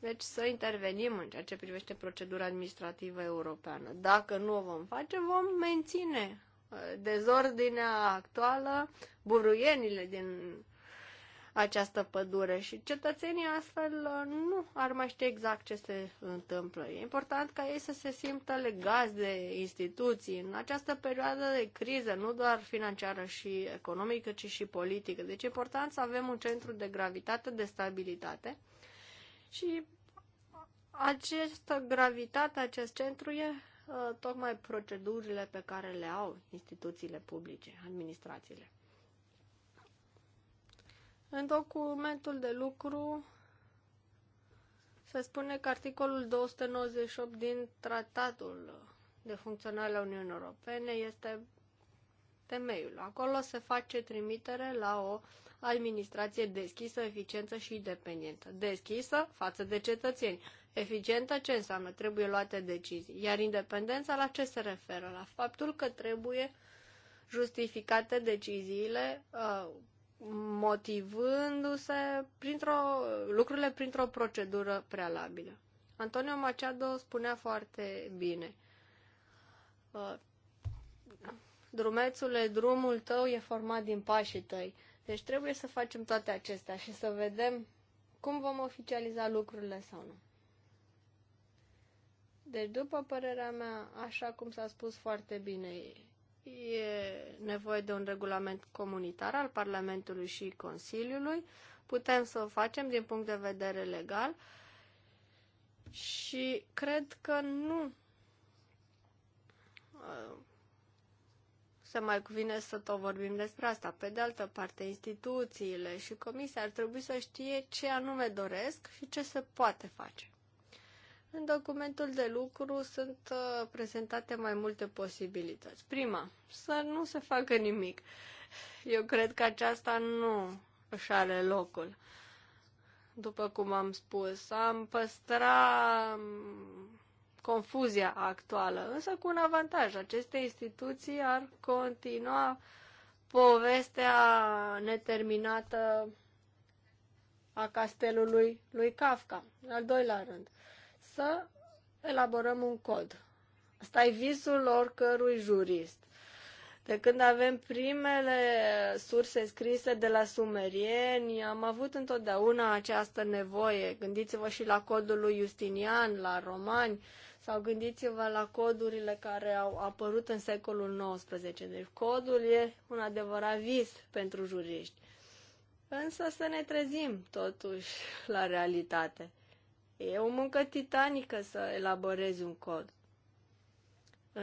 deci să intervenim în ceea ce privește procedura administrativă europeană. Dacă nu o vom face, vom menține uh, dezordinea actuală, buruienile din această pădure și cetățenii astfel nu ar mai ști exact ce se întâmplă. E important ca ei să se simtă legați de instituții în această perioadă de criză, nu doar financiară și economică, ci și politică. Deci e important să avem un centru de gravitate, de stabilitate și această gravitate, acest centru e uh, tocmai procedurile pe care le au instituțiile publice, administrațiile. În documentul de lucru se spune că articolul 298 din Tratatul de Funcționare a Uniunii Europene este temeiul. Acolo se face trimitere la o administrație deschisă, eficientă și independentă. Deschisă față de cetățeni. Eficientă ce înseamnă? Trebuie luate decizii. Iar independența la ce se referă? La faptul că trebuie justificate deciziile uh, motivându-se printr-o, lucrurile printr-o procedură prealabilă. Antonio Machado spunea foarte bine, ă, drumețule, drumul tău e format din pașii tăi. Deci trebuie să facem toate acestea și să vedem cum vom oficializa lucrurile sau nu. Deci, după părerea mea, așa cum s-a spus foarte bine, e nevoie de un regulament comunitar al Parlamentului și Consiliului. Putem să o facem din punct de vedere legal și cred că nu uh, se mai cuvine să tot vorbim despre asta. Pe de altă parte, instituțiile și comisia ar trebui să știe ce anume doresc și ce se poate face. În documentul de lucru sunt uh, prezentate mai multe posibilități. Prima, să nu se facă nimic. Eu cred că aceasta nu își are locul. După cum am spus, am păstra um, confuzia actuală, însă cu un avantaj. Aceste instituții ar continua povestea neterminată a castelului lui Kafka, în al doilea rând să elaborăm un cod. Asta e visul oricărui jurist. De când avem primele surse scrise de la sumerieni, am avut întotdeauna această nevoie. Gândiți-vă și la codul lui Justinian, la romani, sau gândiți-vă la codurile care au apărut în secolul XIX. Deci codul e un adevărat vis pentru juriști. Însă să ne trezim totuși la realitate. E o muncă titanică să elaborezi un cod.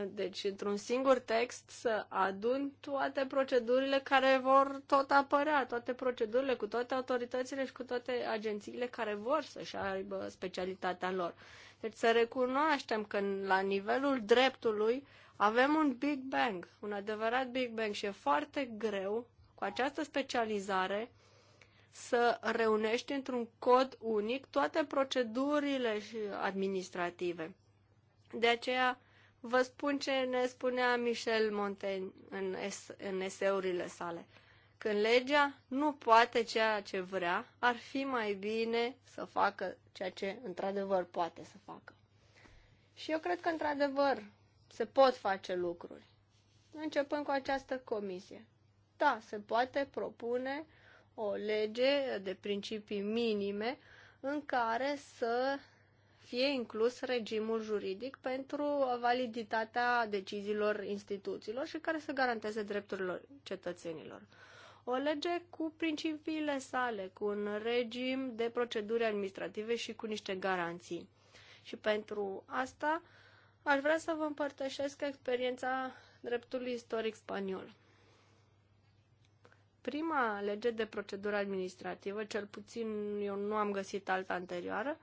Deci, într-un singur text să adun toate procedurile care vor tot apărea, toate procedurile cu toate autoritățile și cu toate agențiile care vor să-și aibă specialitatea lor. Deci să recunoaștem că la nivelul dreptului avem un Big Bang, un adevărat Big Bang și e foarte greu cu această specializare să reunești într-un cod unic toate procedurile administrative. De aceea vă spun ce ne spunea Michel Montaigne în, es- în eseurile sale. Când legea nu poate ceea ce vrea, ar fi mai bine să facă ceea ce într-adevăr poate să facă. Și eu cred că într-adevăr se pot face lucruri. Începând cu această comisie. Da, se poate propune uh, o lege de principii minime în care să fie inclus regimul juridic pentru validitatea deciziilor instituțiilor și care să garanteze drepturile cetățenilor. O lege cu principiile sale, cu un regim de proceduri administrative și cu niște garanții. Și pentru asta aș vrea să vă împărtășesc experiența dreptului istoric spaniol prima lege de procedură administrativă, cel puțin eu nu am găsit alta anterioară,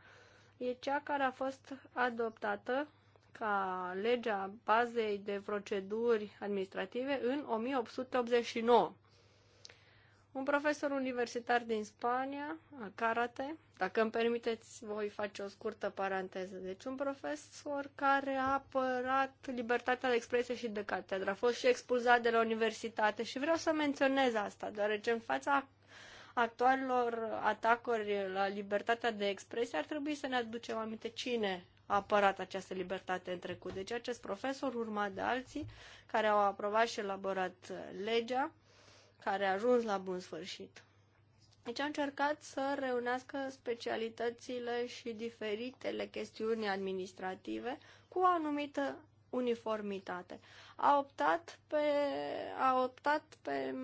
e cea care a fost adoptată ca legea bazei de proceduri administrative în 1889. Un profesor universitar din Spania, al karate, dacă îmi permiteți, voi face o scurtă paranteză. Deci un profesor care a apărat libertatea de expresie și de catedră. A fost și expulzat de la universitate și vreau să menționez asta, deoarece în fața actualilor atacuri la libertatea de expresie ar trebui să ne aducem aminte cine a apărat această libertate în trecut. Deci acest profesor, urmat de alții care au aprobat și elaborat legea, care a ajuns la bun sfârșit. Deci a încercat să reunească specialitățile și diferitele chestiuni administrative cu o anumită uniformitate. A optat, pe, a optat pe,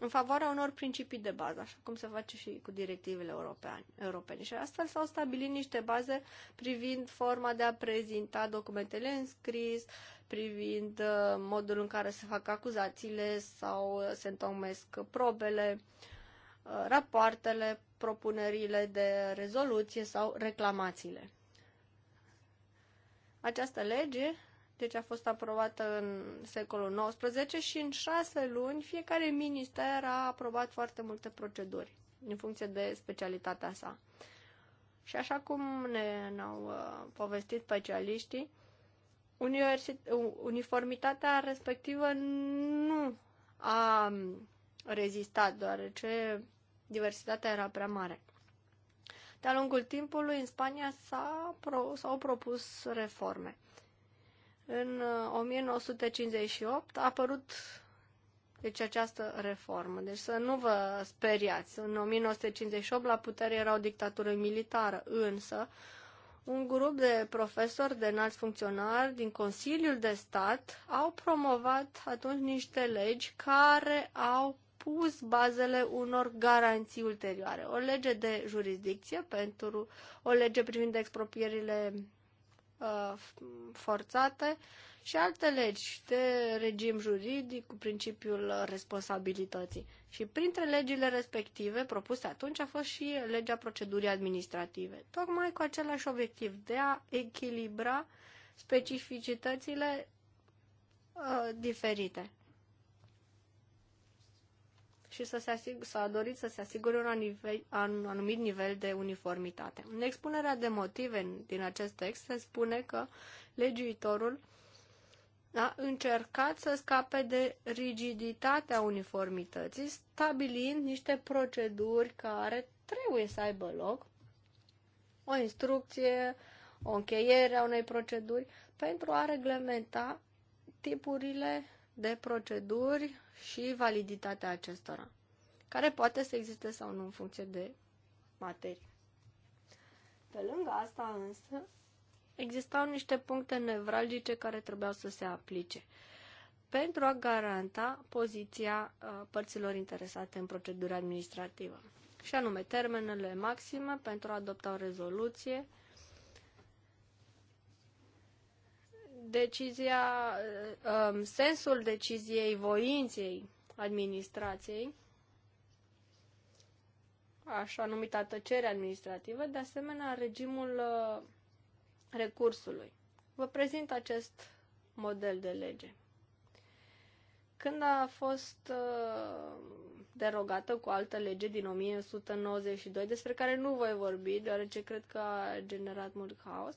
în favoarea unor principii de bază, așa cum se face și cu directivele europeane. europene. Și astfel s-au stabilit niște baze privind forma de a prezenta documentele în scris, privind uh, modul în care se fac acuzațiile sau se întocmesc probele, uh, rapoartele, propunerile de rezoluție sau reclamațiile. Această lege deci a fost aprobată în secolul XIX și în șase luni fiecare minister a aprobat foarte multe proceduri în funcție de specialitatea sa. Și așa cum ne-au uh, povestit specialiștii, uniformitatea respectivă nu a rezistat, deoarece diversitatea era prea mare. De-a lungul timpului, în Spania s-a pro, s-au propus reforme. În 1958 uh, a apărut deci această reformă. Deci să nu vă speriați. În 1958 la putere era o dictatură militară, însă un grup de profesori, de înalți funcționari din Consiliul de Stat au promovat atunci niște legi care au pus bazele unor garanții ulterioare. O lege de jurisdicție pentru o lege privind expropierile uh, forțate, uh, și alte legi de regim juridic cu principiul responsabilității. Și printre legile respective propuse atunci a fost și legea procedurii administrative, tocmai cu același obiectiv de a echilibra specificitățile uh, diferite. Și să se asig- s-a dorit să se asigure un, anivel, un anumit nivel de uniformitate. În expunerea de motive din acest text se spune că legiuitorul uh, a încercat să scape de rigiditatea uniformității, stabilind niște proceduri care trebuie să aibă loc, o instrucție, o încheiere a unei proceduri, pentru a reglementa tipurile de proceduri și validitatea acestora, care poate să existe sau nu în funcție de materie. Pe lângă asta însă, existau niște puncte nevralgice care trebuiau să se aplice pentru a garanta poziția uh, părților interesate în procedura administrativă. Și anume, termenele maxime pentru a adopta o rezoluție, decizia, uh, um, sensul deciziei voinței administrației, așa numită tăcere administrativă, de asemenea regimul uh, recursului. Vă prezint acest model de lege. Când a fost uh, derogată cu altă lege din 1992, despre care nu voi vorbi, deoarece cred că a generat mult haos,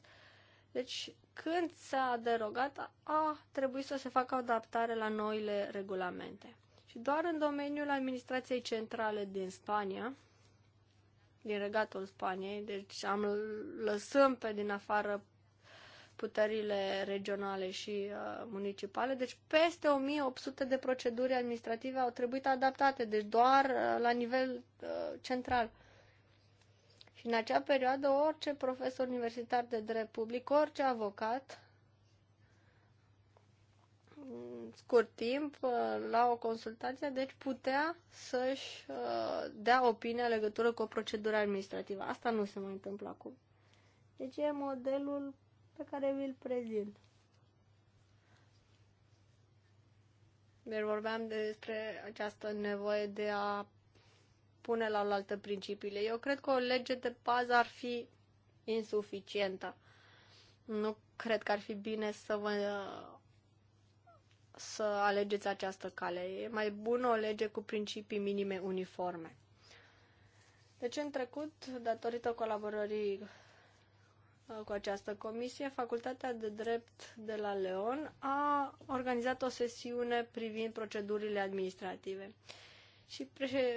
deci când s-a derogat, a trebuit să se facă adaptare la noile regulamente. Și doar în domeniul administrației centrale din Spania, din regatul Spaniei, deci am lăsăm pe din afară puterile regionale și uh, municipale, deci peste 1800 de proceduri administrative au trebuit adaptate, deci doar uh, la nivel uh, central. Și în acea perioadă orice profesor universitar de drept public, orice avocat scurt timp uh, la o consultație, deci putea să-și uh, dea opinia legătură cu o procedură administrativă. Asta nu se mai întâmplă acum. Deci e modelul pe care vi-l prezint. Deci vorbeam despre această nevoie de a pune la oaltă principiile. Eu cred că o lege de bază ar fi insuficientă. Nu cred că ar fi bine să vă să alegeți această cale. E mai bună o lege cu principii minime uniforme. Deci, în trecut, datorită colaborării uh, cu această comisie, Facultatea de Drept de la Leon a organizat o sesiune privind procedurile administrative. Și,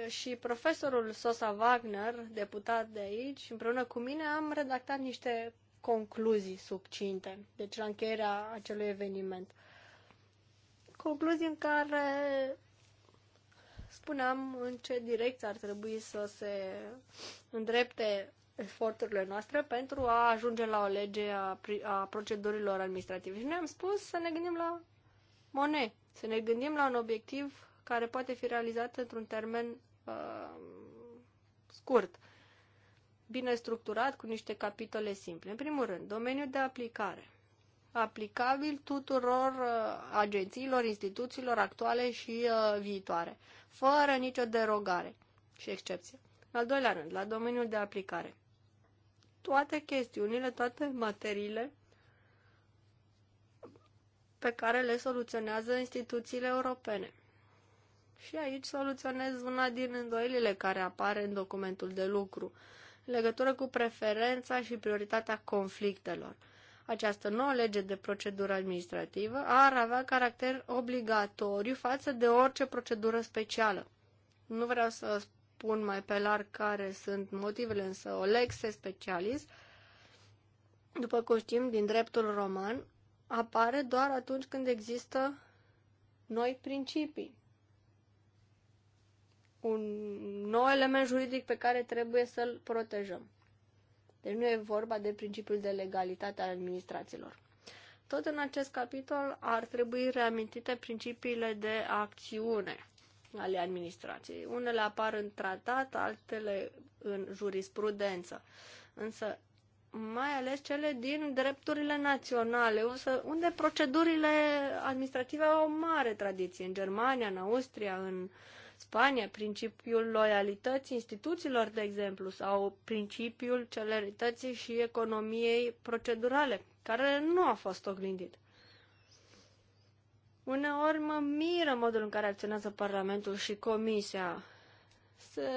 și profesorul Sosa Wagner, deputat de aici, împreună cu mine am redactat niște concluzii subcinte, deci la încheierea acelui eveniment concluzii în care spuneam în ce direcție ar trebui să se îndrepte eforturile noastre pentru a ajunge la o lege a, a procedurilor administrative. Și ne-am spus să ne gândim la Monet, să ne gândim la un obiectiv care poate fi realizat într-un termen uh, scurt, bine structurat, cu niște capitole simple. În primul rând, domeniul de aplicare – aplicabil tuturor uh, agențiilor, instituțiilor actuale și uh, viitoare, fără nicio derogare și excepție. În al doilea rând, la domeniul de aplicare. Toate chestiunile, toate materiile pe care le soluționează instituțiile europene. Și aici soluționez una din îndoielile care apare în documentul de lucru, în legătură cu preferența și prioritatea conflictelor – această nouă lege de procedură administrativă ar avea caracter obligatoriu față de orice procedură specială. Nu vreau să spun mai pe larg care sunt motivele, însă o lexe specialis, după cum știm din dreptul roman, apare doar atunci când există noi principii. Un nou element juridic pe care trebuie să-l protejăm. Deci nu e vorba de principiul de legalitate al administrațiilor. Tot în acest capitol ar trebui reamintite principiile de acțiune ale administrației. Unele apar în tratat, altele în jurisprudență. Însă, mai ales cele din drepturile naționale, unde procedurile administrative au o mare tradiție, în Germania, în Austria, în uh, Spania, principiul loialității instituțiilor, de exemplu, sau principiul celerității și economiei procedurale, care nu a fost oglindit. Uneori mă miră modul în care acționează Parlamentul și Comisia. Se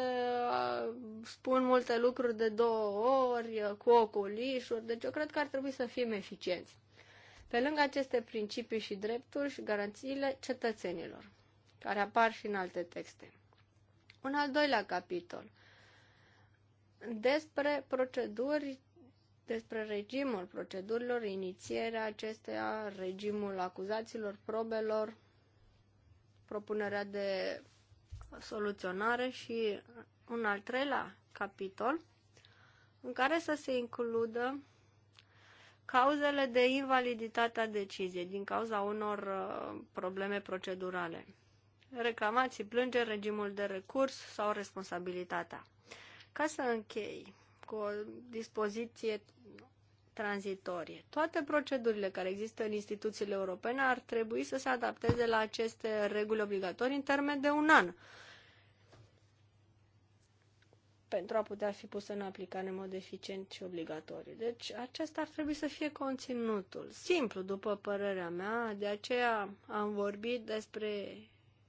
spun multe lucruri de două ori, cu oculișuri, deci eu cred că ar trebui să fim eficienți. Pe lângă aceste principii și drepturi și garanțiile cetățenilor care apar și în alte texte. Un al doilea capitol despre proceduri, despre regimul procedurilor, inițierea acesteia, regimul acuzațiilor, probelor, propunerea de soluționare și un al treilea capitol în care să se includă cauzele de invaliditate a deciziei din cauza unor uh, probleme procedurale reclamații, plângeri, regimul de recurs sau responsabilitatea. Ca să închei cu o dispoziție tranzitorie. Toate procedurile care există în instituțiile europene ar trebui să se adapteze la aceste reguli obligatorii în termen de un an pentru a putea fi pusă în aplicare în mod eficient și obligatoriu. Deci acesta ar trebui să fie conținutul. Simplu, după părerea mea, de aceea am vorbit despre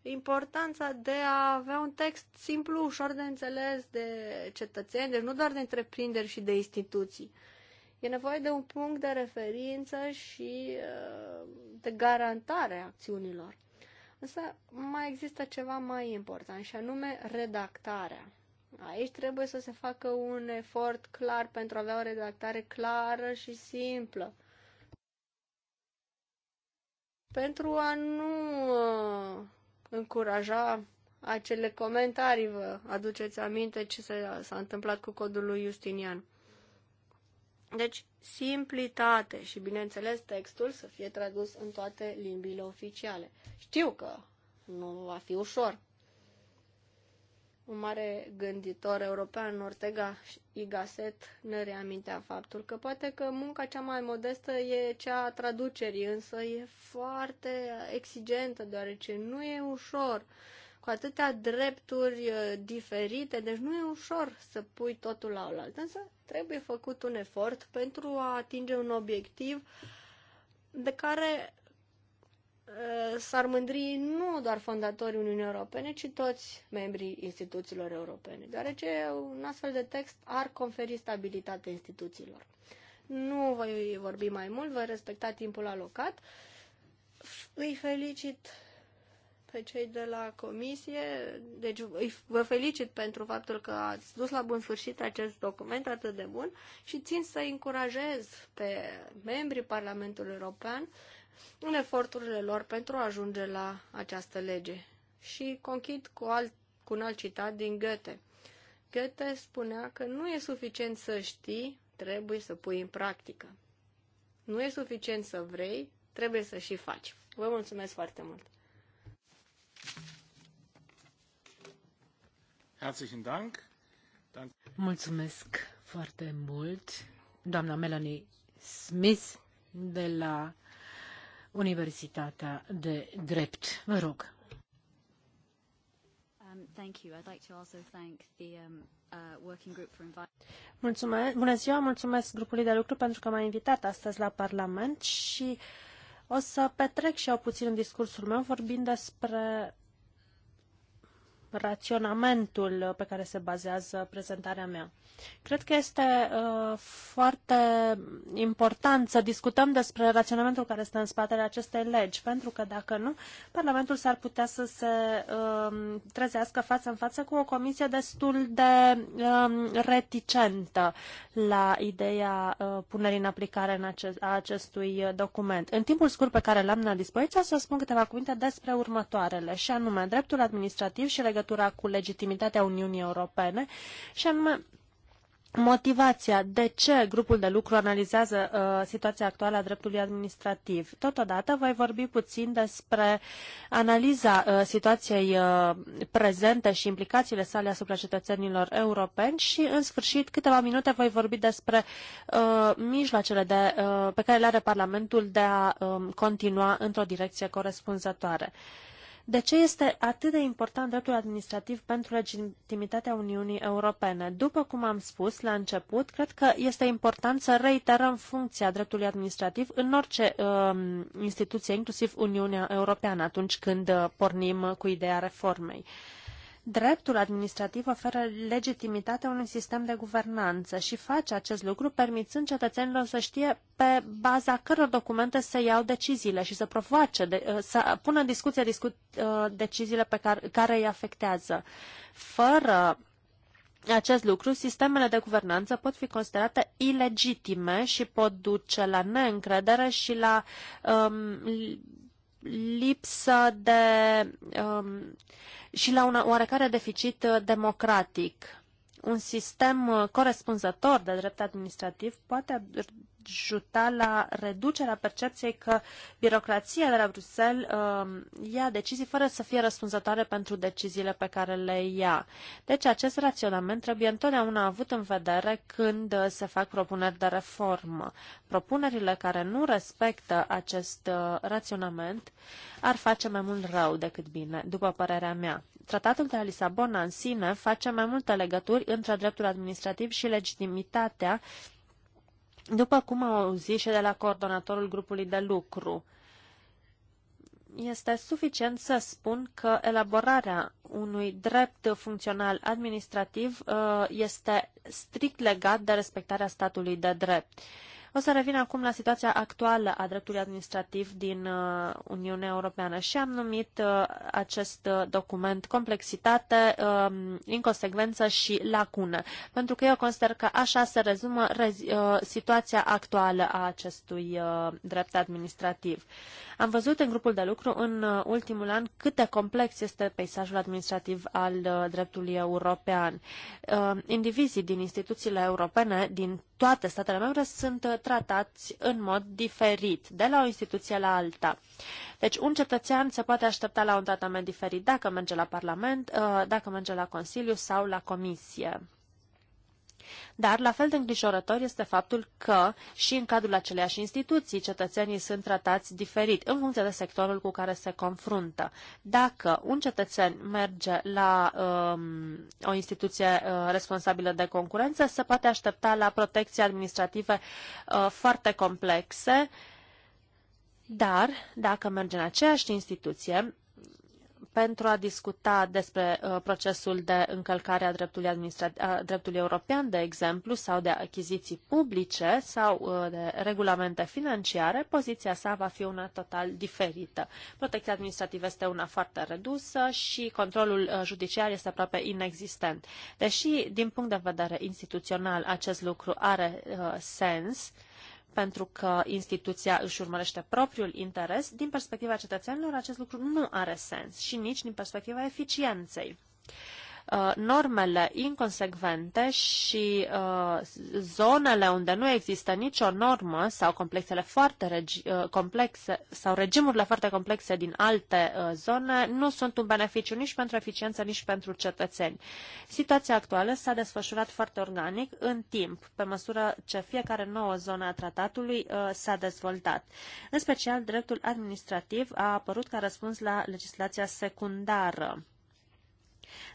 importanța de a avea un text simplu, ușor de înțeles de cetățeni, deci nu doar de întreprinderi și de instituții. E nevoie de un punct de referință și uh, de garantare a acțiunilor. Însă mai există ceva mai important și anume redactarea. Aici trebuie să se facă un efort clar pentru a avea o redactare clară și simplă. Pentru a nu uh, încuraja acele comentarii, vă aduceți aminte ce s-a întâmplat cu codul lui Justinian. Deci, simplitate și, bineînțeles, textul să fie tradus în toate limbile oficiale. Știu că nu va fi ușor, un mare gânditor european, Ortega y Gasset, ne reamintea faptul că poate că munca cea mai modestă e cea a traducerii, însă e foarte exigentă, deoarece nu e ușor, cu atâtea drepturi uh, diferite, deci nu e ușor să pui totul la oaltă, însă trebuie făcut un efort pentru a atinge un obiectiv de care Eh, s-ar mândri nu doar fondatorii Uniunii Europene, ci toți membrii instituțiilor europene, deoarece un astfel de text ar conferi stabilitate instituțiilor. Nu voi vorbi mai mult, voi respecta timpul alocat. Îi felicit pe cei de la comisie, deci vă felicit pentru faptul că ați dus la bun sfârșit acest document atât de bun și țin să încurajez pe membrii Parlamentului European uh, în eforturile lor pentru a ajunge la această lege. Și conchid cu, alt, cu un alt citat din Goethe. Goethe spunea că nu e suficient să știi, trebuie să pui în practică. Nu e suficient să vrei, trebuie să și faci. Vă mulțumesc foarte mult! Herzlichen Dank! Mulțumesc foarte mult, doamna Melanie Smith de la Universitatea de Drept. Vă rog. Um, um, uh, mulțumesc. Bună ziua, mulțumesc grupului de lucru pentru că m-a invitat astăzi la Parlament și o să petrec și eu puțin în discursul meu vorbind despre raționamentul pe care se bazează prezentarea mea. Cred că este uh, foarte important să discutăm despre raționamentul care stă în spatele acestei legi, pentru că dacă nu, Parlamentul s-ar putea să se uh, trezească față în față cu o comisie destul de uh, reticentă la ideea uh, punerii în aplicare în acest, a acestui document. În timpul scurt pe care l-am la dispoziție, o să spun câteva cuvinte despre următoarele, și anume dreptul administrativ și legătura legătura cu legitimitatea Uniunii Europene și anume motivația de ce grupul de lucru analizează uh, situația actuală a dreptului administrativ. Totodată voi vorbi puțin despre analiza uh, situației uh, prezente și implicațiile sale asupra cetățenilor europeni și, în sfârșit, câteva minute voi vorbi despre uh, mijloacele de, uh, pe care le are Parlamentul de a uh, continua într-o direcție corespunzătoare. Uh, de ce este atât de important dreptul administrativ pentru legitimitatea Uniunii Europene? După cum am spus la început, cred că este important să reiterăm funcția dreptului administrativ în orice um, uh, instituție, inclusiv Uniunea Europeană, atunci când uh, pornim cu ideea reformei. Uh, Dreptul administrativ oferă legitimitate unui sistem de guvernanță și face acest lucru permițând cetățenilor să știe pe baza căror documente să iau deciziile și să provoace, de, uh, să pună în discuție discut, uh, deciziile pe care, care îi afectează. Fără acest lucru, sistemele de guvernanță pot fi considerate ilegitime și pot duce la neîncredere și la um, lipsă de um, și la un oarecare deficit democratic. Un sistem corespunzător de drept administrativ poate ajuta la reducerea percepției că birocrația de la Bruxelles uh, ia decizii fără să fie răspunzătoare pentru deciziile pe care le ia. Deci acest raționament trebuie întotdeauna avut în vedere când se fac propuneri de reformă. Propunerile care nu respectă acest uh, raționament ar face mai mult rău decât bine, după părerea mea. Tratatul de la Lisabona în sine face mai multe legături între dreptul administrativ și legitimitatea uh, după cum au auzit și de la coordonatorul grupului de lucru, este suficient să spun că elaborarea unui drept funcțional administrativ uh, este strict legat de respectarea statului de drept. O să revin acum la situația actuală a dreptului administrativ din uh, Uniunea Europeană și am numit uh, acest uh, document complexitate, um, inconsecvență și lacună, pentru că eu consider că așa se rezumă situația actuală a acestui drept administrativ. Am văzut în grupul de lucru în uh, ultimul an cât de complex este peisajul administrativ al uh, dreptului european. Uh, indivizii din instituțiile europene, din toate statele membre, sunt tratați în mod diferit, de la o instituție la alta. Deci un cetățean se poate aștepta la un tratament diferit dacă merge la Parlament, dacă merge la Consiliu sau la Comisie. Dar la fel de îngrijorător este faptul că și în cadrul aceleiași instituții cetățenii sunt tratați diferit în funcție de sectorul cu care se confruntă. Dacă un cetățen merge la um, o instituție uh, responsabilă de concurență, se poate aștepta la protecții administrative uh, foarte complexe, dar dacă merge în aceeași instituție, pentru a discuta despre uh, procesul de încălcare a dreptului, a dreptului european, de exemplu, sau de achiziții publice sau uh, de regulamente financiare, poziția sa va fi una total diferită. Protecția administrativă este una foarte redusă și controlul uh, judiciar este aproape inexistent. Deși, din punct de vedere instituțional, acest lucru are uh, sens, pentru că instituția își urmărește propriul interes, din perspectiva cetățenilor acest lucru nu are sens și nici din perspectiva eficienței. Uh, normele inconsecvente și uh, zonele unde nu există nicio normă sau complexele foarte uh, complexe sau regimurile foarte complexe din alte zone nu sunt un beneficiu nici pentru eficiență, nici pentru cetățeni. Situația actuală s-a desfășurat foarte organic în timp, pe măsură ce fiecare nouă zonă a tratatului s-a dezvoltat. În special, dreptul administrativ a apărut ca răspuns la legislația secundară.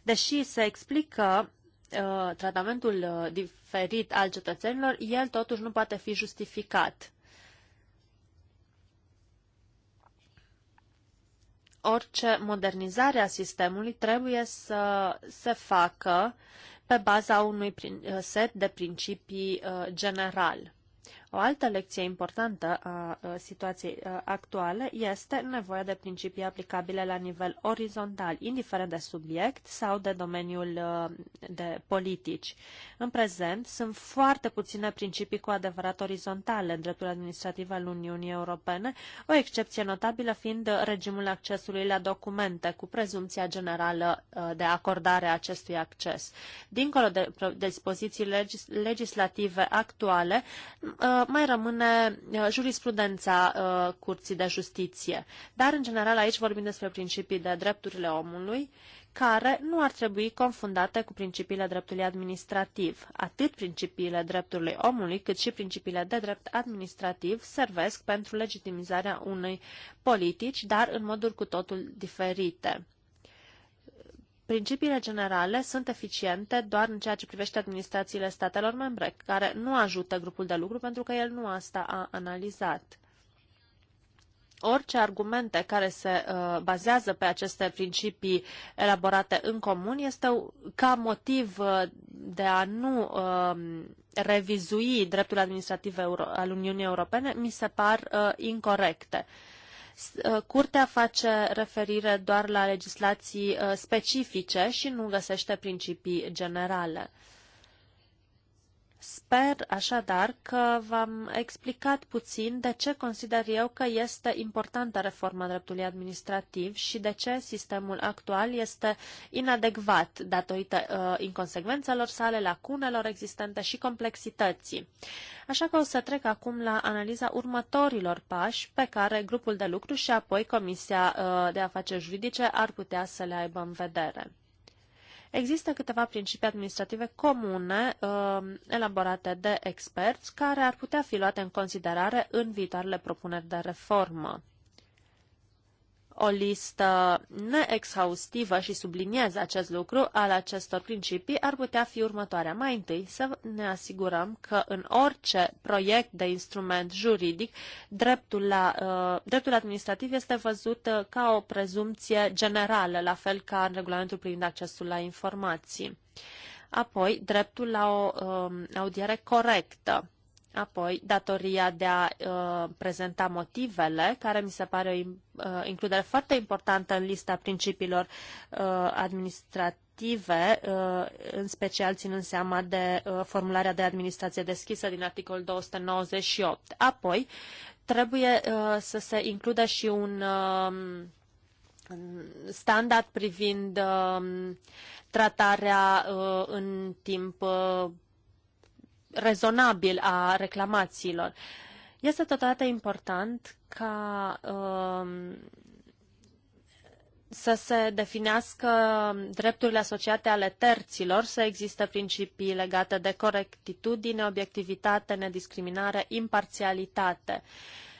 Deși se explică uh, tratamentul uh, diferit al cetățenilor, el totuși nu poate fi justificat. Orice modernizare a sistemului trebuie să se facă pe baza unui uh, set de principii general. O altă lecție importantă a situației actuale este nevoia de principii aplicabile la nivel orizontal, indiferent de subiect sau de domeniul de politici. În prezent, sunt foarte puține principii cu adevărat orizontale în dreptul administrativ al Uniunii Europene, o excepție notabilă fiind regimul accesului la documente, cu prezumția generală de acordare a acestui acces. Dincolo de dispoziții legislative actuale, mai rămâne uh, jurisprudența uh, Curții de Justiție. Dar, în general, aici vorbim despre principii de drepturile omului, care nu ar trebui confundate cu principiile dreptului administrativ. Atât principiile dreptului omului, cât și principiile de drept administrativ servesc pentru legitimizarea unei politici, dar în moduri cu totul diferite. Principiile generale sunt eficiente doar în ceea ce privește administrațiile statelor membre, care nu ajută grupul de lucru pentru că el nu asta a analizat. Orice argumente care se uh, bazează pe aceste principii elaborate în comun este ca motiv uh, de a nu uh, revizui dreptul administrativ al Uniunii Europene, mi se par uh, incorrecte. Uh, Uh, curtea face referire doar la legislații uh, specifice și nu găsește principii generale. Sper așadar că v-am explicat puțin de ce consider eu că este importantă reforma dreptului administrativ și de ce sistemul actual este inadecvat datorită uh, inconsecvențelor sale, lacunelor existente și complexității. Așa că o să trec acum la analiza următorilor pași pe care grupul de lucru și apoi Comisia uh, de Afaceri Juridice ar putea să le aibă în vedere. Există câteva principii administrative comune uh, elaborate de experți care ar putea fi luate în considerare în viitoarele propuneri de reformă o listă neexhaustivă și subliniez acest lucru al acestor principii ar putea fi următoarea. Mai întâi să ne asigurăm că în orice proiect de instrument juridic dreptul, la, uh, dreptul administrativ este văzut uh, ca o prezumție generală, la fel ca în regulamentul privind accesul la informații. Apoi, dreptul la o um, audiere corectă Apoi, datoria de a uh, prezenta motivele, care mi se pare o uh, includere foarte importantă în lista principiilor uh, administrative, uh, în special ținând seama de uh, formularea de administrație deschisă din articolul 298. Apoi, trebuie uh, să se includă și un uh, standard privind uh, tratarea uh, în timp uh, rezonabil a reclamațiilor. Este totodată important ca um, să se definească drepturile asociate ale terților, să existe principii legate de corectitudine, obiectivitate, nediscriminare, imparțialitate.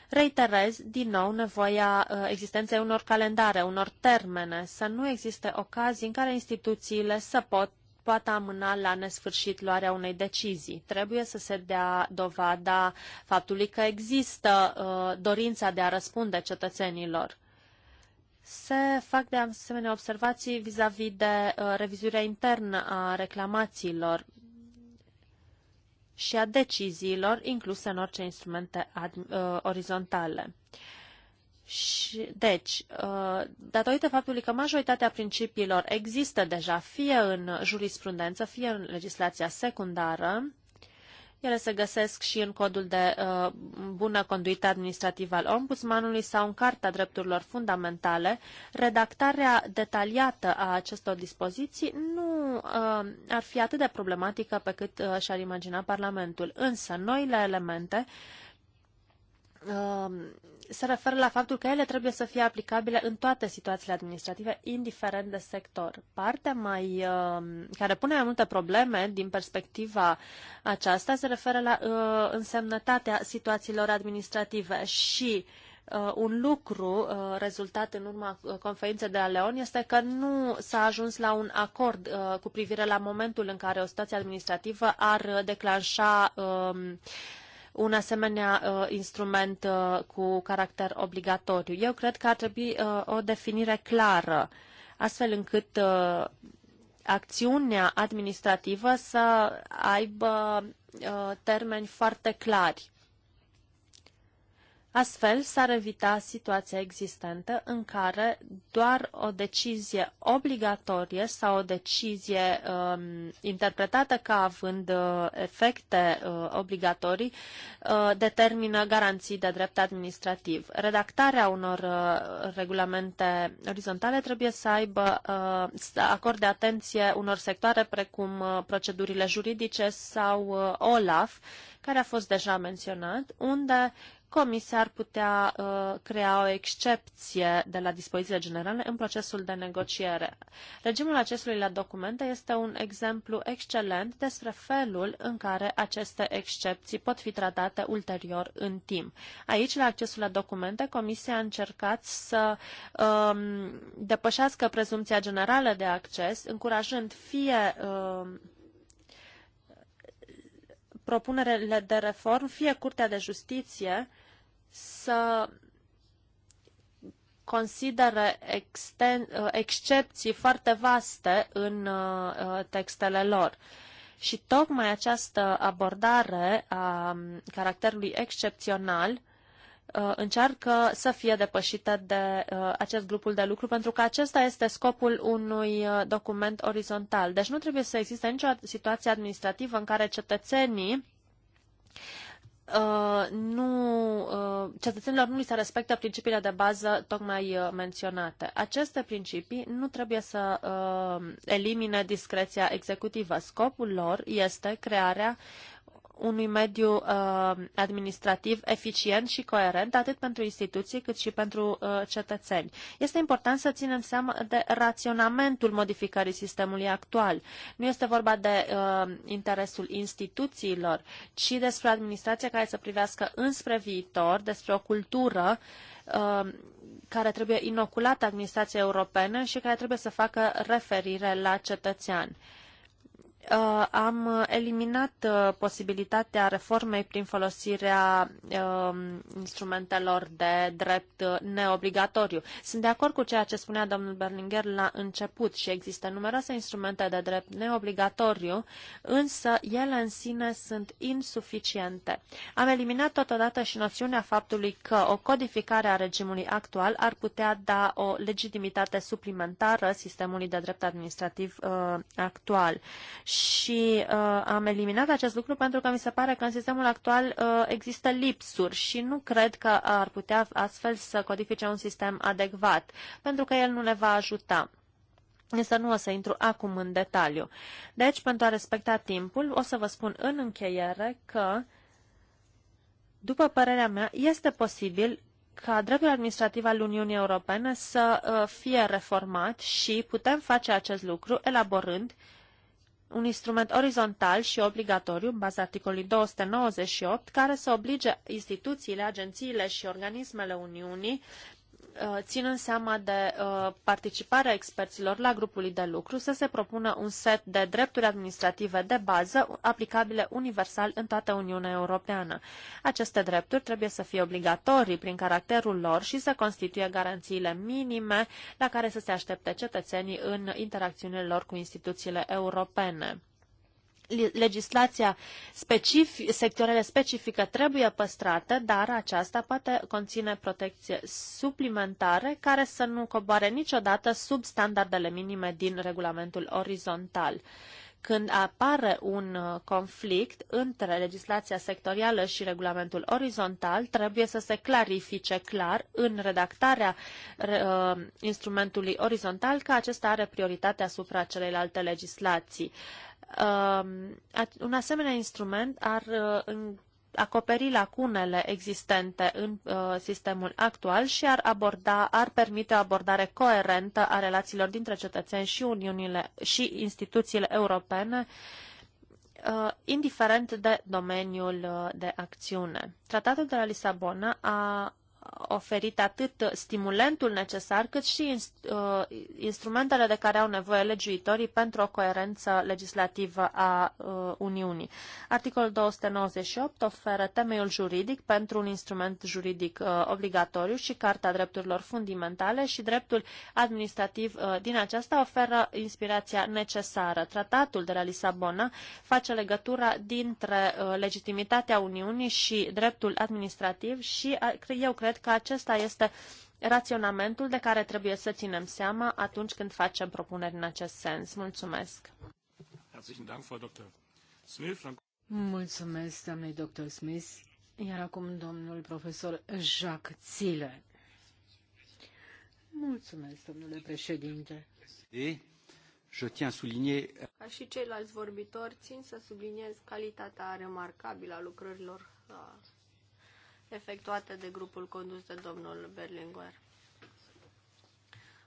Reiterez din nou nevoia uh, existenței unor calendare, unor termene, să nu existe ocazii în care instituțiile să pot poată amâna la nesfârșit luarea unei decizii. Trebuie să se dea dovada faptului că există uh, dorința de a răspunde cetățenilor. Se fac de asemenea observații vis-a-vis -vis de uh, revizuirea internă a reclamațiilor și a deciziilor incluse în orice instrumente uh, orizontale. Uh, și, deci, uh, datorită faptului că majoritatea principiilor există deja fie în jurisprudență, fie în legislația secundară, ele se găsesc și în codul de uh, bună conduită administrativă al ombudsmanului sau în Carta Drepturilor Fundamentale. Redactarea detaliată a acestor dispoziții nu uh, ar fi atât de problematică pe cât și-ar imagina Parlamentul. Însă, noile elemente se referă la faptul că ele trebuie să fie aplicabile în toate situațiile administrative, indiferent de sector. Partea mai, um, care pune mai multe probleme din perspectiva aceasta se referă la uh, însemnătatea situațiilor administrative și Uh, un lucru uh, rezultat în urma uh, conferinței de la Leon este că nu s-a ajuns la un acord uh, cu privire la momentul în care o situație administrativă ar uh, declanșa um, un asemenea uh, instrument uh, cu caracter obligatoriu. Eu cred că ar trebui uh, o definire clară, astfel încât uh, acțiunea administrativă să aibă uh, termeni foarte clari. Astfel, s-ar evita situația existentă în care doar o decizie obligatorie sau o decizie um, interpretată ca având uh, efecte uh, obligatorii uh, determină garanții de drept administrativ. Redactarea unor uh, regulamente orizontale trebuie să aibă uh, să acorde atenție unor sectoare precum uh, procedurile juridice sau uh, OLAF, care a fost deja menționat, unde uh, Comisia ar putea uh, crea o excepție de la dispozițiile generale în procesul de negociere. Regimul accesului la documente este un exemplu excelent despre felul în care aceste excepții pot fi tratate ulterior în timp. Aici, la accesul la documente, Comisia a încercat să um, depășească prezumția generală de acces, încurajând fie um, propunerele de reform, fie Curtea de Justiție să consideră uh, excepții foarte vaste în uh, textele lor. Și tocmai această abordare a um, caracterului excepțional uh, încearcă să fie depășită de acest grupul de lucru, pentru că acesta este scopul unui document orizontal. Deci nu trebuie să existe nicio situație administrativă în care cetățenii uh, nu, uh, cetățenilor nu li se respectă principiile de bază tocmai uh, menționate. Aceste principii nu trebuie să uh, elimine discreția executivă. Scopul lor este crearea unui mediu uh, administrativ eficient și coerent, atât pentru instituții cât și pentru uh, cetățeni. Este important să ținem seama de raționamentul modificării sistemului actual. Nu este vorba de uh, interesul instituțiilor, ci despre administrația care să privească înspre viitor, despre o cultură care trebuie inoculată administrației europene și care trebuie să facă referire la cetățean. Uh, am eliminat uh, posibilitatea reformei prin folosirea um, instrumentelor de drept uh, neobligatoriu. Sunt de acord cu ceea ce spunea domnul Berlinger la început și există numeroase instrumente de drept neobligatoriu, însă ele în sine sunt insuficiente. Am eliminat totodată și noțiunea faptului că o codificare a regimului actual ar putea da o legitimitate suplimentară sistemului de drept administrativ actual și uh, am eliminat acest lucru pentru că mi se pare că în sistemul actual uh, există lipsuri și nu cred că ar putea astfel să codifice un sistem adecvat, pentru că el nu ne va ajuta. Însă nu o să intru acum în detaliu. Deci, pentru a respecta timpul, o să vă spun în încheiere că, după părerea mea, este posibil ca dreptul administrativ al Uniunii Europene să uh, fie reformat și putem face acest lucru elaborând uh, un instrument orizontal și obligatoriu, în baza articolului 298, care să oblige instituțiile, agențiile și organismele Uniunii Uh, ținând seama de uh, participarea experților la grupul de lucru, să se propună un set de drepturi administrative de bază aplicabile universal în toată Uniunea Europeană. Aceste drepturi trebuie să fie obligatorii prin caracterul lor și să constituie garanțiile minime la care să se aștepte cetățenii în interacțiunile lor cu instituțiile europene legislația specific, sectorială specifică trebuie păstrată, dar aceasta poate conține protecție suplimentare care să nu coboare niciodată sub standardele minime din regulamentul orizontal. Când apare un uh, conflict între legislația sectorială și regulamentul orizontal, trebuie să se clarifice clar în redactarea uh, instrumentului orizontal că acesta are prioritate asupra celelalte legislații. Um, un asemenea instrument ar uh, acoperi lacunele existente în uh, sistemul actual și ar, aborda, ar permite o abordare coerentă a relațiilor dintre cetățeni și uniunile și instituțiile europene uh, indiferent de domeniul de acțiune. Tratatul de la Lisabona a oferit atât stimulentul necesar, cât și uh, instrumentele de care au nevoie legiuitorii pentru o coerență legislativă a uh, Uniunii. Articolul 298 oferă temeiul juridic pentru un instrument juridic uh, obligatoriu și Carta Drepturilor Fundamentale și dreptul administrativ din aceasta oferă inspirația necesară. Tratatul de la Lisabona face legătura dintre legitimitatea Uniunii și dreptul administrativ și eu cred că acesta este raționamentul de care trebuie să ținem seama atunci când facem propuneri în acest sens. Mulțumesc! Mulțumesc, doamnei dr. Smith. Iar acum domnul profesor Jacques Zile. Mulțumesc, domnule președinte. je tiens souligner... Ca și ceilalți vorbitori, țin să subliniez calitatea remarcabilă a lucrărilor efectuate de grupul condus de domnul Berlinguer.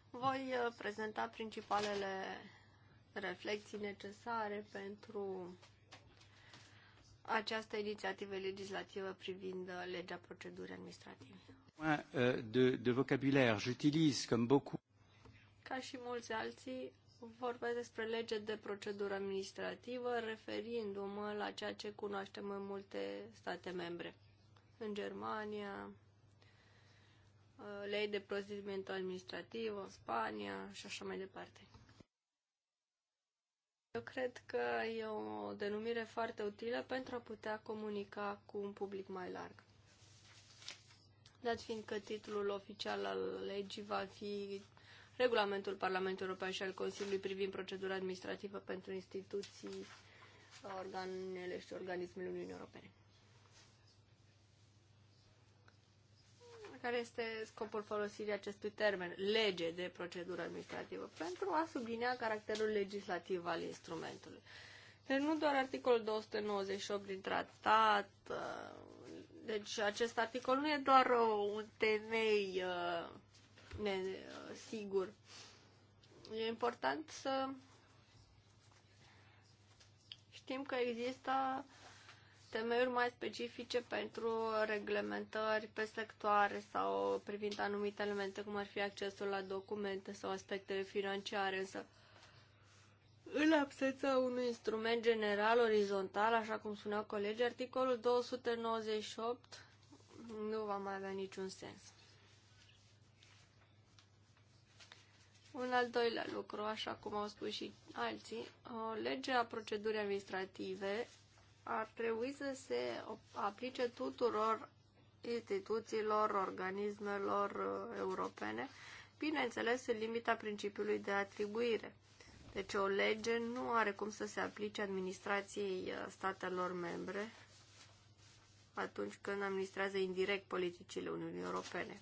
Voi uh, prezenta principalele reflexii necesare pentru această inițiativă legislativă privind uh, legea procedurii administrative. Uh, de, de vocabulaire, j'utilise comme beaucoup. Ca și mulți alții, vorbesc despre lege de procedură administrativă, referindu-mă la ceea ce cunoaștem în multe state membre în Germania, uh, lei de procediment administrativ în Spania și așa mai departe. Eu cred că e o denumire foarte utilă pentru a putea comunica cu un public mai larg. Dat fiind că titlul oficial al legii va fi Regulamentul Parlamentului European și al Consiliului privind procedura administrativă pentru instituții, uh, organele și organismele Uniunii Europene. care este scopul folosirii acestui termen, lege de procedură administrativă, pentru a sublinia caracterul legislativ al instrumentului. Deci nu doar articolul 298 din tratat, uh, deci acest articol nu e doar un temei uh, uh, sigur. E important să știm că există uh, temeiuri mai specifice pentru reglementări pe sectoare sau privind anumite elemente, cum ar fi accesul la documente sau aspectele financiare, însă în absența unui instrument general orizontal, așa cum spunea colegii, articolul 298 nu va mai avea niciun sens. Un al doilea lucru, așa cum au spus și alții, legea procedurii administrative ar trebui să se aplice tuturor instituțiilor, organismelor uh, europene, bineînțeles în limita principiului de atribuire. Deci o lege nu are cum să se aplice administrației uh, statelor membre atunci când administrează indirect politicile Uniunii Europene.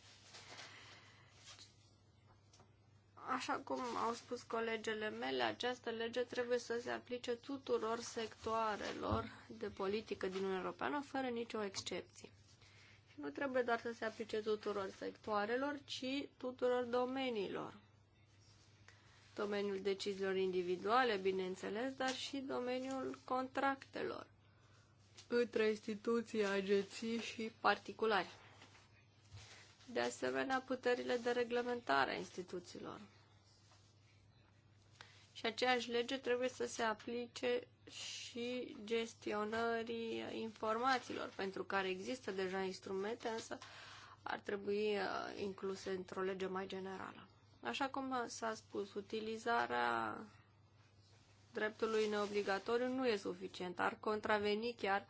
Așa cum au spus colegele mele, această lege trebuie să se aplice tuturor sectoarelor de politică din Uniunea Europeană, fără nicio excepție. Și nu trebuie doar să se aplice tuturor sectoarelor, ci tuturor domeniilor. Domeniul deciziilor individuale, bineînțeles, dar și domeniul contractelor între instituții, agenții și particulari de asemenea puterile de reglementare a instituțiilor. Și aceeași lege trebuie să se aplice și gestionării informațiilor, pentru care există deja instrumente, însă ar trebui uh, incluse într-o lege mai generală. Așa cum s-a spus, utilizarea dreptului neobligatoriu nu e suficient, ar contraveni chiar uh,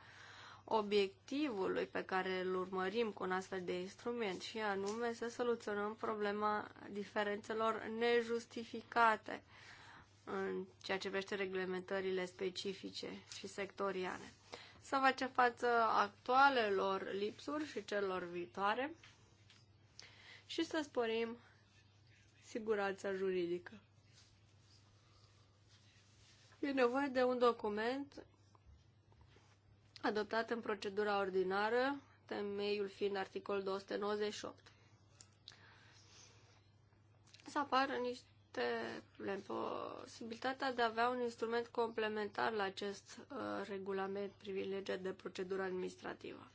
obiectivului pe care îl urmărim cu un astfel de instrument și anume să soluționăm problema diferențelor nejustificate în ceea ce vește reglementările specifice și sectoriale. Să face față actualelor lipsuri și celor viitoare și să sporim siguranța juridică. E nevoie de un document adoptat în procedura ordinară, temeiul fiind articolul 298. Să apară niște probleme. Posibilitatea de a avea un instrument complementar la acest uh, regulament privind legea de procedură administrativă.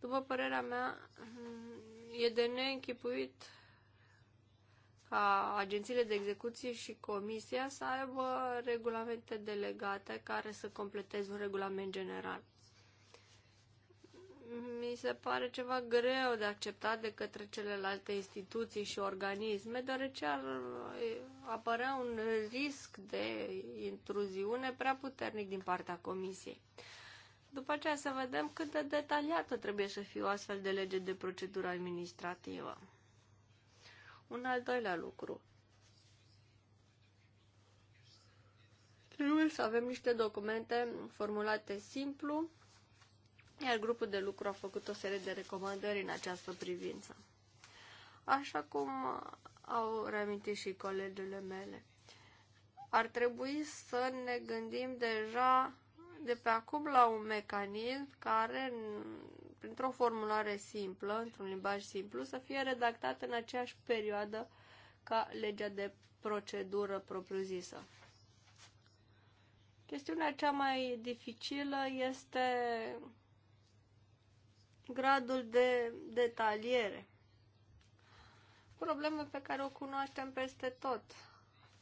După părerea mea, mm, e de neînchipuit ca agențiile de execuție și comisia să aibă regulamente delegate care să completeze un regulament general mi se pare ceva greu de acceptat de către celelalte instituții și organisme, deoarece ar apărea un risc de intruziune prea puternic din partea Comisiei. După aceea să vedem cât de detaliată trebuie să fie o astfel de lege de procedură administrativă. Un al doilea lucru. Trebuie să avem niște documente formulate simplu, iar grupul de lucru a făcut o serie de recomandări în această privință. Așa cum au reamintit și colegele mele, ar trebui să ne gândim deja de pe acum la un mecanism care, printr-o formulare simplă, într-un limbaj simplu, să fie redactat în aceeași perioadă ca legea de procedură propriu-zisă. Chestiunea cea mai dificilă este gradul de detaliere. Problemă pe care o cunoaștem peste tot.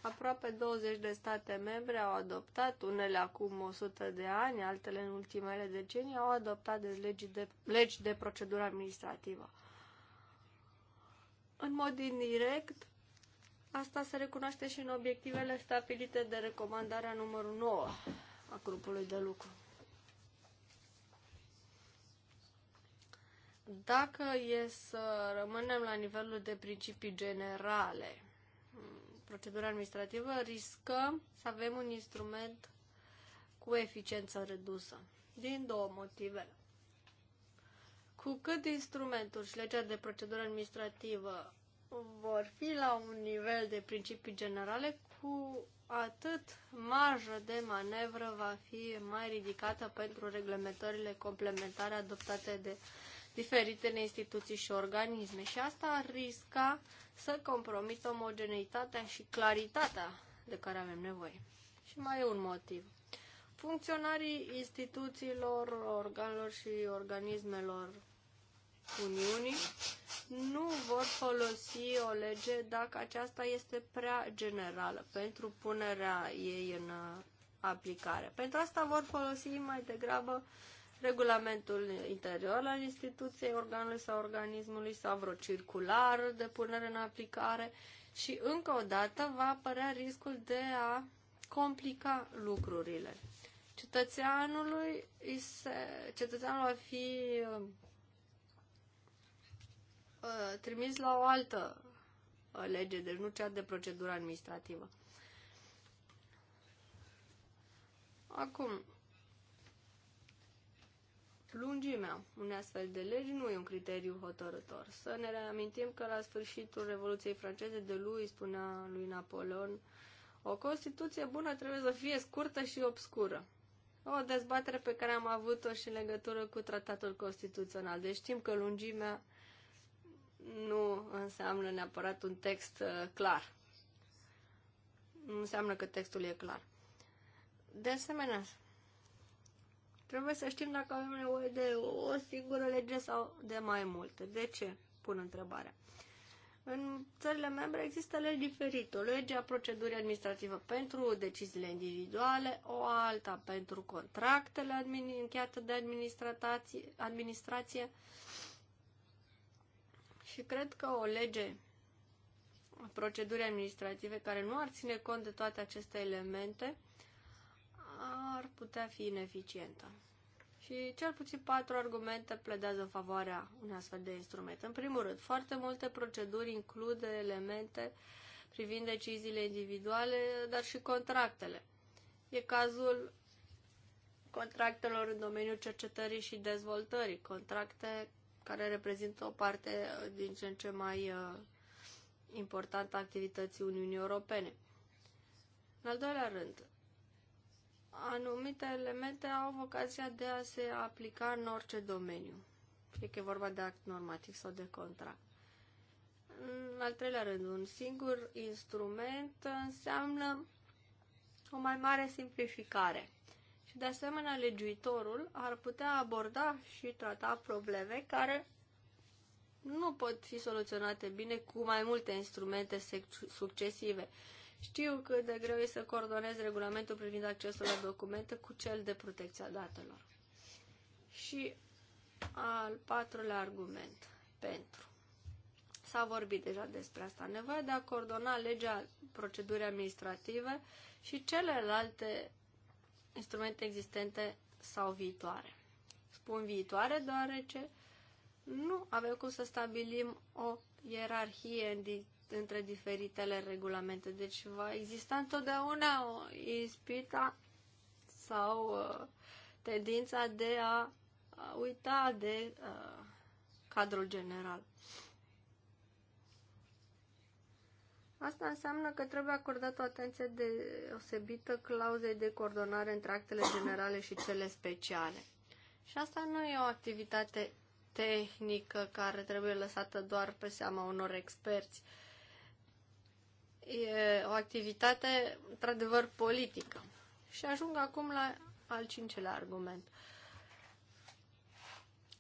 Aproape 20 de state membre au adoptat, unele acum 100 de ani, altele în ultimele decenii, au adoptat deci legi de, legi de procedură administrativă. În mod indirect, asta se recunoaște și în obiectivele stabilite de recomandarea numărul 9 a grupului de lucru. Dacă e să rămânem la nivelul de principii generale, procedura administrativă, riscăm să avem un instrument cu eficiență redusă. Din două motive. Cu cât instrumentul și legea de procedură administrativă vor fi la un nivel de principii generale, cu atât marja de manevră va fi mai ridicată pentru reglementările complementare adoptate de diferitele instituții și organisme și asta ar risca să compromită omogeneitatea și claritatea de care avem nevoie. Și mai e un motiv. Funcționarii instituțiilor, organelor și organismelor Uniunii nu vor folosi o lege dacă aceasta este prea generală pentru punerea ei în aplicare. Pentru asta vor folosi mai degrabă uh, regulamentul interior al instituției, organului sau organismului sau vreo circular de punere în aplicare și încă o dată va apărea riscul de a complica lucrurile. Cetățeanului, se, cetățeanul va fi uh, uh trimis la o altă uh, lege, deci nu cea de procedură administrativă. Acum, lungimea unei astfel de legi nu e un criteriu hotărător. Să ne reamintim că la sfârșitul Revoluției franceze de lui, spunea lui Napoleon, o Constituție bună trebuie să fie scurtă și obscură. O dezbatere pe care am avut-o și în legătură cu tratatul constituțional. Deci știm că lungimea nu înseamnă neapărat un text uh, clar. Nu înseamnă că textul e clar. De asemenea, Trebuie să știm dacă avem nevoie de o singură lege sau de mai multe. De ce? Pun întrebarea. În țările membre există legi diferite. O lege a procedurii administrative pentru deciziile individuale, o alta pentru contractele încheiate de administrație. Și cred că o lege a procedurii administrative care nu ar ține cont de toate aceste elemente ar putea fi ineficientă. Și cel puțin patru argumente pledează în favoarea unui astfel de instrument. În primul rând, foarte multe proceduri includ elemente privind deciziile individuale, dar și contractele. E cazul contractelor în domeniul cercetării și dezvoltării, contracte care reprezintă o parte din ce în ce mai uh, importantă a activității Uniunii Europene. În al doilea rând, anumite elemente au vocația de a se aplica în orice domeniu, fie că e vorba de act normativ sau de contract. În al treilea rând, un singur instrument înseamnă o mai mare simplificare. Și de asemenea, legiuitorul ar putea aborda și trata probleme care nu pot fi soluționate bine cu mai multe instrumente succesive. Știu cât de greu e să coordonez regulamentul privind accesul la documente cu cel de protecția datelor. Și al patrulea argument pentru. S-a vorbit deja despre asta. Nevoia de a coordona legea procedurii administrative și celelalte instrumente existente sau viitoare. Spun viitoare deoarece nu avem cum să stabilim o ierarhie între diferitele regulamente. Deci va exista întotdeauna o ispita sau uh, tendința de a uita de uh, cadrul general. Asta înseamnă că trebuie acordată o atenție deosebită clauzei de coordonare între actele generale și cele speciale. Și asta nu e o activitate tehnică care trebuie lăsată doar pe seama unor experți. Uh, E o activitate, într-adevăr, politică. Și ajung acum la al cincelea argument.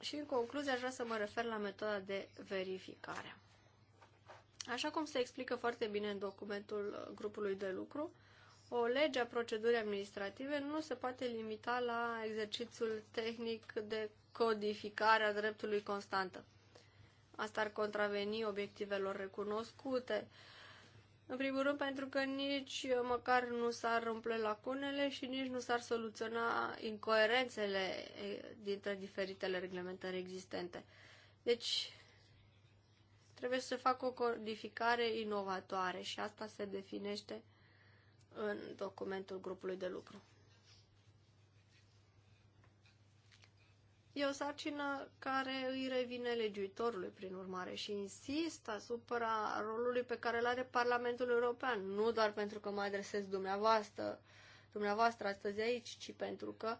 Și în concluzie aș vrea să mă refer la metoda de verificare. Așa cum se explică foarte bine în documentul grupului de lucru, o lege a procedurii administrative nu se poate limita la exercițiul tehnic de codificare a dreptului constantă. Asta ar contraveni obiectivelor recunoscute, uh, în primul rând pentru că nici măcar nu s-ar umple lacunele și nici nu s-ar soluționa incoerențele dintre diferitele reglementări existente. Deci trebuie să facă o codificare inovatoare și asta se definește în documentul grupului de lucru. E o sarcină care îi revine legiuitorului, prin urmare, și insist asupra rolului pe care îl are Parlamentul European, nu doar pentru că mă adresez dumneavoastră, dumneavoastră astăzi aici, ci pentru că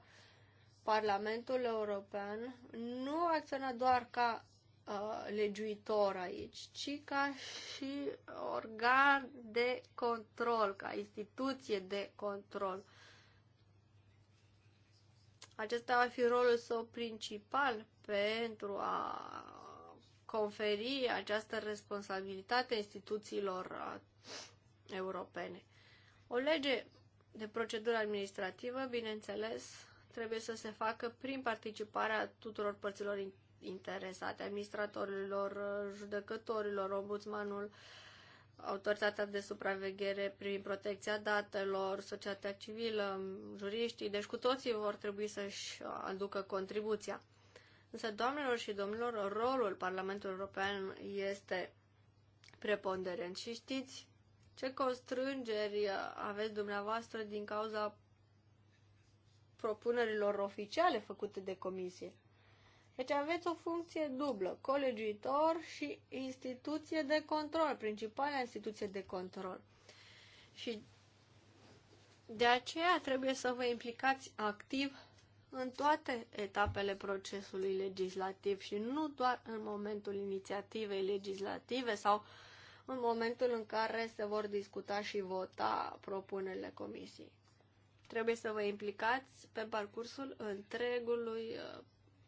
Parlamentul European nu acționa doar ca uh, legiuitor aici, ci ca și organ de control, ca instituție de control acesta va fi rolul său principal pentru a conferi această responsabilitate instituțiilor uh, europene. O lege de procedură administrativă, bineînțeles, trebuie să se facă prin participarea tuturor părților interesate, administratorilor, uh, judecătorilor, ombudsmanul, uh, autoritatea de supraveghere prin protecția datelor, societatea civilă, juriștii, deci cu toții vor trebui să-și aducă contribuția. Însă, doamnelor și domnilor, rolul Parlamentului European este preponderent și știți ce constrângeri aveți dumneavoastră din cauza propunerilor oficiale făcute de comisie. Deci aveți o funcție dublă, colegiuitor și instituție de control, principala instituție de control. Și de aceea trebuie să vă implicați activ în toate etapele procesului legislativ și nu doar în momentul inițiativei legislative sau în momentul în care se vor discuta și vota propunerile comisiei. Trebuie să vă implicați pe parcursul întregului uh,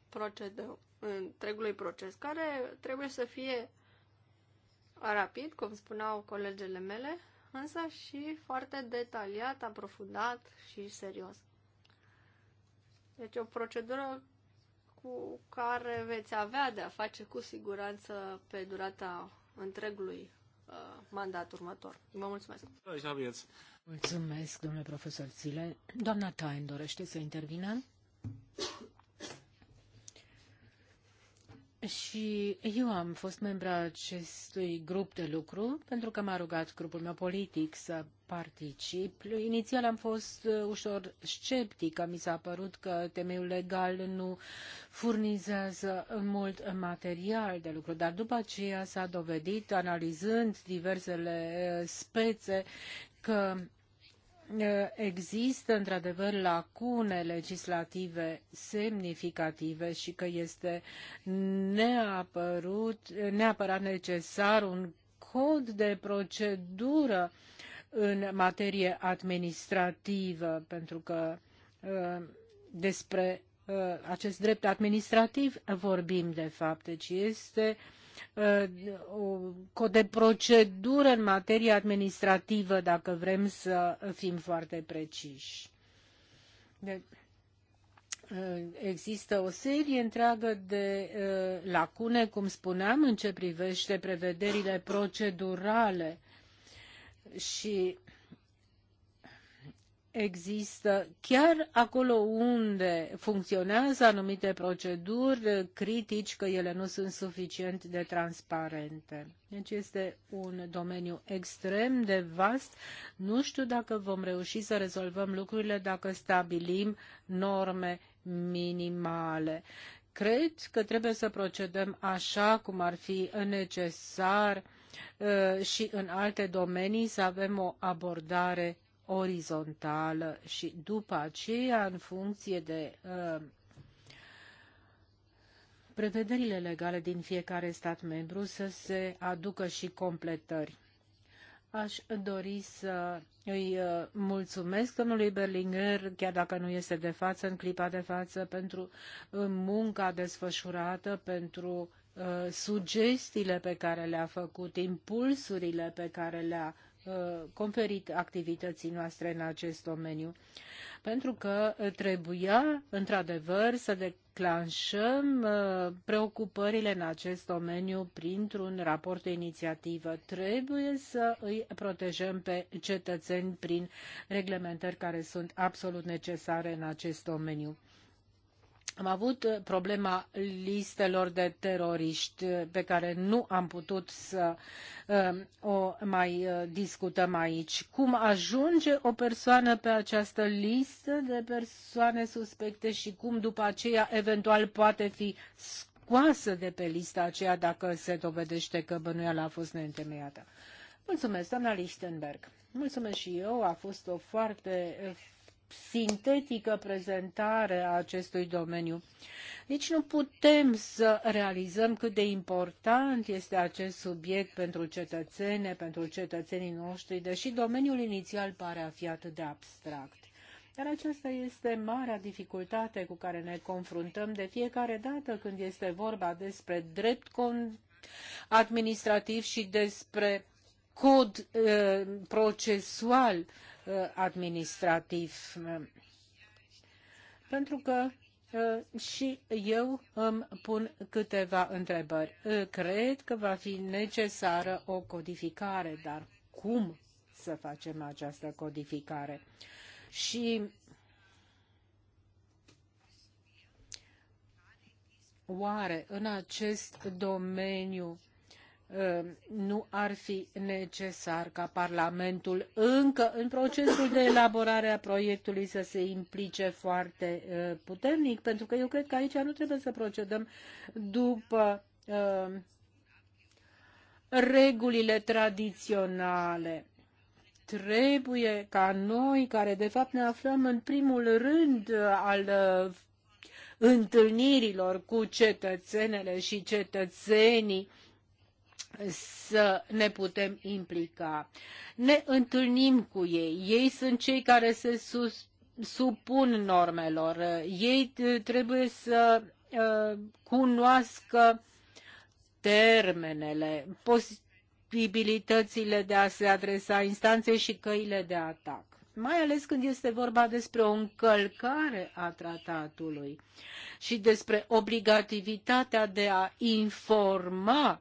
procedăm, întregului proces, care trebuie să fie rapid, cum spuneau colegele mele, însă și foarte detaliat, aprofundat și serios. Deci o procedură cu care veți avea de a face cu siguranță pe durata întregului uh, mandat următor. Vă mulțumesc! Mulțumesc, domnule profesor Țile. Doamna Tain dorește să intervină? și eu am fost membra acestui grup de lucru pentru că m-a rugat grupul meu politic să particip. Inițial am fost uh, ușor sceptică, mi s-a părut că temeiul legal nu furnizează mult material de lucru, dar după aceea s-a dovedit, analizând diversele uh, spețe, că Eh, există într-adevăr lacune legislative semnificative și că este neapărut, neapărat necesar un cod de procedură în materie administrativă, pentru că eh, despre eh, acest drept administrativ vorbim de fapt. Deci este un uh, cod de procedură în materie administrativă, dacă vrem să fim foarte preciși. De, uh, există o serie întreagă de uh, lacune, cum spuneam, în ce privește prevederile procedurale și există chiar acolo unde funcționează anumite proceduri critici că ele nu sunt suficient de transparente. Deci este un domeniu extrem de vast. Nu știu dacă vom reuși să rezolvăm lucrurile dacă stabilim norme minimale. Cred că trebuie să procedăm așa cum ar fi necesar uh, și în alte domenii să avem o abordare orizontală și după aceea, în funcție de uh, prevederile legale din fiecare stat membru, să se aducă și completări. Aș dori să îi uh, mulțumesc domnului Berlinger, chiar dacă nu este de față, în clipa de față, pentru uh, munca desfășurată, pentru uh, sugestiile pe care le-a făcut, impulsurile pe care le-a Uh, conferit activității noastre în acest domeniu. Pentru că trebuia, într-adevăr, să declanșăm uh, preocupările în acest domeniu printr-un raport de inițiativă. Trebuie să îi protejăm pe cetățeni prin reglementări care sunt absolut necesare în acest domeniu. Am avut uh, problema listelor de teroriști uh, pe care nu am putut să uh, o mai discutăm aici. Cum ajunge o persoană pe această listă de persoane suspecte și cum după aceea eventual poate fi scoasă de pe lista aceea dacă se dovedește că bănuiala a fost neîntemeiată. Mulțumesc, doamna Lichtenberg. Mulțumesc și eu, a fost o foarte sintetică prezentare a acestui domeniu. deci nu putem să realizăm cât de important este acest subiect pentru cetățene, pentru cetățenii noștri, deși domeniul inițial pare a fi atât de abstract. Dar aceasta este marea dificultate cu care ne confruntăm de fiecare dată când este vorba despre drept administrativ și despre cod e, eh, procesual Uh, administrativ. Pentru că uh, și eu îmi pun câteva întrebări. Uh, cred că va fi necesară o codificare, dar cum să facem această codificare? Și oare în acest domeniu Ehm, nu ar fi necesar ca Parlamentul încă în procesul de elaborare a proiectului să se implice foarte ehm, puternic, pentru că eu cred că aici nu trebuie să procedăm după ehm, regulile tradiționale. Trebuie ca noi, care de fapt ne aflăm în primul rând eh, al eh, întâlnirilor cu cetățenele și cetățenii, să ne putem implica. Ne întâlnim cu ei. Ei sunt cei care se sus, supun normelor. Ei trebuie să uh, cunoască termenele, posibilitățile de a se adresa instanței și căile de atac mai ales când este vorba despre o încălcare a tratatului și despre obligativitatea de a informa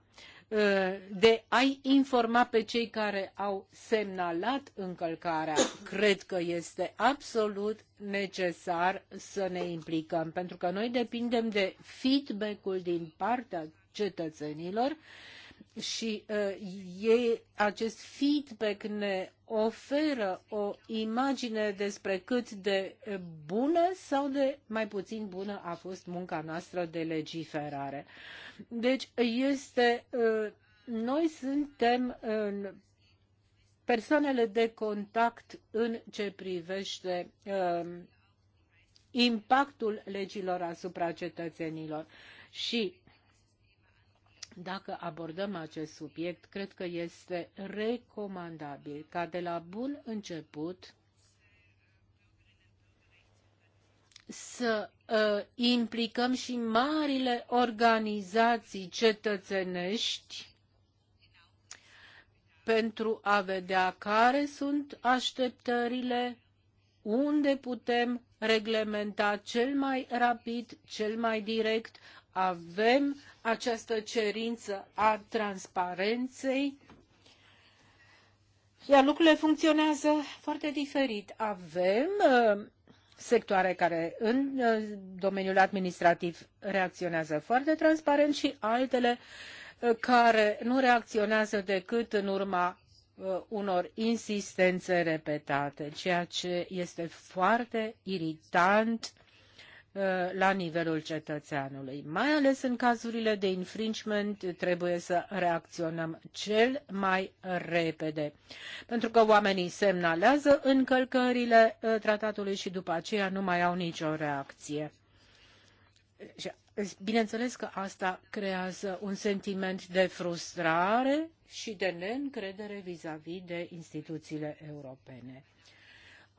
Uh, de a-i informa pe cei care au semnalat încălcarea. Cred că este absolut necesar să ne implicăm, pentru că noi depindem de feedback-ul din partea cetățenilor și uh, ei, acest feedback ne oferă o imagine despre cât de bună sau de mai puțin bună a fost munca noastră de legiferare. Uh, deci este, ă, noi suntem persoanele de contact în ce privește ă, impactul legilor asupra cetățenilor. Și dacă abordăm acest subiect, cred că este recomandabil ca de la bun început să Uh, implicăm și marile organizații cetățenești pentru a vedea care sunt așteptările, unde putem reglementa cel mai rapid, cel mai direct. Avem această cerință a transparenței. Iar lucrurile funcționează foarte diferit. Avem uh, sectoare care în uh, domeniul administrativ reacționează foarte transparent și altele uh, care nu reacționează decât în urma uh, unor insistențe repetate, ceea ce este foarte iritant. Uh, la nivelul cetățeanului. Mai ales în cazurile de infringement trebuie să reacționăm cel mai repede, pentru că oamenii semnalează încălcările uh, tratatului și după aceea nu mai au nicio reacție. Uh, bineînțeles că asta creează un sentiment de frustrare și de neîncredere vis-a-vis de instituțiile europene.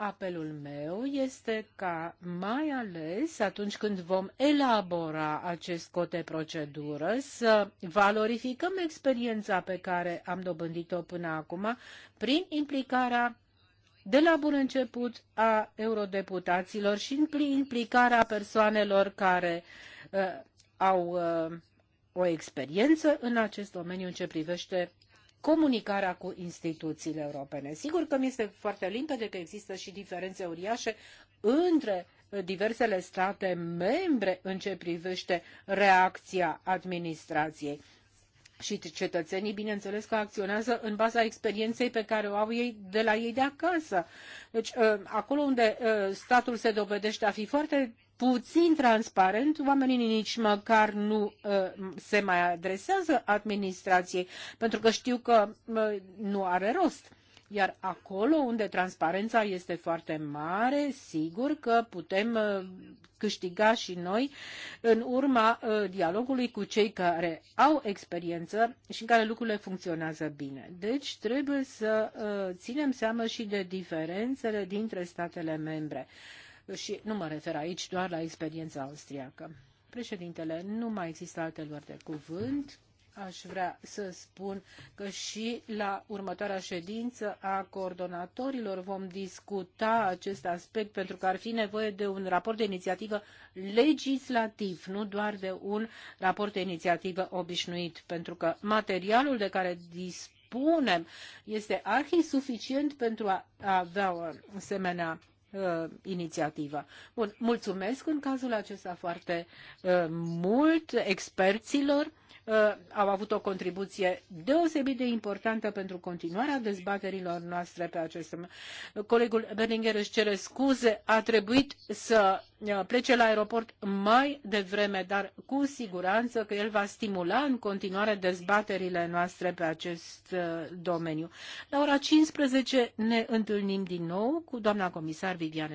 Apelul meu este ca mai ales atunci când vom elabora acest cod de procedură să valorificăm experiența pe care am dobândit-o până acum prin implicarea de la bun început a eurodeputaților și implicarea persoanelor care uh, au uh, o experiență în acest domeniu în ce privește comunicarea cu instituțiile europene. Sigur că mi este foarte limpede că există și diferențe uriașe între diversele state membre în ce privește reacția administrației. Și cetățenii, bineînțeles, că acționează în baza experienței pe care o au ei de la ei de acasă. Deci, ă, acolo unde ă, statul se dovedește a fi foarte puțin transparent, oamenii nici măcar nu uh, se mai adresează administrației, pentru că știu că uh, nu are rost. Iar acolo unde transparența este foarte mare, sigur că putem uh, câștiga și noi în urma uh, dialogului cu cei care au experiență și în care lucrurile funcționează bine. Deci trebuie să uh, ținem seama și de diferențele dintre statele membre și nu mă refer aici doar la experiența austriacă. Președintele, nu mai există alte luări de cuvânt. Aș vrea să spun că și la următoarea ședință a coordonatorilor vom discuta acest aspect pentru că ar fi nevoie de un raport de inițiativă legislativ, nu doar de un raport de inițiativă obișnuit, pentru că materialul de care dispunem este arhi suficient pentru a avea o asemenea uh, inițiativa. Bun, mulțumesc în cazul acesta foarte uh, mult experților Uh, au avut o contribuție deosebit de importantă pentru continuarea dezbaterilor noastre pe acest Colegul Berlinger își cere scuze, a trebuit să uh, plece la aeroport mai devreme, dar cu siguranță că el va stimula în continuare dezbaterile noastre pe acest uh, domeniu. La ora 15 ne întâlnim din nou cu doamna comisar Viviane.